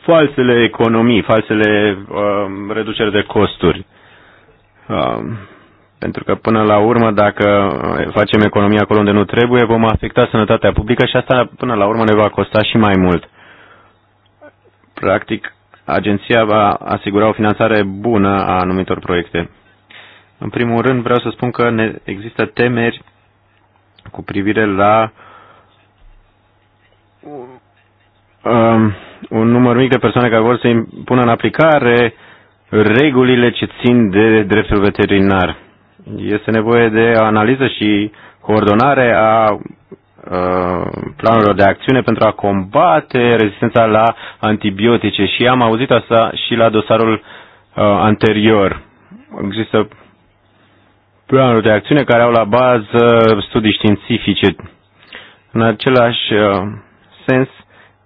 falsele economii, falsele reduceri de costuri. Pentru că până la urmă, dacă facem economia acolo unde nu trebuie, vom afecta sănătatea publică și asta până la urmă ne va costa și mai mult. Practic, agenția va asigura o finanțare bună a anumitor proiecte. În primul rând vreau să spun că ne există temeri cu privire la um, un număr mic de persoane care vor să impună în aplicare regulile ce țin de dreptul veterinar. Este nevoie de analiză și coordonare a uh, planurilor de acțiune pentru a combate rezistența la antibiotice și am auzit asta și la dosarul uh, anterior. Există planuri de acțiune care au la bază studii științifice. În același uh, sens,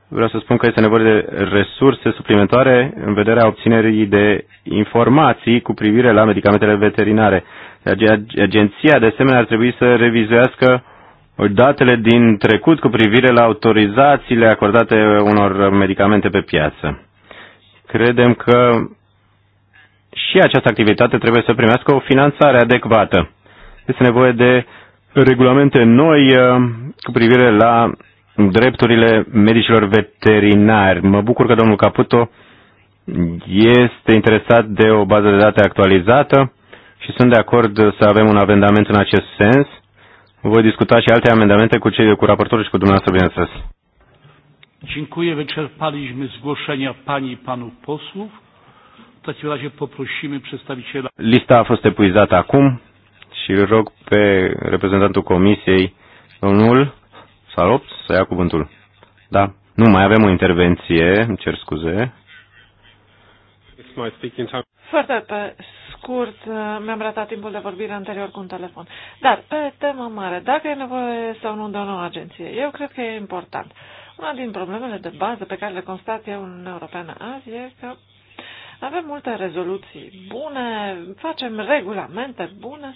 vreau să spun că este nevoie de resurse suplimentare în vederea obținerii de informații cu privire la medicamentele veterinare. Agenția, de asemenea, ar trebui să revizuiască datele din trecut cu privire la autorizațiile acordate unor medicamente pe piață. Credem că și această activitate trebuie să primească o finanțare adecvată. Este nevoie de regulamente noi uh, cu privire la drepturile medicilor veterinari. Mă bucur că domnul Caputo este interesat de o bază de date actualizată și sunt de acord să avem un amendament în acest sens. Voi discuta și alte amendamente cu, cei, cu raportorul și cu dumneavoastră, bineînțeles. Dziękuję. Wyczerpaliśmy zgłoszenia pani i panów posłów. Lista a fost epuizată acum și îl rog pe reprezentantul comisiei, domnul Salop, să ia cuvântul. Da, nu, mai avem o intervenție, îmi cer scuze. Foarte pe scurt, mi-am ratat timpul de vorbire anterior cu un telefon. Dar, pe temă mare, dacă e nevoie sau nu de o nouă agenție, eu cred că e important. Una din problemele de bază pe care le constat eu în Europeană azi e că avem multe rezoluții bune, facem regulamente bune,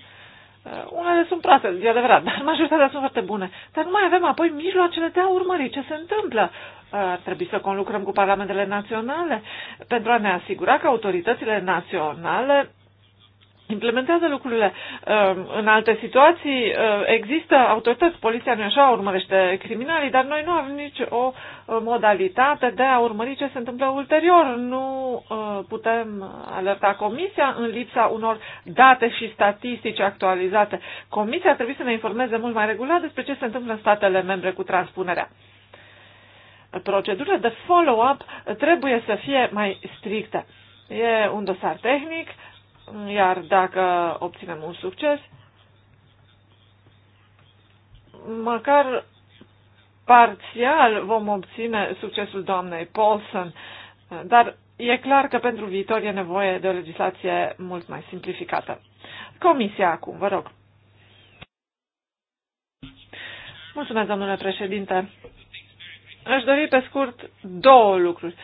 uh, unele sunt proaste, e adevărat, dar majoritatea sunt foarte bune. Dar nu mai avem apoi mijloacele de a urmări ce se întâmplă. Uh, ar trebui să conlucrăm cu parlamentele naționale pentru a ne asigura că autoritățile naționale implementează lucrurile. Um, în alte situații um, există autorități, poliția nu așa, urmărește criminalii, dar noi nu avem nici o uh, modalitate de a urmări ce se întâmplă ulterior. Nu uh, putem alerta comisia în lipsa unor date și statistici actualizate. Comisia trebuie să ne informeze mult mai regulat despre ce se întâmplă în statele membre cu transpunerea procedurile de follow-up trebuie să fie mai stricte. E un dosar tehnic, iar dacă obținem un succes, măcar parțial vom obține succesul doamnei Paulson, dar e clar că pentru viitor e nevoie de o legislație mult mai simplificată. Comisia acum, vă rog. Mulțumesc, domnule președinte. Aș dori pe scurt două lucruri.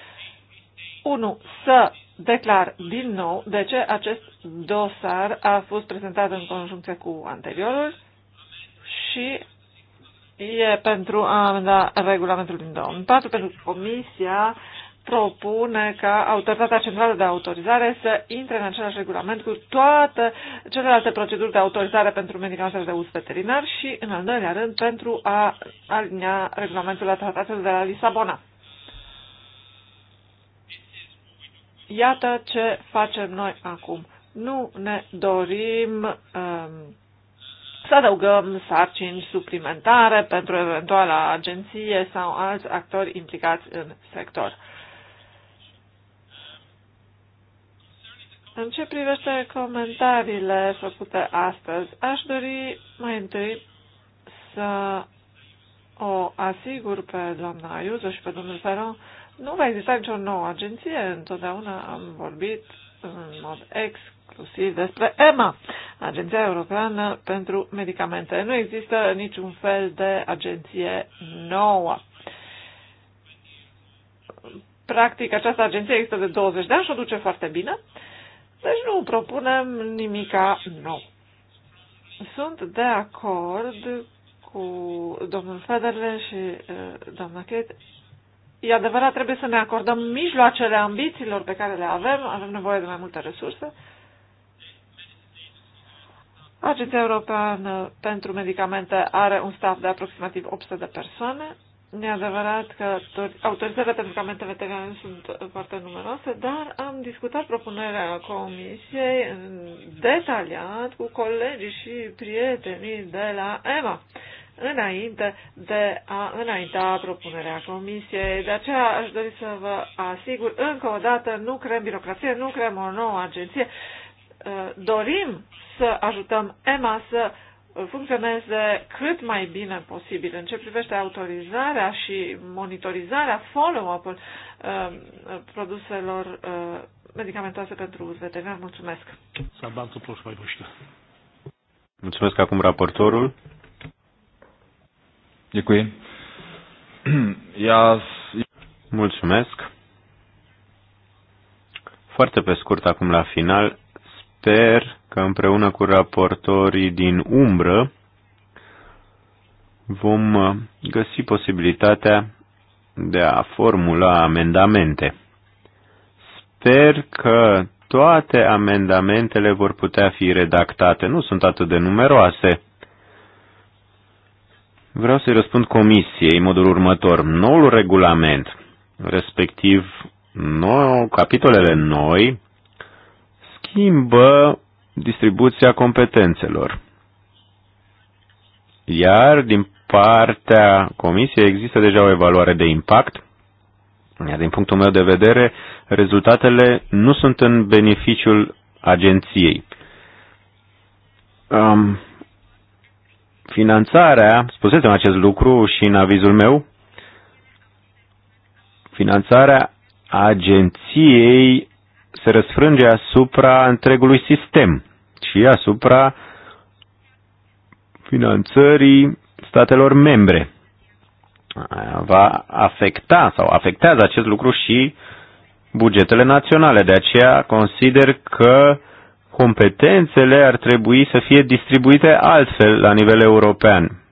Unu, să declar din nou de ce acest dosar a fost prezentat în conjuncție cu anteriorul și e pentru a amenda regulamentul din 2004, pentru că Comisia propune ca Autoritatea Centrală de Autorizare să intre în același regulament cu toate celelalte proceduri de autorizare pentru medicamentele de uz veterinar și, în al doilea rând, pentru a alinia regulamentul la tratatul de la Lisabona. Iată ce facem noi acum. Nu ne dorim um, să adăugăm sarcini suplimentare pentru eventuala agenție sau alți actori implicați în sector. În ce privește comentariile făcute astăzi, aș dori mai întâi să o asigur pe doamna Iuză și pe domnul Ferro nu va exista nicio nouă agenție. Întotdeauna am vorbit în mod exclusiv despre EMA, Agenția Europeană pentru Medicamente. Nu există niciun fel de agenție nouă. Practic, această agenție există de 20 de ani și o duce foarte bine, deci nu propunem nimica nou. Sunt de acord cu domnul Federle și uh, doamna Kate E adevărat, trebuie să ne acordăm mijloacele ambițiilor pe care le avem, avem nevoie de mai multe resurse. Agenția Europeană pentru Medicamente are un staff de aproximativ 800 de persoane. E adevărat că autorizările pentru medicamente veterinare sunt foarte numeroase, dar am discutat propunerea Comisiei detaliat cu colegii și prietenii de la EMA înainte de a înainta propunerea Comisiei. De aceea aș dori să vă asigur încă o dată, nu creăm birocrație, nu creăm o nouă agenție. Uh, dorim să ajutăm EMA să funcționeze cât mai bine posibil în ce privește autorizarea și monitorizarea, follow-up-ul uh, produselor uh, medicamentoase pentru uz veterinar. Mulțumesc! Mulțumesc acum raportorul. Děkuji. Ia... Mulțumesc. Foarte pe scurt acum la final, sper că împreună cu raportorii din umbră vom uh, găsi posibilitatea de a formula amendamente. Sper că toate amendamentele vor putea fi redactate, nu sunt atât de numeroase, Vreau să-i răspund comisiei în modul următor. Noul regulament, respectiv nou, capitolele noi, schimbă distribuția competențelor. Iar din partea comisiei există deja o evaluare de impact. Iar din punctul meu de vedere, rezultatele nu sunt în beneficiul agenției. Um, Finanțarea, spusesem acest lucru și în avizul meu, finanțarea agenției se răsfrânge asupra întregului sistem și asupra finanțării statelor membre. Va afecta sau afectează acest lucru și bugetele naționale. De aceea consider că competențele ar trebui să fie distribuite altfel la nivel european.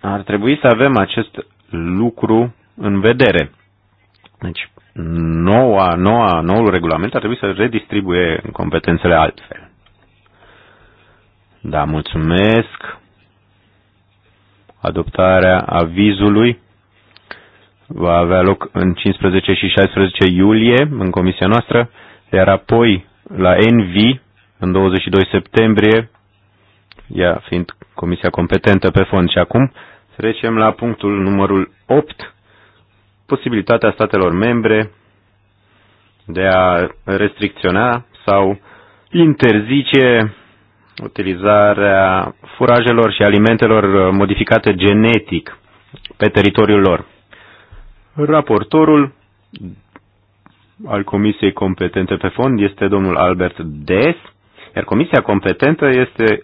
Ar trebui să avem acest lucru în vedere. Deci, noua, noua, noul regulament ar trebui să redistribuie competențele altfel. Da, mulțumesc. Adoptarea avizului va avea loc în 15 și 16 iulie în comisia noastră iar apoi, la Envi, în 22 septembrie, ea fiind comisia competentă pe fond. Și acum trecem la punctul numărul 8, posibilitatea statelor membre de a restricționa sau interzice utilizarea furajelor și alimentelor uh, modificate genetic pe teritoriul lor. Raportorul al comisiei competente pe fond este domnul Albert Des, iar comisia competentă este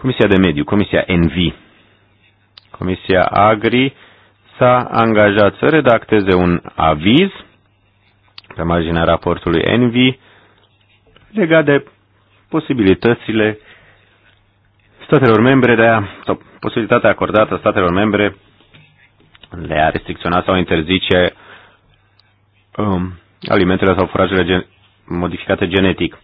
Comisia de Mediu, Comisia NV. Comisia Agri s-a angajat să redacteze un aviz pe marginea raportului NV, legat de posibilitățile statelor membre de a, sau posibilitatea acordată statelor membre de a restricționa sau interzice um, alimentele sau furajele gen modificate genetic.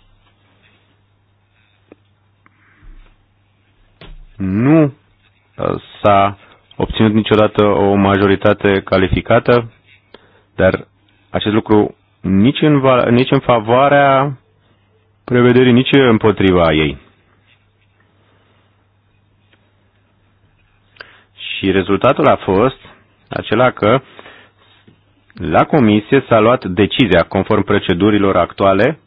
Nu uh, s-a obținut niciodată o majoritate calificată, dar acest lucru nici în, nici în favoarea prevederii, nici împotriva ei. Și rezultatul a fost acela că la comisie s-a luat decizia, conform procedurilor actuale,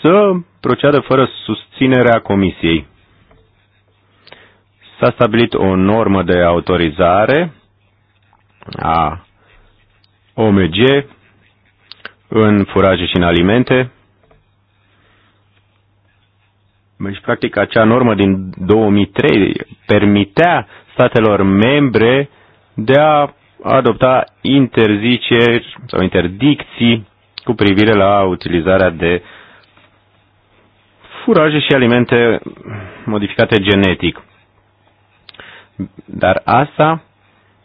să proceadă fără susținerea comisiei. S-a stabilit o normă de autorizare a OMG în furaje și în alimente. Deci, practic, acea normă din 2003 permitea statelor membre de a adopta interziceri sau interdicții cu privire la utilizarea de furaje și alimente modificate genetic. Dar asta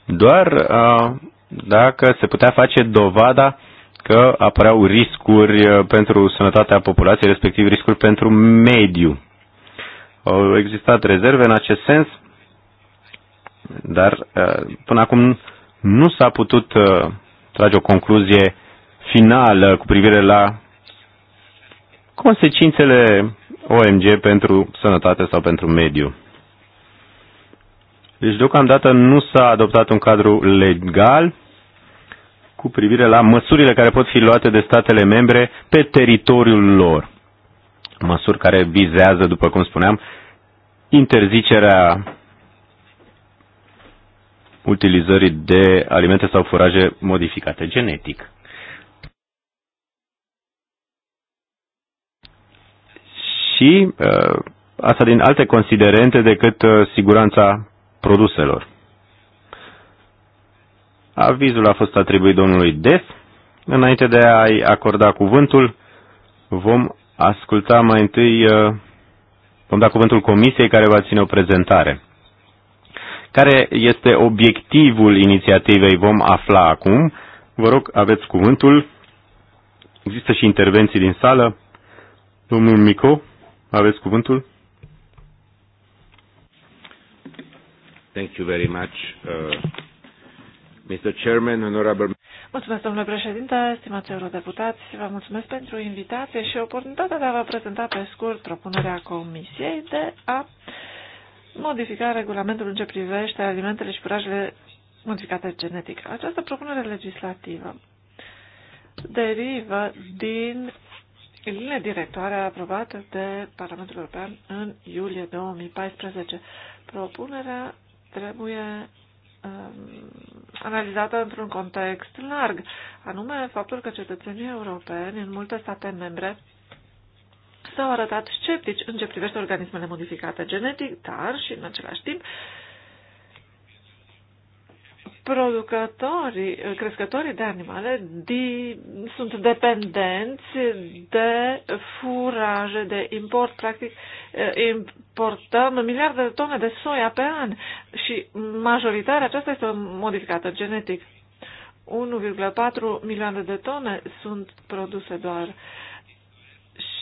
doar uh, dacă se putea face dovada că apăreau riscuri pentru sănătatea populației, respectiv riscuri pentru mediu. Au existat rezerve în acest sens dar uh, până acum nu s-a putut uh, trage o concluzie finală cu privire la consecințele OMG pentru sănătate sau pentru mediu. Deci deocamdată nu s-a adoptat un cadru legal cu privire la măsurile care pot fi luate de statele membre pe teritoriul lor. Măsuri care vizează, după cum spuneam, interzicerea utilizării de alimente sau furaje modificate genetic. Și uh, asta din alte considerente decât uh, siguranța produselor. Avizul a fost atribuit domnului Des. Înainte de a-i acorda cuvântul, vom asculta mai întâi, uh, vom da cuvântul comisiei care va ține o prezentare. Care este obiectivul inițiativei vom afla acum. Vă rog, aveți cuvântul. Există și intervenții din sală. Domnul Mico, aveți cuvântul. Thank you very much, uh, Mr. Chairman, honorable... Mulțumesc, domnule președinte, stimați eurodeputați, vă mulțumesc pentru invitație și oportunitatea de a vă prezenta pe scurt propunerea Comisiei de a uh, modifica regulamentul în ce privește alimentele și curajele modificate genetic. Această propunere legislativă derivă din linia directoare aprobată de Parlamentul European în iulie 2014. Propunerea trebuie um, analizată într-un context larg, anume faptul că cetățenii europeni în multe state membre s-au arătat sceptici în ce privește organismele modificate genetic, dar și în același timp producătorii, crescătorii de animale di, sunt dependenți de furaje de import. Practic eh, importăm miliarde de tone de soia pe an și majoritatea aceasta este modificată genetic. 1,4 milioane de tone sunt produse doar uh,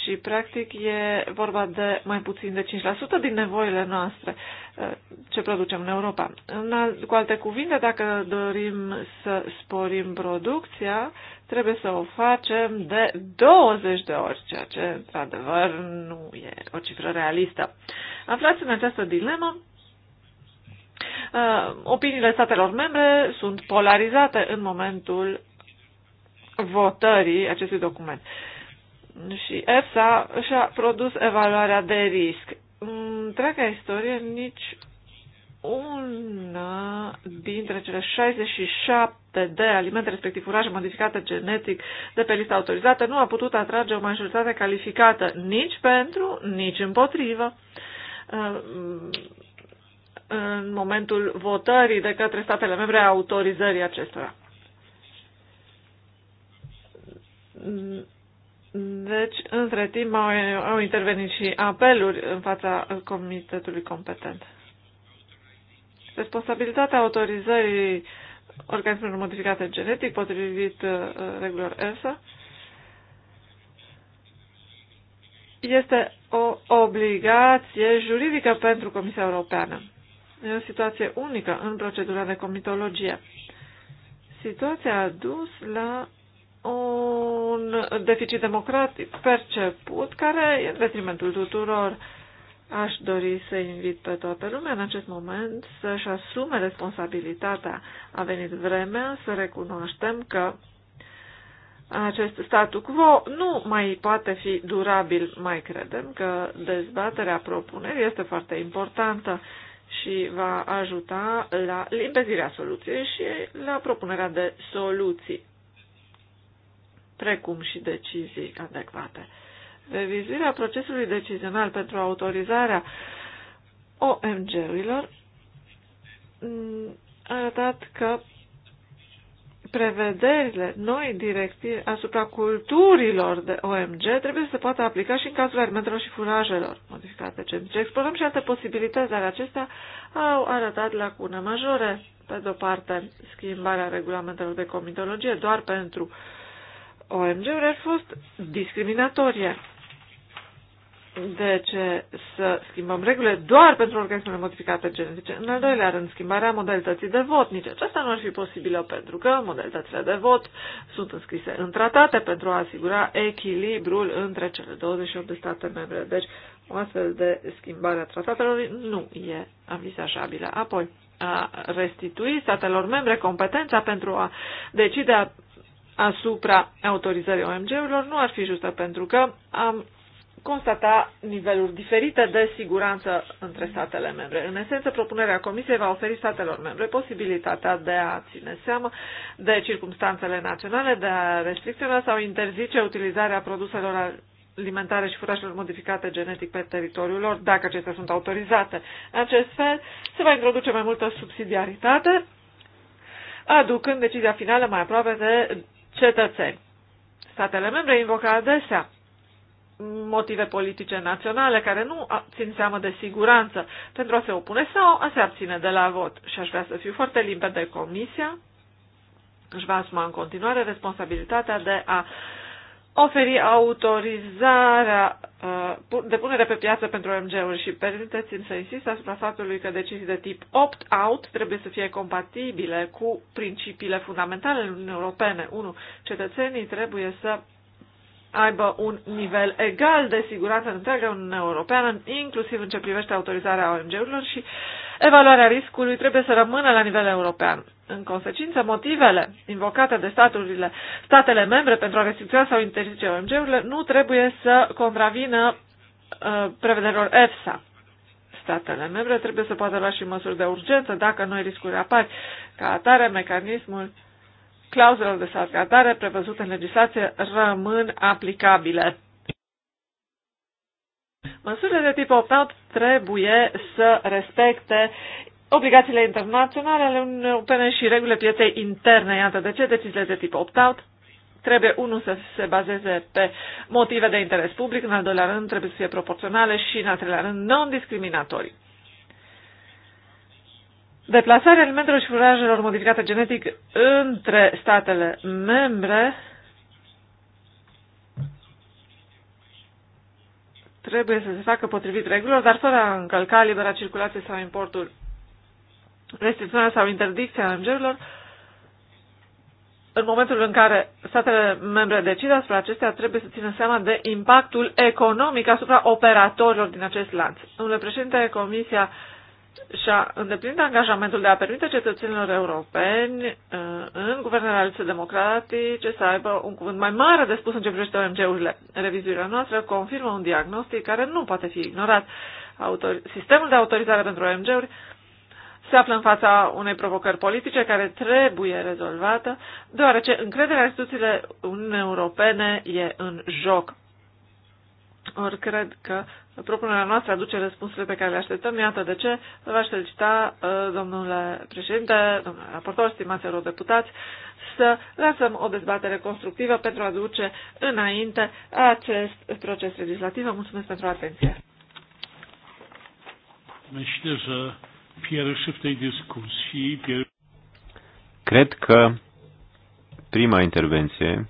și practic e vorba de mai puțin de 5% din nevoile noastre eh, ce producem în Europa. Cu alte cuvinte, dacă dorim să sporim producția, trebuie să o facem de 20 de ori, ceea ce, într-adevăr, nu e o cifră realistă. Aflați în această dilemă eh, opiniile statelor membre sunt polarizate în momentul votării acestui document și EFSA și-a produs evaluarea de risc. Întreaga istorie, nici una dintre cele 67 de alimente, respectiv furaje modificate genetic de pe lista autorizată, nu a putut atrage o majoritate calificată nici pentru, nici împotrivă. Uh, în momentul votării de către statele membre a autorizării acestora deci, între timp, au, au intervenit și apeluri în fața comitetului competent. Responsabilitatea autorizării organismelor modificate genetic, potrivit uh, regulilor ESA, este o obligație juridică pentru Comisia Europeană. E o situație unică în procedura de comitologie. Situația a dus la un deficit democratic perceput care e în detrimentul tuturor. Aș dori să invit pe toată lumea în acest moment să-și asume responsabilitatea. A venit vremea să recunoaștem că acest statu quo nu mai poate fi durabil. Mai credem că dezbaterea propunerii este foarte importantă și va ajuta la limpezirea soluției și la propunerea de soluții precum și decizii adecvate. Revizuirea procesului decizional pentru autorizarea OMG-urilor a arătat că prevederile noi directive asupra culturilor de OMG trebuie să se poată aplica și în cazul alimentelor și furajelor modificate Ce Explorăm și alte posibilități, dar acestea au arătat lacune majore. Pe de-o parte, schimbarea regulamentelor de comitologie doar pentru uh, OMG-uri ar fost discriminatorie. De ce să schimbăm regulile doar pentru organismele modificate genetice? În al doilea rând, schimbarea modalității de vot. Nici aceasta nu ar fi posibilă pentru că modalitățile de vot sunt înscrise în tratate pentru a asigura echilibrul între cele 28 de state membre. Deci, o astfel de schimbare a tratatelor nu e avisajabilă. Apoi, a restitui statelor membre competența pentru a decide asupra autorizării OMG-urilor nu ar fi justă pentru că am constata niveluri diferite de siguranță între statele membre. În esență, propunerea Comisiei va oferi statelor membre posibilitatea de a ține seama de circumstanțele naționale, de a restricționa sau interzice utilizarea produselor alimentare și furajelor modificate genetic pe teritoriul lor, dacă acestea sunt autorizate. În acest fel, se va introduce mai multă subsidiaritate, aducând decizia finală mai aproape de cetățeni. Statele membre invocă adesea motive politice naționale care nu țin seamă de siguranță pentru a se opune sau a se abține de la vot. Și aș vrea să fiu foarte limpede. Comisia își va asuma în continuare responsabilitatea de a uh, oferi autorizarea uh, de punere pe piață pentru OMG-uri și permiteți-mi să insist asupra faptului că decizii de tip opt-out trebuie să fie compatibile cu principiile fundamentale Uniunii Europene. 1. Cetățenii trebuie să aibă un nivel egal de siguranță în întreaga Uniune Europeană, inclusiv în ce privește autorizarea OMG-urilor și uh, evaluarea riscului trebuie să rămână la nivel european. În consecință, motivele invocate de staturile, statele membre pentru a restricționa sau interzice OMG-urile nu trebuie să contravină uh, prevederilor EFSA. Statele membre trebuie să poată lua și măsuri de urgență dacă noi riscuri apar. Ca atare, mecanismul clauzelor de salvgardare prevăzute în legislație rămân aplicabile. Măsurile de tip opt-out trebuie să respecte obligațiile internaționale ale Uniunii Europene și regulile pieței interne. Iată de ce deciziile de tip opt-out trebuie, unul, să se bazeze pe motive de interes public, în al doilea rând trebuie să fie proporționale și, în al treilea rând, non-discriminatorii. Deplasarea alimentelor și furajelor modificate genetic între statele membre trebuie să se facă potrivit regulilor, dar fără a încălca libera circulație sau importul, restricționarea sau interdicția îngerilor, în momentul în care statele membre decid asupra acestea, trebuie să țină seama de impactul economic asupra operatorilor din acest lanț. Domnule președinte, Comisia și-a îndeplinit angajamentul de a permite cetățenilor europeni uh, în guvernele democratice să aibă un cuvânt mai mare de spus în ce privește OMG-urile. Revizuirea noastră confirmă un diagnostic care nu poate fi ignorat. Autor... Sistemul de autorizare pentru OMG-uri se află în fața unei provocări politice care trebuie rezolvată, deoarece încrederea instituțiile Uniunii Europene e în joc. Ori cred că propunerea noastră aduce răspunsurile pe care le așteptăm. Iată de ce vă aș felicita, uh, domnule președinte, domnule raportor, stimați eurodeputați, să lăsăm o dezbatere constructivă pentru a aduce înainte acest proces legislativ. Vă mulțumesc pentru atenție. Cred că prima intervenție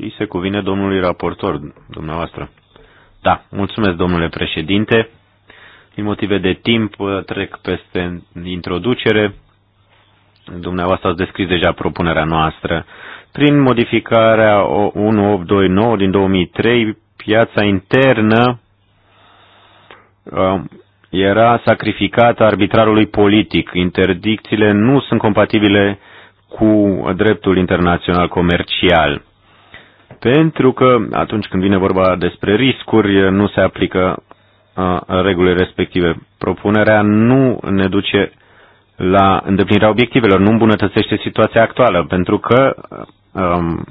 îi se cuvine domnului raportor, dumneavoastră. Da, mulțumesc, domnule președinte. Din motive de timp trec peste introducere. Dumneavoastră ați descris deja propunerea noastră. Prin modificarea 1829 din 2003, piața internă um, era sacrificată arbitrarului politic. Interdicțiile nu sunt compatibile cu dreptul internațional comercial pentru că atunci când vine vorba despre riscuri, nu se aplică regulile respective. Propunerea nu ne duce la îndeplinirea obiectivelor, nu îmbunătățește situația actuală, pentru că um,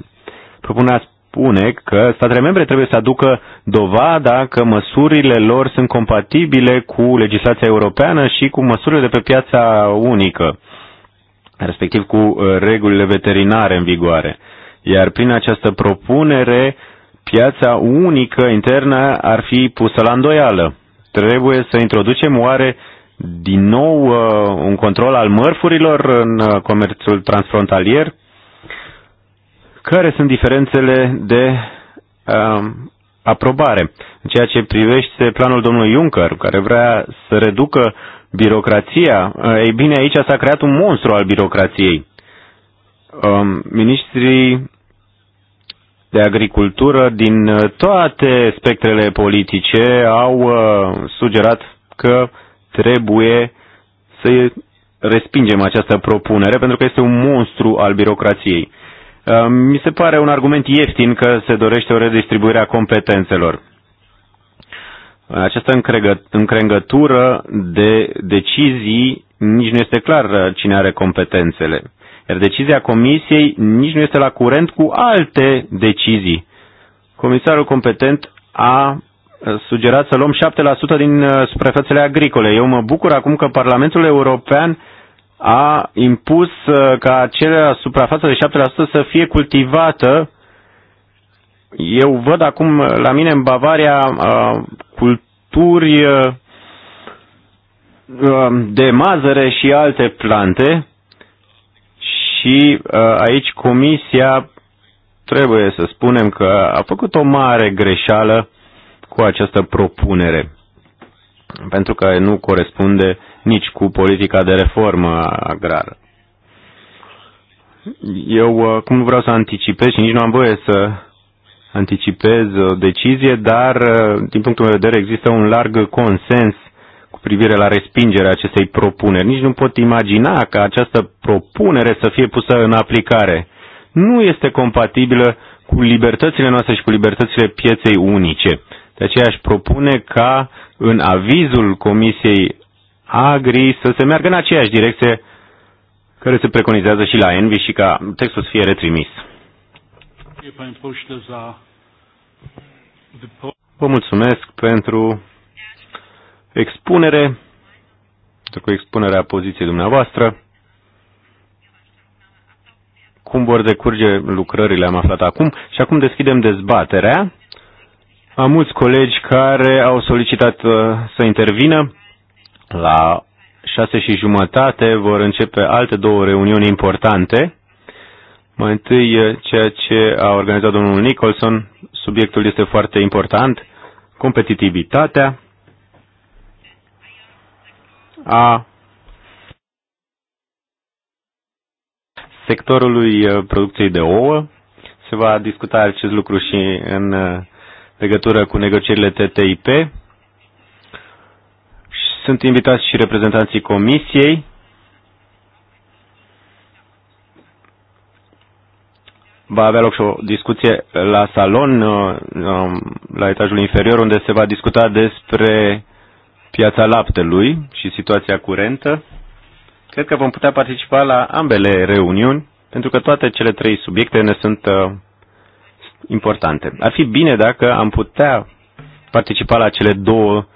propunerea spune că statele membre trebuie să aducă dovada că măsurile lor sunt compatibile cu legislația europeană și cu măsurile de pe piața unică, respectiv cu regulile veterinare în vigoare. Iar prin această propunere, piața unică internă ar fi pusă la îndoială. Trebuie să introducem oare din nou uh, un control al mărfurilor în uh, comerțul transfrontalier? Care sunt diferențele de uh, aprobare în ceea ce privește planul domnului Juncker, care vrea să reducă birocrația? Uh, ei bine, aici s-a creat un monstru al birocrației. Uh, ministrii de agricultură din uh, toate spectrele politice au uh, sugerat că trebuie să respingem această propunere pentru că este un monstru al birocrației. Uh, mi se pare un argument ieftin că se dorește o redistribuire a competențelor. Această încrengătură de decizii nici nu este clar cine are competențele. Iar decizia Comisiei nici nu este la curent cu alte decizii. Comisarul competent a sugerat să luăm 7% din uh, suprafețele agricole. Eu mă bucur acum că Parlamentul European a impus uh, ca acea suprafață de 7% să fie cultivată. Eu văd acum uh, la mine în Bavaria culturi de mazăre și alte plante și uh, aici comisia, trebuie să spunem că a făcut o mare greșeală cu această propunere, pentru că nu corespunde nici cu politica de reformă agrară. Eu, uh, cum nu vreau să anticipez și nici nu am voie să anticipez o decizie, dar uh, din punctul meu de vedere există un larg consens cu privire la respingerea acestei propuneri. Nici nu pot imagina ca această propunere să fie pusă în aplicare. Nu este compatibilă cu libertățile noastre și cu libertățile pieței unice. De aceea aș propune ca în avizul Comisiei Agri să se meargă în aceeași direcție care se preconizează și la Envi și ca textul să fie retrimis. Vă mulțumesc pentru expunere, deci cu expunerea poziției dumneavoastră. Cum vor decurge lucrările am aflat acum și acum deschidem dezbaterea. Am mulți colegi care au solicitat uh, să intervină. La șase și jumătate vor începe alte două reuniuni importante. Mai întâi, uh, ceea ce a organizat domnul Nicholson, subiectul este foarte important, competitivitatea a sectorului uh, producției de ouă. Se va discuta acest lucru și în uh, legătură cu negocierile TTIP. Sunt invitați și reprezentanții Comisiei. Va avea loc și o discuție la salon, uh, um, la etajul inferior, unde se va discuta despre piața laptelui și situația curentă, cred că vom putea participa la ambele reuniuni, pentru că toate cele trei subiecte ne sunt uh, importante. Ar fi bine dacă am putea participa la cele două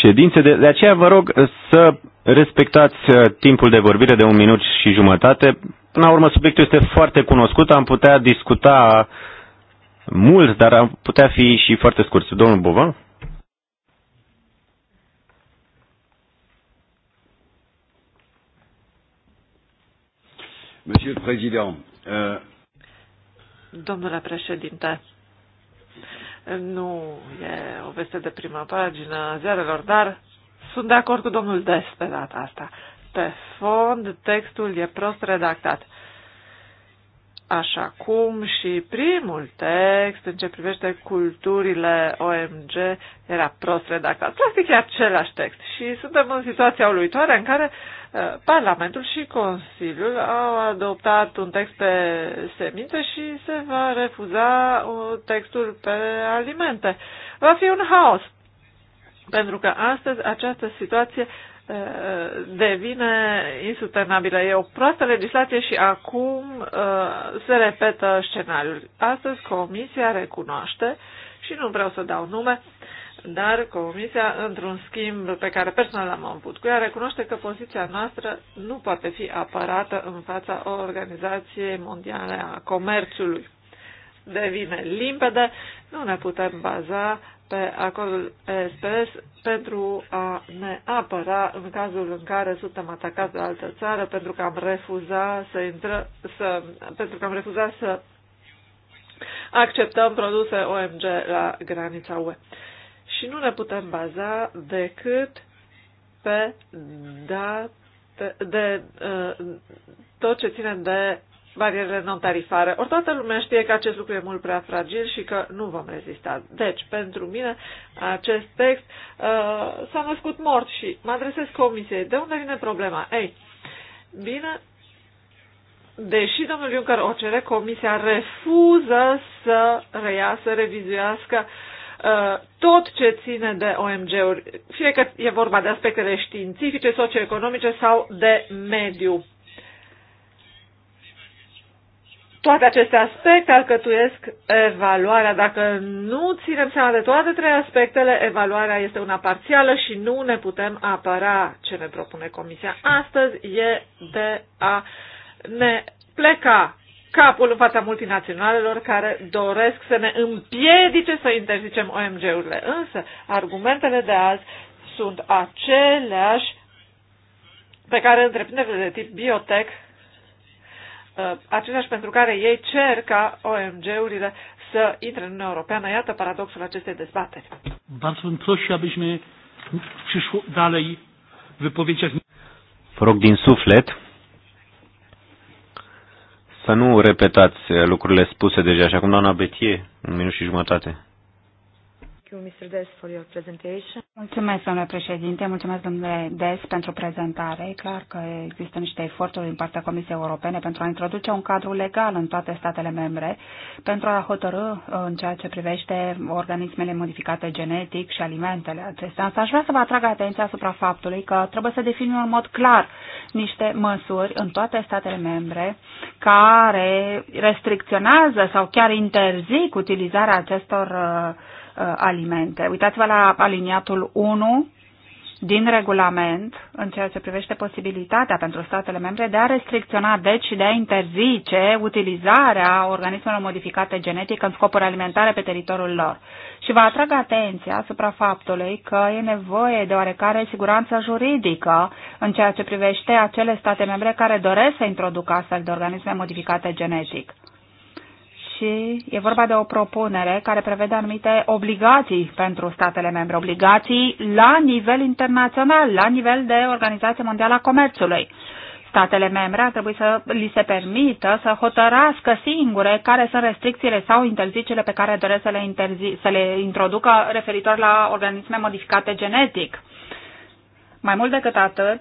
ședințe, de, de aceea vă rog să respectați uh, timpul de vorbire de un minut și jumătate. Până la urmă, subiectul este foarte cunoscut, am putea discuta mult, dar am putea fi și foarte scurt. Domnul Bovan? Monsieur le Président. Euh, Domnule președinte, nu e o veste de prima pagină a ziarelor, dar sunt de acord cu domnul Des pe data asta. Pe fond, textul e prost redactat așa cum și primul text în ce privește culturile OMG era prost redactat. Practic e același text și suntem în situația uluitoare în care uh, Parlamentul și Consiliul au adoptat un text pe semințe și se va refuza uh, textul pe alimente. Va fi un haos, pentru că astăzi această situație uh, devine insustenabilă. E o proastă legislație și acum se repetă scenariul. Astăzi Comisia recunoaște și nu vreau să dau nume, dar Comisia, într-un schimb pe care personal l-am avut cu ea, recunoaște că poziția noastră nu poate fi apărată în fața Organizației Mondiale a Comerțului devine limpede, nu ne putem baza pe acordul SPS pentru a ne apăra în cazul în care suntem atacați de altă țară pentru că am refuzat să, intră, să, pentru că am refuzat să acceptăm produse OMG la granița UE. Și nu ne putem baza decât pe date, de, de uh, tot ce ține de barierele non-tarifare. Ori toată lumea știe că acest lucru e mult prea fragil și că nu vom rezista. Deci, pentru mine, acest text uh, s-a născut mort și mă adresez comisiei. De unde vine problema? Ei, bine, deși domnul Juncker o cere, comisia refuză să reia, să revizuiască uh, tot ce ține de OMG-uri, fie că e vorba de aspectele științifice, socioeconomice sau de mediu Toate aceste aspecte alcătuiesc evaluarea. Dacă nu ținem seama de toate trei aspectele, evaluarea este una parțială și nu ne putem apăra ce ne propune Comisia. Astăzi e de a ne pleca capul în fața multinaționalelor care doresc să ne împiedice să interzicem OMG-urile. Însă, argumentele de azi sunt aceleași pe care întreprinderile de tip biotech Uh, aceleași pentru care ei cer ca OMG-urile să intre în Uniunea Europeană. Iată paradoxul acestei dezbateri. Vă rog din suflet să nu repetați lucrurile spuse deja, așa cum doamna Betie, un minut și jumătate you, Mr. Des, for your presentation. Mulțumesc, domnule președinte, mulțumesc, domnule Des, pentru prezentare. E clar că există niște eforturi din partea Comisiei Europene pentru a introduce un cadru legal în toate statele membre, pentru a hotărâ uh, în ceea ce privește organismele modificate genetic și alimentele acestea. Însă aș vrea să vă atrag atenția asupra faptului că trebuie să definim în mod clar niște măsuri în toate statele membre care restricționează sau chiar interzic utilizarea acestor uh, Uh, alimente. Uitați-vă la aliniatul 1 din regulament în ceea ce privește posibilitatea pentru statele membre de a restricționa, deci de a interzice utilizarea organismelor modificate genetic în scopuri alimentare pe teritoriul lor. Și vă atrag atenția asupra faptului că e nevoie de oarecare siguranță juridică în ceea ce privește acele state membre care doresc să introducă astfel de organisme modificate genetic și e vorba de o propunere care prevede anumite obligații pentru statele membre, obligații la nivel internațional, la nivel de Organizație Mondială a Comerțului. Statele membre ar trebui să li se permită să hotărască singure care sunt restricțiile sau interzicele pe care doresc să le, interzi- să le introducă referitor la organisme modificate genetic. Mai mult decât atât,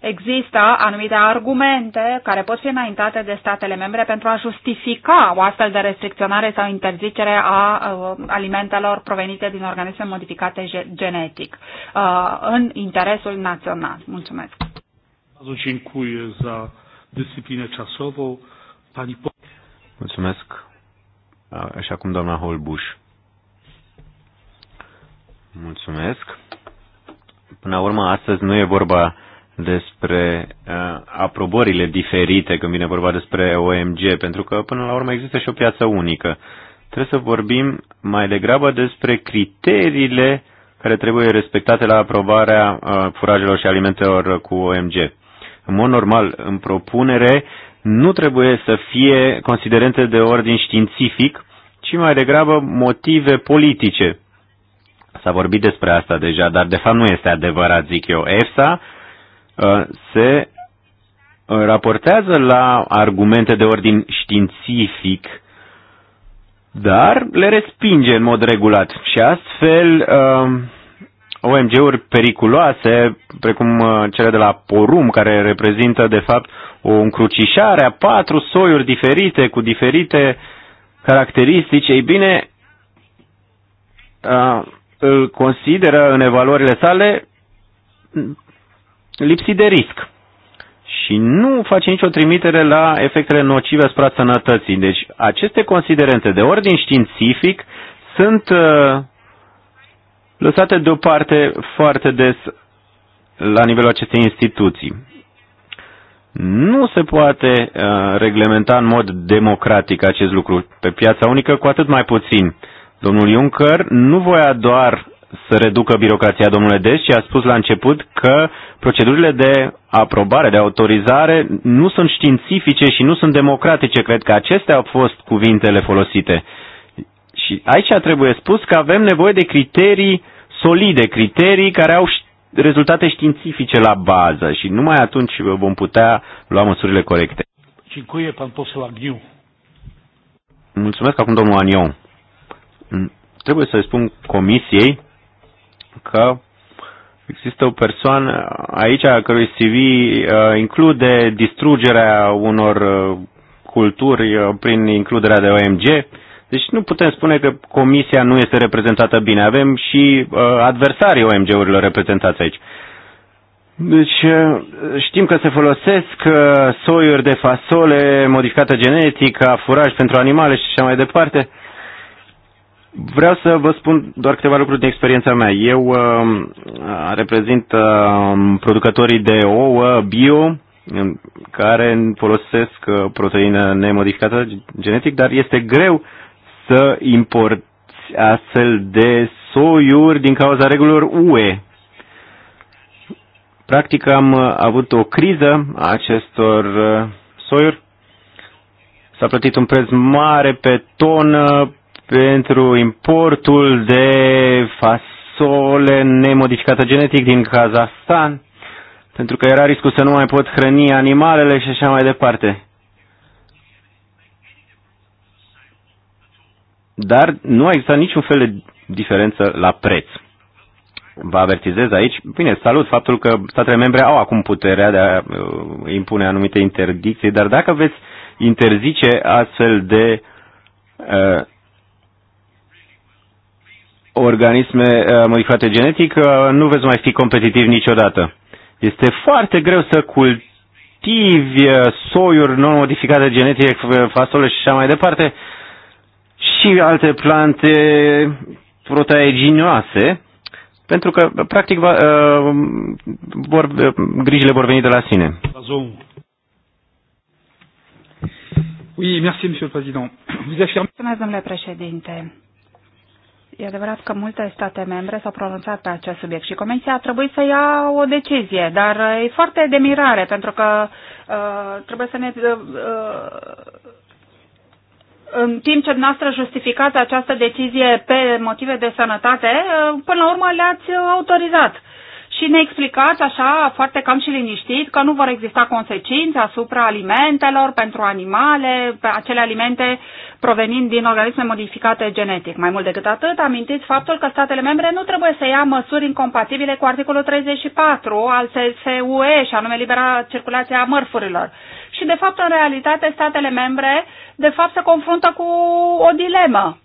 există anumite argumente care pot fi înaintate de statele membre pentru a justifica o astfel de restricționare sau interzicere a uh, alimentelor provenite din organisme modificate genetic uh, în interesul național. Mulțumesc. Mulțumesc. Și acum doamna Holbuș. Mulțumesc. Până la urmă, astăzi nu e vorba despre uh, aprobările diferite când vine vorba despre OMG, pentru că până la urmă există și o piață unică. Trebuie să vorbim mai degrabă despre criteriile care trebuie respectate la aprobarea uh, furajelor și alimentelor cu OMG. În mod normal, în propunere, nu trebuie să fie considerente de ordin științific, ci mai degrabă motive politice. S-a vorbit despre asta deja, dar de fapt nu este adevărat, zic eu. EFSA Uh, se uh, raportează la argumente de ordin științific, dar le respinge în mod regulat. Și astfel, uh, OMG-uri periculoase, precum cele de la Porum, care reprezintă, de fapt, o încrucișare a patru soiuri diferite, cu diferite caracteristici, ei bine, îl consideră în evaluările sale lipsit de risc. Și nu face nicio trimitere la efectele nocive asupra sănătății. Deci aceste considerente de ordin științific sunt uh, lăsate deoparte foarte des la nivelul acestei instituții. Nu se poate uh, reglementa în mod democratic acest lucru pe piața unică, cu atât mai puțin. Domnul Juncker nu voia doar să reducă birocrația, domnule Des, și a spus la început că procedurile de aprobare, de autorizare nu sunt științifice și nu sunt democratice. Cred că acestea au fost cuvintele folosite. Și aici trebuie spus că avem nevoie de criterii solide, criterii care au rezultate științifice la bază și numai atunci vom putea lua măsurile corecte. Cincuie, pan posul Agniu. Mulțumesc acum domnul Anion. Trebuie să spun comisiei că există o persoană aici a cărui CV uh, include distrugerea unor uh, culturi uh, prin includerea de OMG. Deci nu putem spune că comisia nu este reprezentată bine. Avem și uh, adversarii OMG-urilor reprezentați aici. Deci știm că se folosesc soiuri de fasole modificată genetic, furaj pentru animale și așa mai departe. Vreau să vă spun doar câteva lucruri din experiența mea. Eu uh, reprezint uh, producătorii de ouă bio, care folosesc uh, proteină nemodificată genetic, dar este greu să importi astfel de soiuri din cauza regulilor UE. Practic am uh, avut o criză a acestor uh, soiuri. S-a plătit un preț mare pe tonă pentru importul de fasole nemodificată genetic din Kazahstan, pentru că era riscul să nu mai pot hrăni animalele și așa mai departe. Dar nu a existat niciun fel de diferență la preț. Vă avertizez aici. Bine, salut faptul că statele membre au acum puterea de a uh, impune anumite interdicții, dar dacă veți interzice astfel de uh, organisme uh, modificate genetic, uh, nu veți mai fi competitiv niciodată. Este foarte greu să cultivi uh, soiuri non-modificate genetic, fasole și așa mai departe, și alte plante proteaginoase, pentru că, practic, va, vor, grijile vor veni de la sine. Oui, merci, monsieur le président. Vous affirmez... Mulțumesc, domnule președinte. E adevărat că multe state membre s-au pronunțat pe acest subiect și Comisia a trebuit să ia o decizie, dar uh, e foarte de mirare pentru că uh, trebuie să ne. Uh, uh, în timp ce dumneavoastră justificați această decizie pe motive de sănătate, uh, până la urmă le-ați autorizat și ne explicați așa foarte cam și liniștit că nu vor exista consecințe asupra alimentelor pentru animale, acele alimente provenind din organisme modificate genetic. Mai mult decât atât, amintiți faptul că statele membre nu trebuie să ia măsuri incompatibile cu articolul 34 al SUE și anume libera circulația a mărfurilor. Și de fapt, în realitate, statele membre de fapt se confruntă cu o dilemă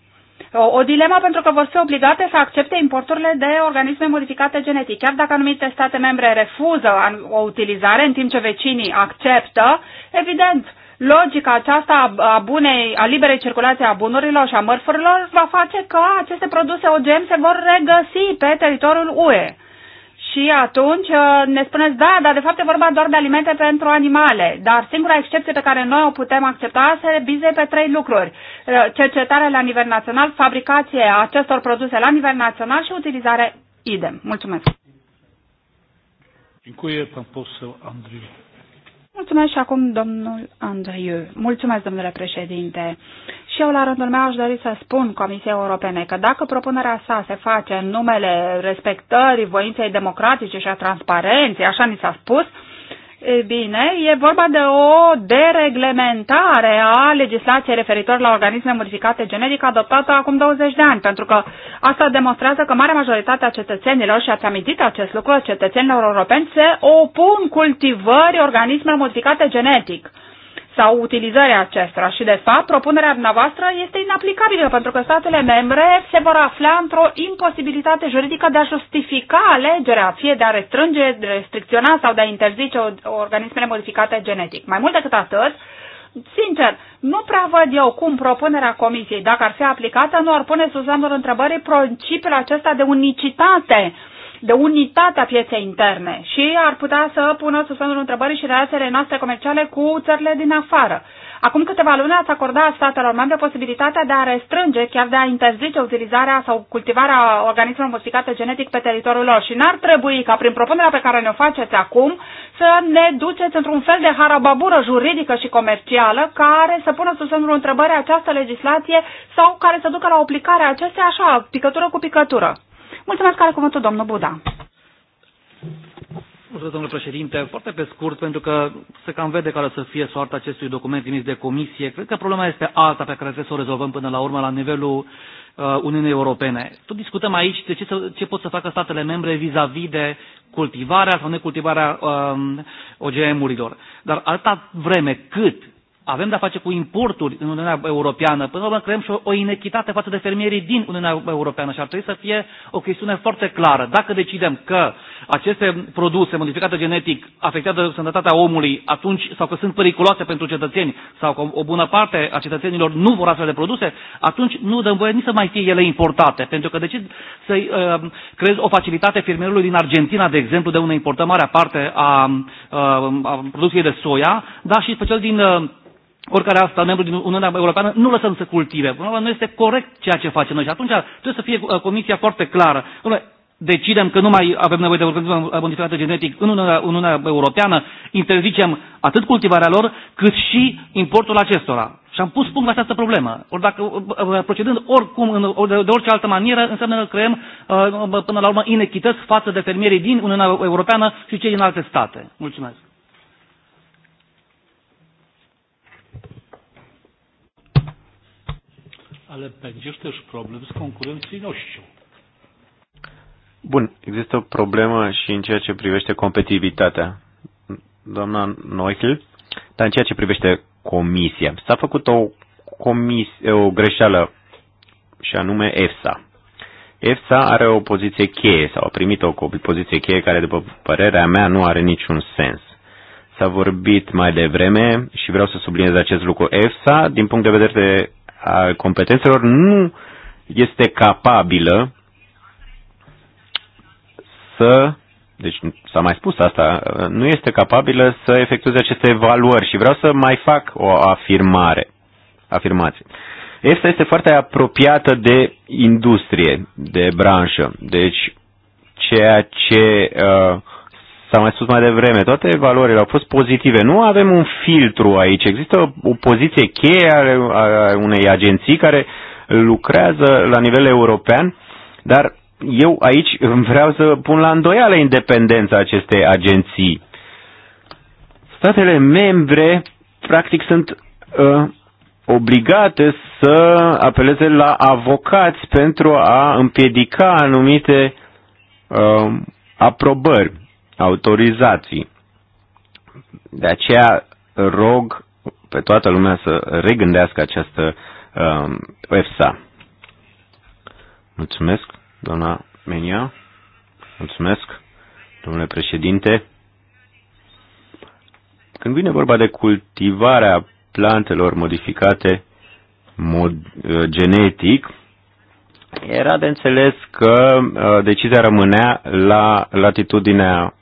o, o dilemă pentru că vor fi obligate să accepte importurile de organisme modificate genetic. Chiar dacă anumite state membre refuză o utilizare, în timp ce vecinii acceptă, evident, logica aceasta a, bunei, a liberei circulației a bunurilor și a mărfurilor va face că aceste produse OGM se vor regăsi pe teritoriul UE. Și atunci uh, ne spuneți, da, dar de fapt e vorba doar de alimente pentru animale. Dar singura excepție pe care noi o putem accepta se bize pe trei lucruri. Uh, cercetare la nivel național, fabricație a acestor produse la nivel național și utilizare idem. Mulțumesc. Mulțumesc și acum domnul Andrei. Mulțumesc, domnule președinte. Și eu, la rândul meu, aș dori să spun Comisiei Europene că dacă propunerea sa se face în numele respectării voinței democratice și a transparenței, așa ni s-a spus, e bine, e vorba de o dereglementare a legislației referitor la organisme modificate genetic adoptată acum 20 de ani, pentru că asta demonstrează că marea majoritate a cetățenilor, și ați amintit acest lucru, cetățenilor europeni se opun cultivării organisme modificate genetic sau utilizarea acestora. Și, de fapt, propunerea dumneavoastră este inaplicabilă, pentru că statele membre se vor afla într-o imposibilitate juridică de a justifica alegerea, fie de a restrânge, de restricționa sau de a interzice organismele modificate genetic. Mai mult decât atât, Sincer, nu prea văd eu cum propunerea comisiei, dacă ar fi aplicată, nu ar pune sub semnul întrebării principiul acesta de unicitate de unitatea pieței interne și ar putea să pună sub semnul întrebării și relațiile noastre comerciale cu țările din afară. Acum câteva luni ați acordat statelor membre posibilitatea de a restrânge, chiar de a interzice utilizarea sau cultivarea organismelor modificate genetic pe teritoriul lor și n-ar trebui ca prin propunerea pe care ne-o faceți acum să ne duceți într-un fel de harababură juridică și comercială care să pună sub semnul întrebării această legislație sau care să ducă la aplicarea acestea așa, picătură cu picătură. Mulțumesc, care cuvântul, domnul Buda. Mulțumesc, domnule președinte. Foarte pe scurt, pentru că se cam vede care să fie soarta acestui document trimis de comisie. Cred că problema este alta pe care trebuie să o rezolvăm până la urmă la nivelul uh, Uniunii Europene. Tot discutăm aici de ce, să, ce pot să facă statele membre vis-a-vis -vis de cultivarea sau necultivarea uh, um, OGM-urilor. Dar atâta vreme cât avem de-a face cu importuri în Uniunea Europeană. Până la urmă creăm și o, o inechitate față de fermierii din Uniunea Europeană și ar trebui să fie o chestiune foarte clară. Dacă decidem că aceste produse modificate genetic afectează sănătatea omului atunci sau că sunt periculoase pentru cetățeni sau că o bună parte a cetățenilor nu vor astfel de produse, atunci nu dăm voie nici să mai fie ele importate. Pentru că decid să uh, creez o facilitate fermierului din Argentina, de exemplu, de unde importăm marea parte a, uh, a, producției de soia, dar și special din uh, oricare alt stat membru din Uniunea Europeană, nu lăsăm să cultive. Până la nu este corect ceea ce facem noi și atunci trebuie să fie uh, comisia foarte clară. Decidem că nu mai avem nevoie de organisme modificate genetic în Uniunea, Uniunea Europeană, interzicem atât cultivarea lor, cât și importul acestora. Și am pus punct la această problemă. Ori dacă uh, uh, procedând oricum, de orice altă manieră, înseamnă că creăm până la urmă inechități față de fermierii din Uniunea Europeană și cei din alte state. Mulțumesc. ale będziesz też problem z konkurencyjnością. Bun, există o problemă și în ceea ce privește competitivitatea. Doamna Noichel, dar în ceea ce privește comisia, s-a făcut o, comis, o greșeală și anume EFSA. EFSA are o poziție cheie sau a primit o poziție cheie care, după părerea mea, nu are niciun sens. S-a vorbit mai devreme și vreau să subliniez acest lucru. EFSA, din punct de vedere de a competențelor nu este capabilă să, deci s-a mai spus asta, nu este capabilă să efectueze aceste evaluări și vreau să mai fac o afirmare, afirmație. EFSA este foarte apropiată de industrie, de branșă, deci ceea ce uh, s-a mai spus mai devreme, toate valorile au fost pozitive. Nu avem un filtru aici. Există o poziție cheie a unei agenții care lucrează la nivel european, dar eu aici vreau să pun la îndoială independența acestei agenții. Statele membre, practic, sunt uh, obligate să apeleze la avocați pentru a împiedica anumite uh, aprobări autorizații. De aceea rog pe toată lumea să regândească această uh, EFSA. Mulțumesc, doamna Menia. Mulțumesc, domnule președinte. Când vine vorba de cultivarea plantelor modificate mod, uh, genetic, era de înțeles că uh, decizia rămânea la latitudinea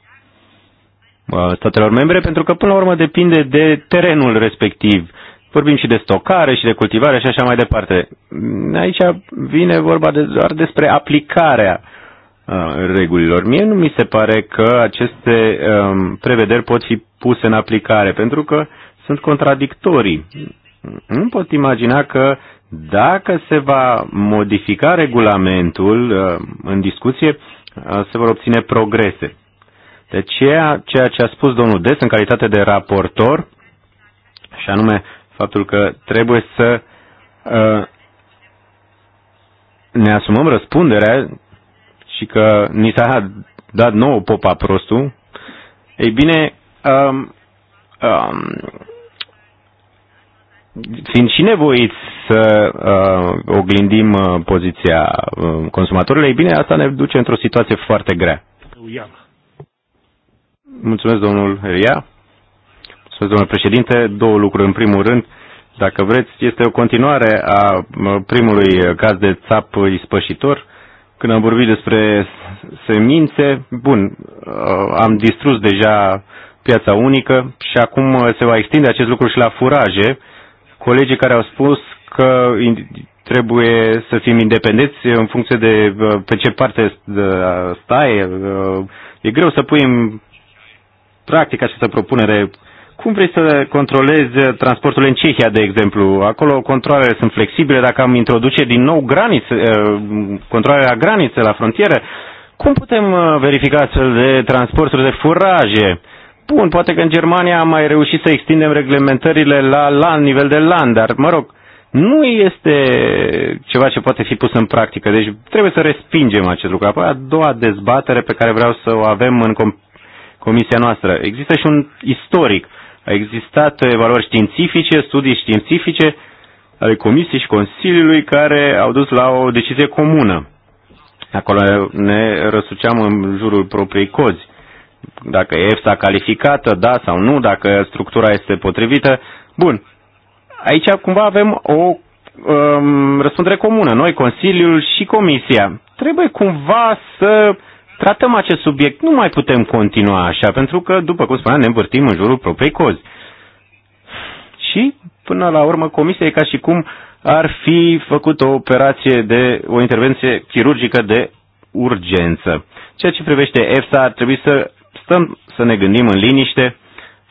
Uh, statelor membre, pentru că până la urmă depinde de terenul respectiv. Vorbim și de stocare și de cultivare și așa mai departe. Aici vine vorba de, doar despre aplicarea uh, regulilor. Mie nu mi se pare că aceste um, prevederi pot fi puse în aplicare, pentru că sunt contradictorii. Nu pot imagina că dacă se va modifica regulamentul uh, în discuție, uh, se vor obține progrese de deci ceea, ceea ce a spus domnul Des în calitate de raportor, și anume faptul că trebuie să uh, ne asumăm răspunderea și că ni s-a dat nouă popa prostul, ei bine, um, um, fiind și nevoiți să uh, oglindim uh, poziția uh, consumatorilor, ei bine, asta ne duce într-o situație foarte grea. Iar. Mulțumesc, domnul Ria. Mulțumesc, domnule președinte. Două lucruri. În primul rând, dacă vreți, este o continuare a primului caz de țap ispășitor. Când am vorbit despre semințe, bun, uh, am distrus deja piața unică și acum uh, se va extinde acest lucru și la furaje. Colegii care au spus că trebuie să fim independenți în funcție de uh, pe ce parte stai. E greu să pui în practic această propunere? Cum vrei să controlezi transportul în Cehia, de exemplu? Acolo controlele sunt flexibile, dacă am introduce din nou granițe, eh, controlele la granițe, la frontieră, cum putem eh, verifica astfel de transporturi de furaje? Bun, poate că în Germania am mai reușit să extindem reglementările la, la nivel de land, dar, mă rog, nu este ceva ce poate fi pus în practică. Deci trebuie să respingem acest lucru. Apoi a doua dezbatere pe care vreau să o avem în comisia noastră. Există și un istoric. A existat evaluări științifice, studii științifice ale comisiei și Consiliului care au dus la o decizie comună. Acolo ne răsuceam în jurul propriei cozi. Dacă e EFSA calificată, da sau nu, dacă structura este potrivită. Bun. Aici cumva avem o um, răspundere comună. Noi, Consiliul și Comisia. Trebuie cumva să uh, tratăm acest subiect. Nu mai putem continua așa, pentru că, după cum spuneam, ne învârtim în jurul propriei cozi. Și, până la urmă, comisia e ca și cum ar fi făcut o operație de, o intervenție chirurgică de urgență. Ceea ce privește EFSA, ar trebui să stăm să ne gândim în liniște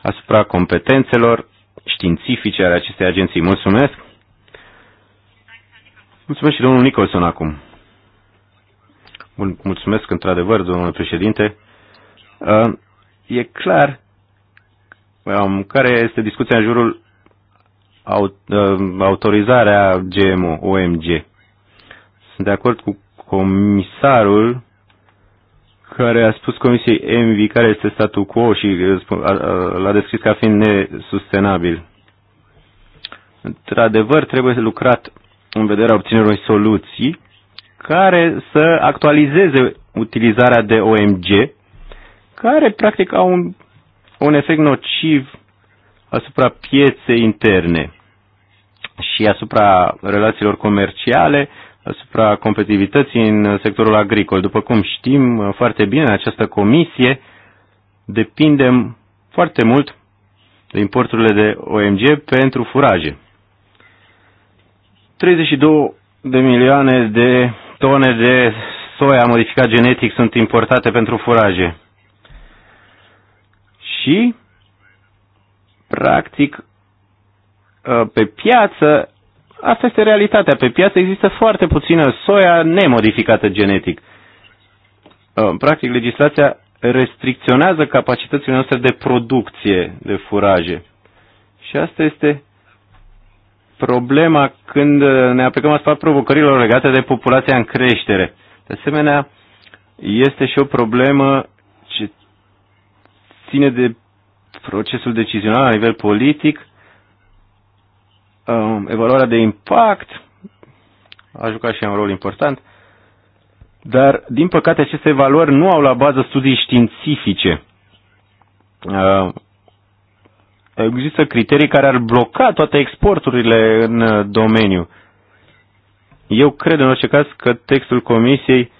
asupra competențelor științifice ale acestei agenții. Mulțumesc! Mulțumesc și domnul Nicholson acum. Mulțumesc într-adevăr, domnule președinte. E clar um, care este discuția în jurul autorizarea GMO, OMG. Sunt de acord cu comisarul care a spus Comisiei MV care este statul quo și uh, l-a descris ca fiind nesustenabil. Într-adevăr, trebuie lucrat în vederea obținerii soluții care să actualizeze utilizarea de OMG, care practic au un, un efect nociv asupra pieței interne și asupra relațiilor comerciale, asupra competitivității în sectorul agricol. După cum știm foarte bine, această comisie depindem foarte mult de importurile de OMG pentru furaje. 32 de milioane de tone de soia modificat genetic sunt importate pentru furaje. Și, practic, ă, pe piață, asta este realitatea, pe piață există foarte puțină soia nemodificată genetic. Ă, practic, legislația restricționează capacitățile noastre de producție de furaje. Și asta este problema când uh, ne aplicăm asupra provocărilor legate de populația în creștere. De asemenea, este și o problemă ce ține de procesul decizional la nivel politic, um, evaluarea de impact a jucat și un rol important, dar, din păcate, aceste evaluări nu au la bază studii științifice uh, există criterii care ar bloca toate exporturile în uh, domeniu. Eu cred în orice caz că textul comisiei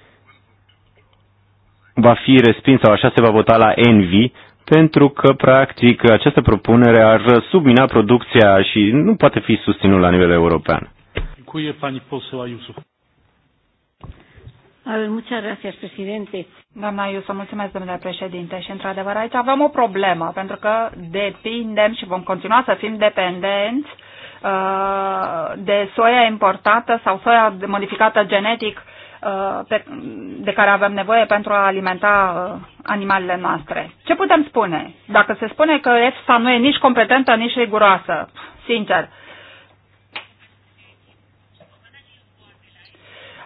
va fi respins sau așa se va vota la Envi, pentru că, practic, această propunere ar submina producția și nu poate fi susținut la nivel european. Dziękuję pani Muchas gracias, presidente. Doamna Iuso, mulțumesc, domnule președinte. Și, într-adevăr, aici avem o problemă, pentru că depindem și vom continua să fim dependenți uh, de soia importată sau soia modificată genetic uh, pe, de care avem nevoie pentru a alimenta uh, animalele noastre. Ce putem spune? Dacă se spune că EFSA nu e nici competentă, nici riguroasă, sincer, uh,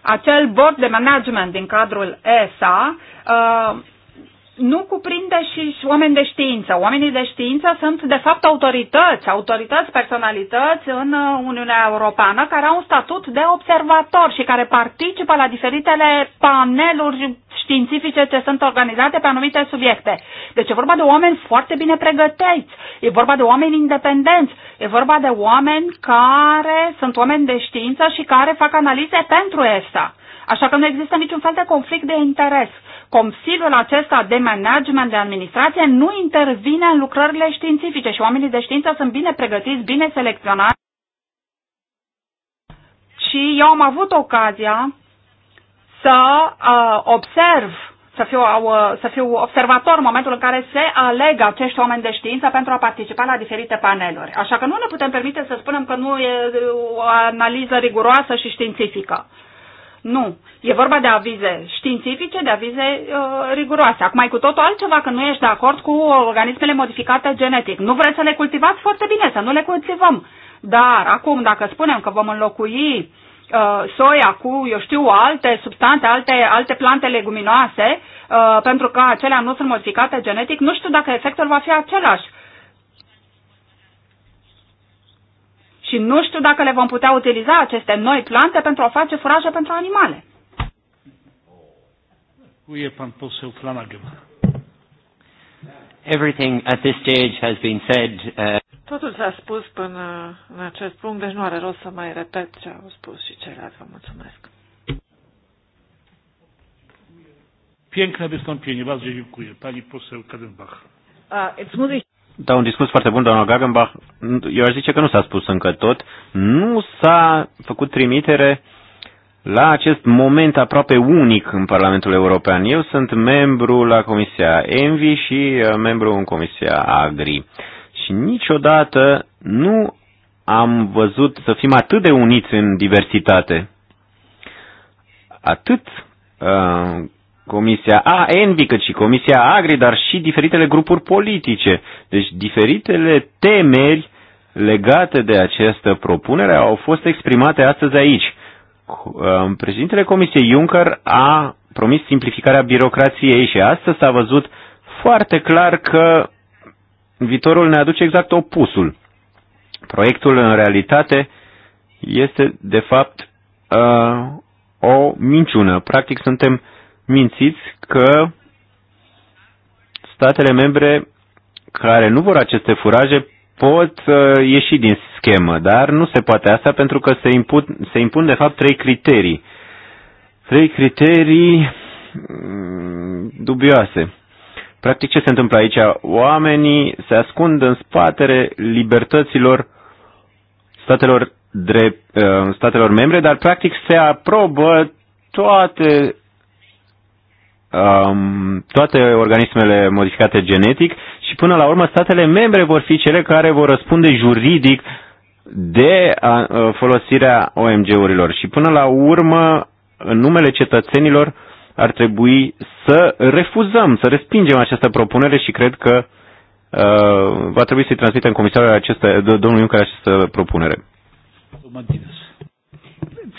acel board de management din cadrul ESA uh, nu cuprinde și oameni de știință. Oamenii de știință sunt, de fapt, autorități, autorități, personalități în uh, Uniunea Europeană care au un statut de observator și care participă la diferitele paneluri științifice ce sunt organizate pe anumite subiecte. Deci e vorba de oameni foarte bine pregătiți, e vorba de oameni independenți, e vorba de oameni care sunt oameni de știință și care fac analize pentru ESA. Așa că nu există niciun fel de conflict de interes. Consiliul acesta de management, de administrație, nu intervine în lucrările științifice și oamenii de știință sunt bine pregătiți, bine selecționați. Și eu am avut ocazia să uh, observ să fiu, uh, să fiu observator în momentul în care se aleg acești oameni de știință pentru a participa la diferite paneluri. Așa că nu ne putem permite să spunem că nu e o analiză riguroasă și științifică. Nu. E vorba de avize științifice, de avize uh, riguroase. Acum e cu totul altceva că nu ești de acord cu organismele modificate genetic. Nu vreți să le cultivați foarte bine, să nu le cultivăm. Dar acum, dacă spunem că vom înlocui uh, soia cu, eu știu, alte substanțe, alte, alte plante leguminoase, uh, pentru că acelea nu sunt modificate genetic, nu știu dacă efectul va fi același. și nu știu dacă le vom putea utiliza aceste noi plante pentru a face furaje pentru animale. Everything at this stage has been said. Uh, Totul s-a spus până în acest punct, deci nu are rost să mai repet ce au spus și ceilalți. Vă mulțumesc. Piękne wystąpienie, bardzo dziękuję. Pani poseł Kadenbach. Uh, it's da, un discurs foarte bun, doamna Gagenbach. Eu aș zice că nu s-a spus încă tot. Nu s-a făcut trimitere la acest moment aproape unic în Parlamentul European. Eu sunt membru la Comisia Envi și uh, membru în Comisia Agri. Și niciodată nu am văzut să fim atât de uniți în diversitate. Atât uh, Comisia A, Envi, cât și Comisia Agri, dar și diferitele grupuri politice. Deci diferitele temeri legate de această propunere au fost exprimate astăzi aici. Um, președintele Comisiei Juncker a promis simplificarea birocrației și astăzi s-a văzut foarte clar că viitorul ne aduce exact opusul. Proiectul în realitate este de fapt uh, o minciună. Practic suntem uh, mințiți că statele membre care nu vor aceste furaje pot uh, ieși din schemă, dar nu se poate asta pentru că se impun, se impun de fapt trei criterii. Trei criterii mm, dubioase. Practic ce se întâmplă aici? Oamenii se ascund în spatele libertăților statelor, drept, uh, statelor membre, dar practic se aprobă toate um, toate organismele modificate genetic și până la urmă statele membre vor fi cele care vor răspunde juridic de a, a, uh, folosirea OMG-urilor și până la urmă în numele cetățenilor ar trebui să refuzăm, să respingem această propunere și cred că uh, va trebui să-i transmitem comisarul aceste, domnul Juncker această propunere.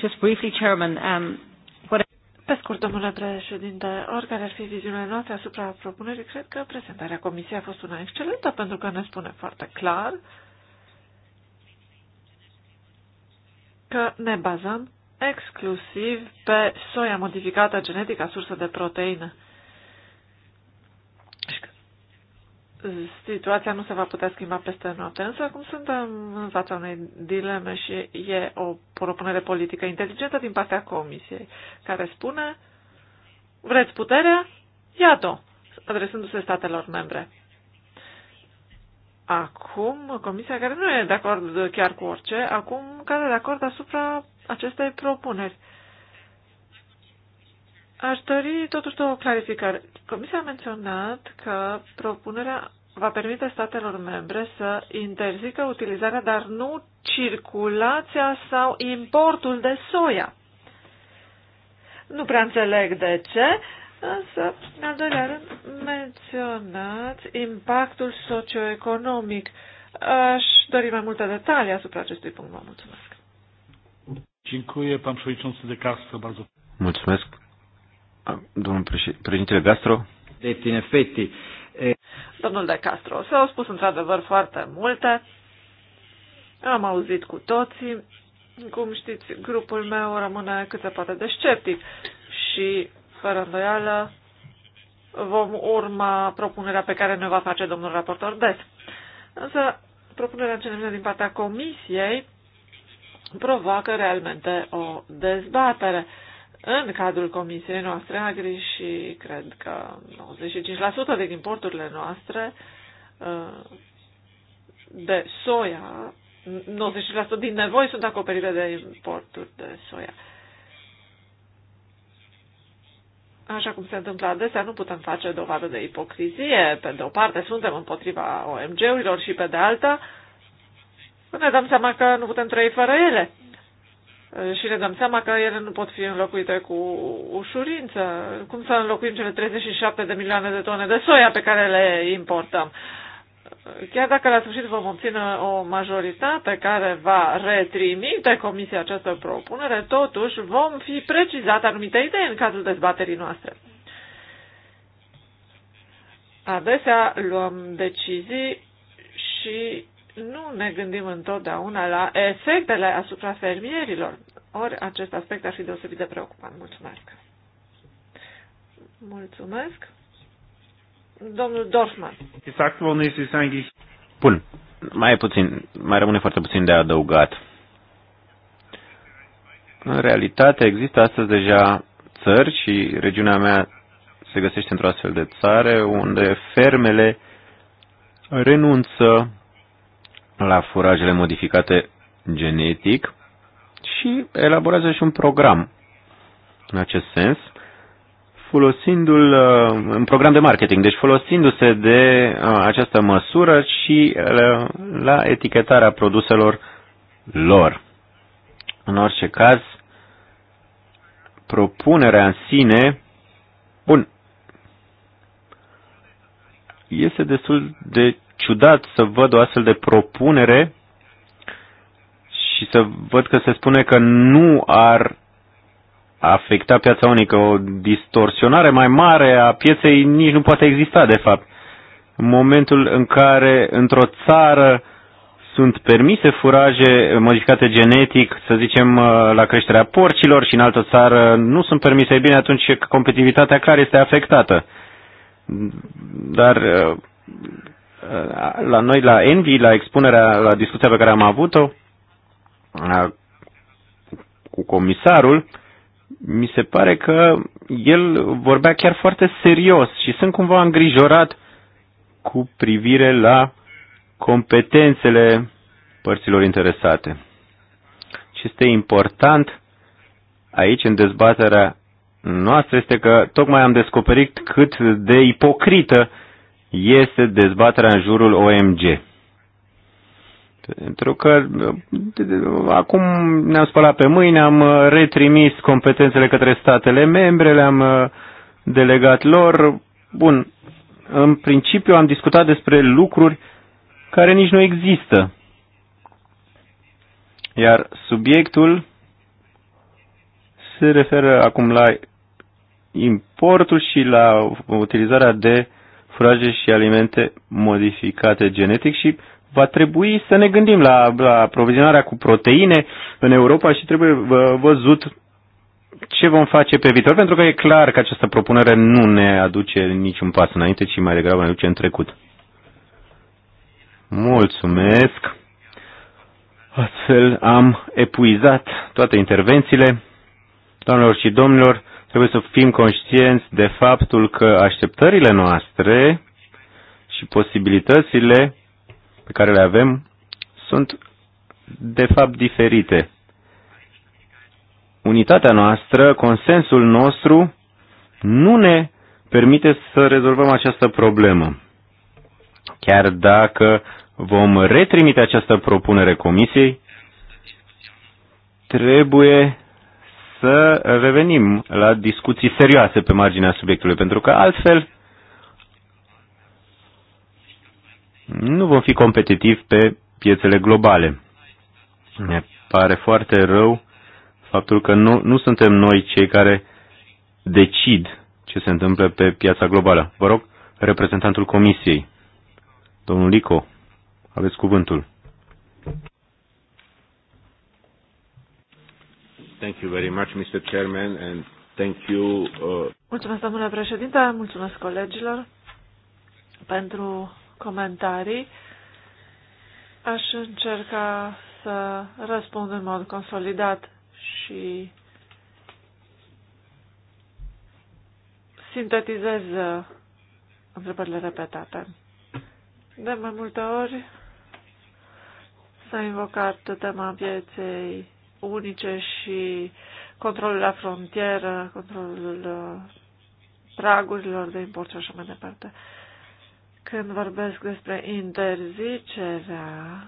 Just briefly, Chairman, um, pe scurt, domnule președinte, oricare ar fi viziunea noastră asupra propunerii, cred că prezentarea comisiei a fost una excelentă pentru că ne spune foarte clar că ne bazăm exclusiv pe soia modificată genetică, sursă de proteină. situația nu se va putea schimba peste noapte, însă acum suntem în fața unei dileme și e o propunere politică inteligentă din partea Comisiei, care spune, vreți puterea? Iată, adresându-se statelor membre. Acum, Comisia care nu e de acord chiar cu orice, acum care de acord asupra acestei propuneri. Aș dori totuși două clarificări. Comisia a menționat că propunerea va permite statelor membre să interzică utilizarea, dar nu circulația sau importul de soia. Nu prea înțeleg de ce, însă, în al doilea rând, menționați impactul socioeconomic. Aș dori mai multe detalii asupra acestui punct. Vă mulțumesc. Mulțumesc, Domnul președintele Castro. Deci, în efecti. Domnul De Castro, s-au spus într-adevăr foarte multe. Am auzit cu toții. Cum știți, grupul meu rămâne cât se poate de sceptic și, fără îndoială, vom urma propunerea pe care ne va face domnul raportor Des. Însă, propunerea ce ne vine din partea comisiei provoacă realmente o dezbatere în cadrul comisiei noastre agri și cred că 95% din importurile noastre uh, de soia, 90% din nevoi sunt acoperite de importuri de soia. Așa cum se întâmplă adesea, nu putem face dovadă de ipocrizie. Pe de o parte suntem împotriva OMG-urilor și pe de alta ne dăm seama că nu putem trăi fără ele și ne dăm seama că ele nu pot fi înlocuite cu ușurință. Cum să înlocuim cele 37 de milioane de tone de soia pe care le importăm? Chiar dacă la sfârșit vom obține o majoritate care va retrimite Comisia această propunere, totuși vom fi precizat anumite idei în cazul dezbaterii noastre. Adesea luăm decizii și nu ne gândim întotdeauna la efectele asupra fermierilor. Ori acest aspect ar fi deosebit de preocupant. Mulțumesc! Mulțumesc! Domnul Dorfman. Bun. Mai puțin, mai rămâne foarte puțin de adăugat. În realitate există astăzi deja țări și regiunea mea se găsește într-o astfel de țară unde fermele renunță la furajele modificate genetic și elaborează și un program în acest sens, folosindu-l, uh, un program de marketing, deci folosindu-se de uh, această măsură și la, uh, la etichetarea produselor lor. În orice caz, propunerea în sine, bun, este destul de ciudat să văd o astfel de propunere și să văd că se spune că nu ar afecta piața unică. O distorsionare mai mare a pieței nici nu poate exista, de fapt. În momentul în care într-o țară sunt permise furaje modificate genetic, să zicem, uh, la creșterea porcilor și în altă țară nu sunt permise, e bine, atunci competitivitatea clar este afectată. Dar uh, uh, la noi, la Envy, la expunerea, la discuția pe care am avut-o, cu comisarul, mi se pare că el vorbea chiar foarte serios și sunt cumva îngrijorat cu privire la competențele părților interesate. Ce este important aici, în dezbaterea noastră, este că tocmai am descoperit cât de ipocrită este dezbaterea în jurul OMG. Pentru că acum ne-am spălat pe mâini, am uh, retrimis competențele către statele membre, le-am uh, delegat lor. Bun, în principiu am discutat despre lucruri care nici nu există. Iar subiectul se referă acum la importul și la utilizarea de furaje și alimente modificate genetic și va trebui să ne gândim la, la aprovizionarea cu proteine în Europa și trebuie văzut ce vom face pe viitor, pentru că e clar că această propunere nu ne aduce niciun pas înainte, ci mai degrabă ne aduce în trecut. Mulțumesc! Astfel am epuizat toate intervențiile. Doamnelor și domnilor, trebuie să fim conștienți de faptul că așteptările noastre și posibilitățile pe care le avem sunt de fapt diferite. Unitatea noastră, consensul nostru, nu ne permite să rezolvăm această problemă. Chiar dacă vom retrimite această propunere comisiei, trebuie să revenim la discuții serioase pe marginea subiectului, pentru că altfel nu vom fi competitivi pe piețele globale. Ne pare foarte rău faptul că nu, nu suntem noi cei care decid ce se întâmplă pe piața globală. Vă rog, reprezentantul Comisiei, domnul Lico, aveți cuvântul. Thank you very much, Mr. Chairman, and thank you. Uh... Mulțumesc, domnule președinte, mulțumesc colegilor pentru comentarii. Aș încerca să răspund în mod consolidat și sintetizez uh, întrebările repetate. De mai multe ori s-a invocat tema pieței unice și controlul la frontieră, controlul uh, pragurilor de import și așa mai departe. Uh, când vorbesc despre interzicerea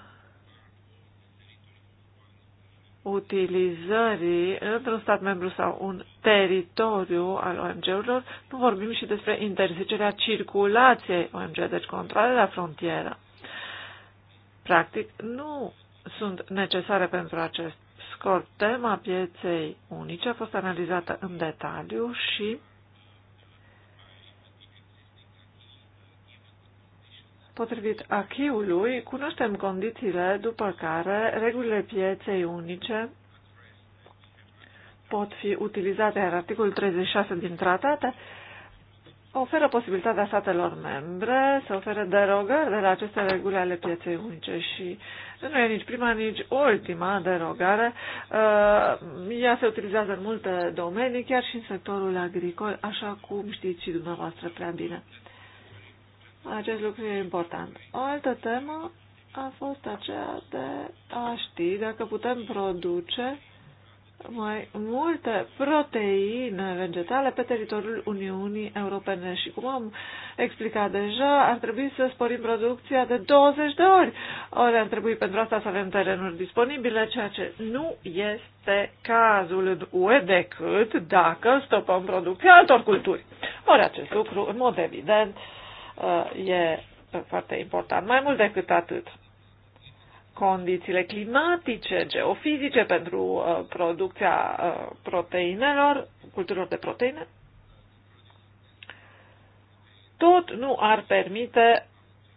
utilizării într-un stat membru sau un teritoriu al OMG-urilor, nu vorbim și despre interzicerea circulației OMG, deci controle la frontieră. Practic, nu sunt necesare pentru acest scop. Tema pieței unice a fost analizată în detaliu și Potrivit achiului, cunoaștem condițiile după care regulile pieței unice pot fi utilizate, iar articolul 36 din tratate oferă posibilitatea statelor membre să ofere derogări de la aceste reguli ale pieței unice și nu e nici prima, nici ultima derogare. Uh, ea se utilizează în multe domenii, chiar și în sectorul agricol, așa cum știți și dumneavoastră prea bine. Acest lucru e important. O altă temă a fost aceea de a ști dacă putem produce mai multe proteine vegetale pe teritoriul Uniunii Europene și cum am explicat deja, ar trebui să sporim producția de 20 de ori. Ori ar trebui pentru asta să avem terenuri disponibile, ceea ce nu este cazul în UE decât dacă stopăm producția altor culturi. Ori acest lucru, în mod evident, uh, Uh, e foarte important. Mai mult decât atât, condițiile climatice, geofizice pentru uh, producția uh, proteinelor, culturilor de proteine, tot nu ar permite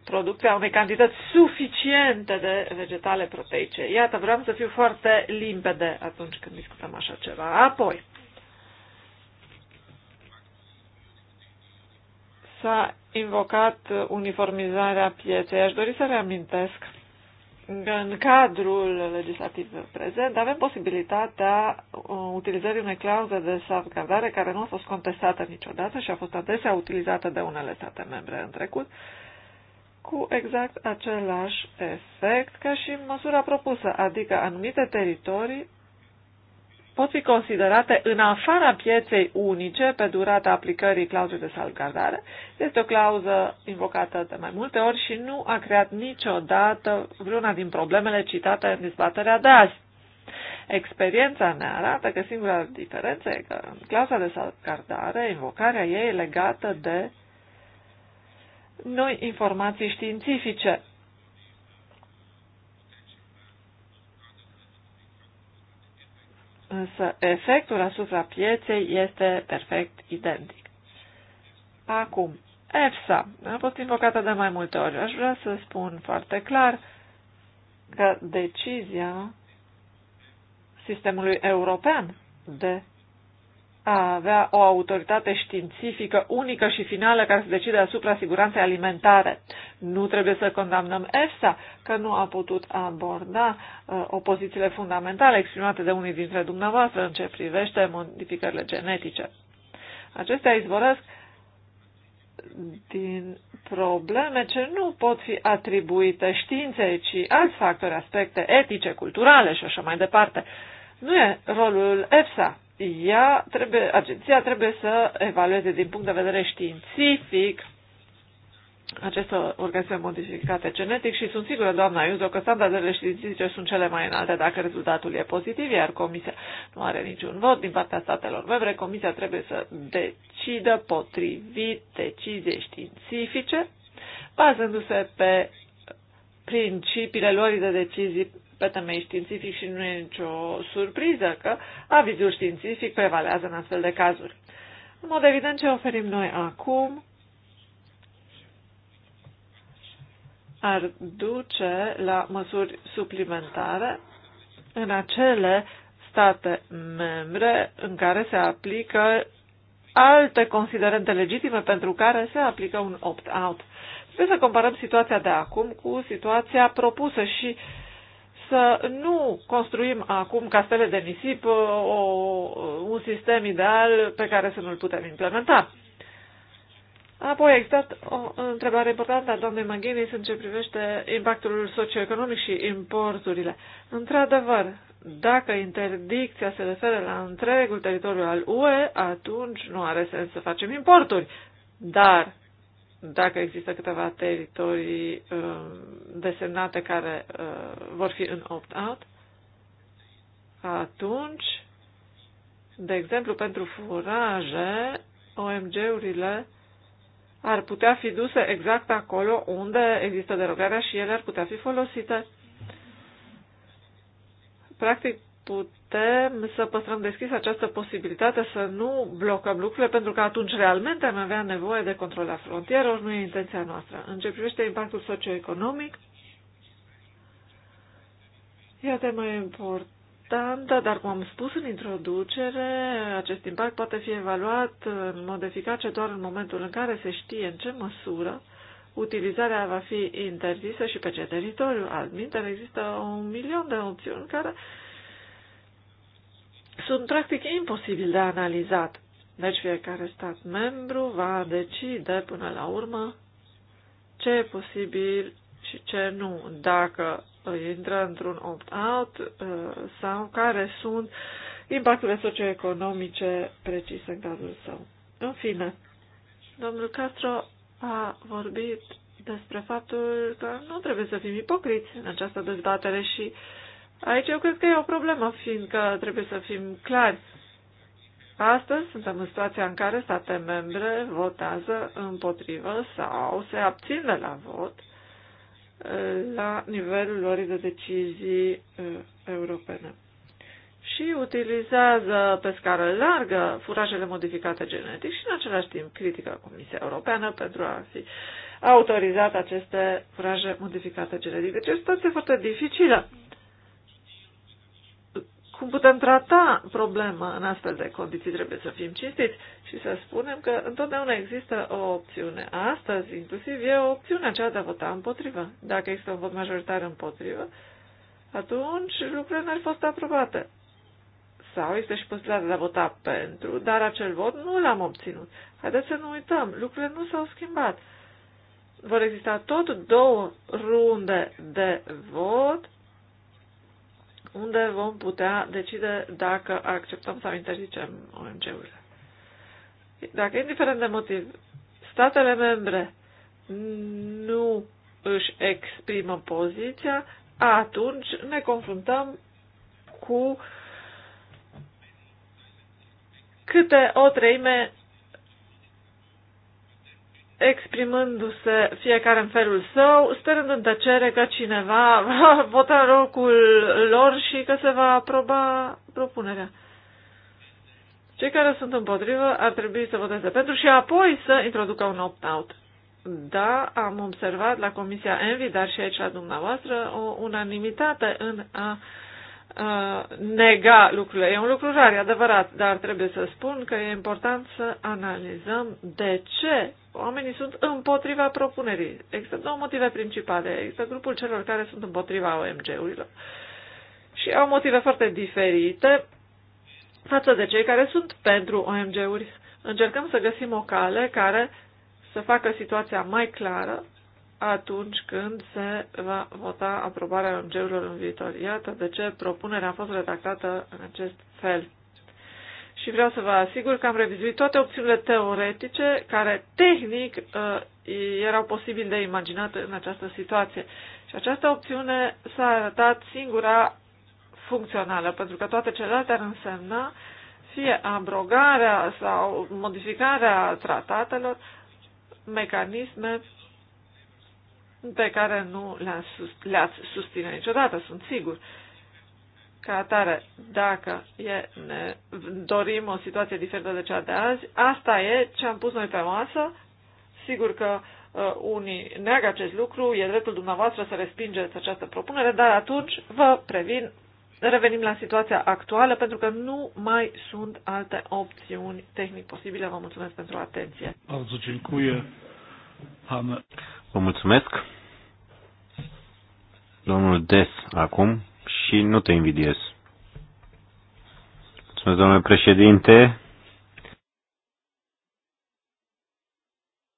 producția unei cantități suficiente de vegetale proteice. Iată, vreau să fiu foarte limpede atunci când discutăm așa ceva. Apoi, S-a invocat uniformizarea pieței. Aș dori să reamintesc că în cadrul legislativ prezent avem posibilitatea uh, utilizării unei clauze de salvgardare care nu a fost contestată niciodată și a fost adesea utilizată de unele state membre în trecut, cu exact același efect ca și măsura propusă, adică anumite teritorii pot fi considerate în afara pieței unice pe durata aplicării clauzei de salvgardare. Este o clauză invocată de mai multe ori și nu a creat niciodată vreuna din problemele citate în dezbaterea de azi. Experiența ne arată că singura diferență e că în clauza de salvgardare, invocarea ei e legată de noi informații științifice Însă efectul asupra pieței este perfect identic. Acum, EFSA a fost invocată de mai multe ori. Aș vrea să spun foarte clar că decizia sistemului european de a avea o autoritate științifică unică și finală care să decide asupra siguranței alimentare. Nu trebuie să condamnăm EFSA că nu a putut aborda uh, opozițiile fundamentale exprimate de unii dintre dumneavoastră în ce privește modificările genetice. Acestea izvorăsc din probleme ce nu pot fi atribuite științei, ci alți factori, aspecte etice, culturale și așa mai departe. Nu e rolul EFSA ea trebuie, agenția trebuie să evalueze din punct de vedere științific aceste organisme modificate genetic și sunt sigură, doamna Iuzo, că standardele științifice sunt cele mai înalte dacă rezultatul e pozitiv, iar Comisia nu are niciun vot din partea statelor membre. Comisia trebuie să decidă potrivit decizie științifice, bazându-se pe principiile lor de decizii pe temei științific și nu e nicio surpriză că avizul științific prevalează în astfel de cazuri. În mod evident, ce oferim noi acum ar duce la măsuri suplimentare în acele state membre în care se aplică alte considerente legitime pentru care se aplică un opt-out. Trebuie să comparăm situația de acum cu situația propusă și să nu construim acum castele de nisip, uh, o, un sistem ideal pe care să nu-l putem implementa. Apoi a existat o întrebare importantă a doamnei McGuinness în ce privește impactul socioeconomic și importurile. Într-adevăr, dacă interdicția se referă la întregul teritoriu al UE, atunci nu are sens să facem importuri. Dar dacă există câteva teritorii um, desemnate care uh, vor fi în opt-out, atunci, de exemplu, pentru furaje, OMG-urile ar putea fi duse exact acolo unde există derogarea și ele ar putea fi folosite. Practic, putem să păstrăm deschis această posibilitate să nu blocăm lucrurile, pentru că atunci realmente am avea nevoie de control la frontieră, nu e intenția noastră. În ce privește impactul socioeconomic, e o temă importantă, dar cum am spus în introducere, acest impact poate fi evaluat în mod eficace doar în momentul în care se știe în ce măsură utilizarea va fi interzisă și pe ce teritoriu. Altminteri există un milion de opțiuni care uh, sunt practic imposibil de analizat. Deci fiecare stat membru va decide până la urmă ce e posibil și ce nu, dacă intră într-un opt-out uh, sau care sunt impacturile socioeconomice precise în cazul său. În fine, domnul Castro a vorbit despre faptul că nu trebuie să fim ipocriți în această dezbatere și uh, Aici eu cred că e o problemă, fiindcă trebuie să fim clari. Astăzi suntem în situația în care state membre votează împotrivă sau se abțin de la vot la nivelul lor de decizii europene și utilizează pe scară largă furajele modificate genetic și în același timp critică Comisia Europeană pentru a fi autorizat aceste furaje modificate genetic. Deci e o situație foarte dificilă cum putem trata problema în astfel de condiții? Trebuie să fim cinstiți și să spunem că întotdeauna există o opțiune. Astăzi, inclusiv, e o opțiune aceea de a vota împotrivă. Dacă există un vot majoritar împotrivă, atunci lucrurile n-ar fi fost aprobate. Sau este și posibilitatea de a vota pentru, dar acel vot nu l-am obținut. Haideți să nu uităm, lucrurile nu s-au schimbat. Vor exista tot două runde de vot unde vom putea decide dacă acceptăm sau interzicem ong urile Dacă, indiferent de motiv, statele membre nu își exprimă poziția, atunci ne confruntăm cu câte o treime exprimându-se fiecare în felul său, sperând în tăcere că cineva va vota locul lor și că se va aproba propunerea. Cei care sunt împotrivă ar trebui să voteze pentru și apoi să introducă un opt-out. Da, am observat la Comisia Envi, dar și aici la dumneavoastră, o unanimitate în a uh, nega lucrurile. E un lucru rar, e adevărat, dar trebuie să spun că e important să analizăm de ce oamenii sunt împotriva propunerii. Există două motive principale. Există grupul celor care sunt împotriva OMG-urilor și au motive foarte diferite față de cei care sunt pentru OMG-uri. Încercăm să găsim o cale care să facă situația mai clară atunci când se va vota aprobarea OMG-urilor în viitor. Iată de ce propunerea a fost redactată în acest fel. Și vreau să vă asigur că am revizuit toate opțiunile teoretice care tehnic uh, erau posibil de imaginat în această situație. Și această opțiune s-a arătat singura funcțională, pentru că toate celelalte ar însemna fie abrogarea sau modificarea tratatelor, mecanisme pe care nu le-ați susține niciodată, sunt sigur. Ca atare, dacă e, ne dorim o situație diferită de cea de azi, asta e ce am pus noi pe masă. Sigur că uh, unii neagă acest lucru, e dreptul dumneavoastră să respingeți această propunere, dar atunci vă previn, revenim la situația actuală, pentru că nu mai sunt alte opțiuni tehnic posibile. Vă mulțumesc pentru atenție. Bardzo dziękuję. Vă mulțumesc. Domnul Des, acum, și nu te invidiez. Mulțumesc, domnule președinte.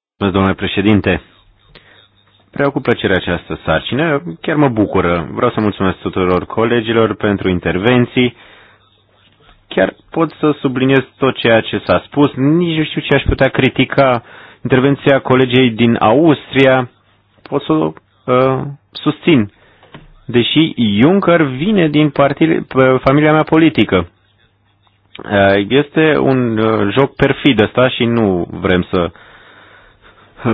Mulțumesc, domnule președinte. Vreau cu plăcere această sarcină, chiar mă bucură. Vreau să mulțumesc tuturor colegilor pentru intervenții. Chiar pot să subliniez tot ceea ce s-a spus, nici nu știu ce aș putea critica uh, intervenția colegei din Austria, pot să o uh, susțin. Deși Juncker vine din partile, uh, familia mea politică. Uh, este un uh, joc perfid ăsta și nu vrem să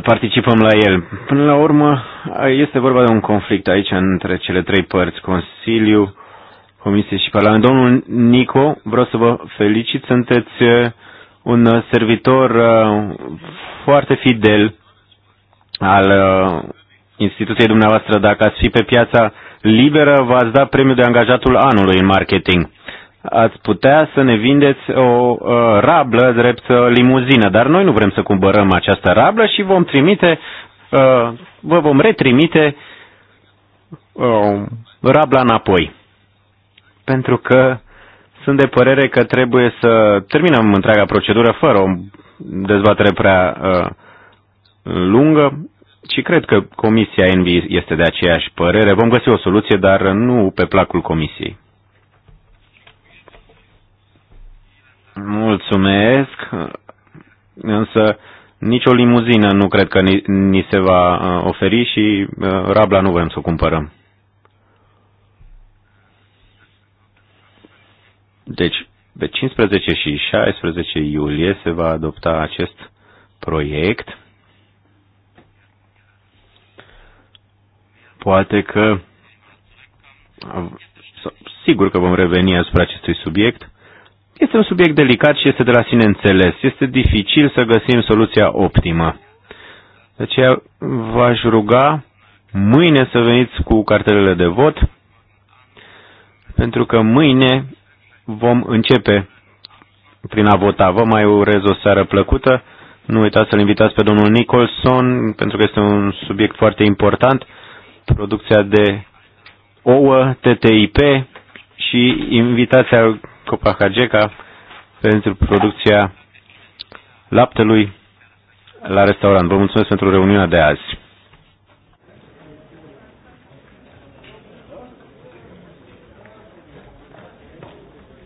participăm la el. Până la urmă, uh, este vorba de un conflict aici între cele trei părți, Consiliu, Comisie și Parlament. Domnul Nico, vreau să vă felicit, sunteți uh, un uh, servitor uh, foarte fidel al uh, instituției dumneavoastră. Dacă ați fi pe piața liberă, v-ați da premiul de angajatul anului în marketing. Ați putea să ne vindeți o rablă drept limuzină, dar noi nu vrem să cumpărăm această rablă și vom trimite, vă vom retrimite rabla înapoi. Pentru că sunt de părere că trebuie să terminăm întreaga procedură fără o dezbatere prea uh, lungă și cred că Comisia Envi este de aceeași părere. Vom găsi o soluție, dar nu pe placul Comisiei. Mulțumesc, însă nicio limuzină nu cred că ni, ni se va uh, oferi și uh, rabla nu vrem să o cumpărăm. Deci, pe 15 și 16 iulie se va adopta acest proiect. Poate că, sigur că vom reveni asupra acestui subiect. Este un subiect delicat și este de la sine înțeles. Este dificil să găsim soluția optimă. De aceea v-aș ruga mâine să veniți cu cartelele de vot, pentru că mâine vom începe prin a vota. Vă mai urez o seară plăcută. Nu uitați să-l invitați pe domnul Nicholson, pentru că este un subiect foarte important. Producția de ouă, TTIP și invitația Copacageca pentru producția laptelui la restaurant. Vă mulțumesc pentru reuniunea de azi.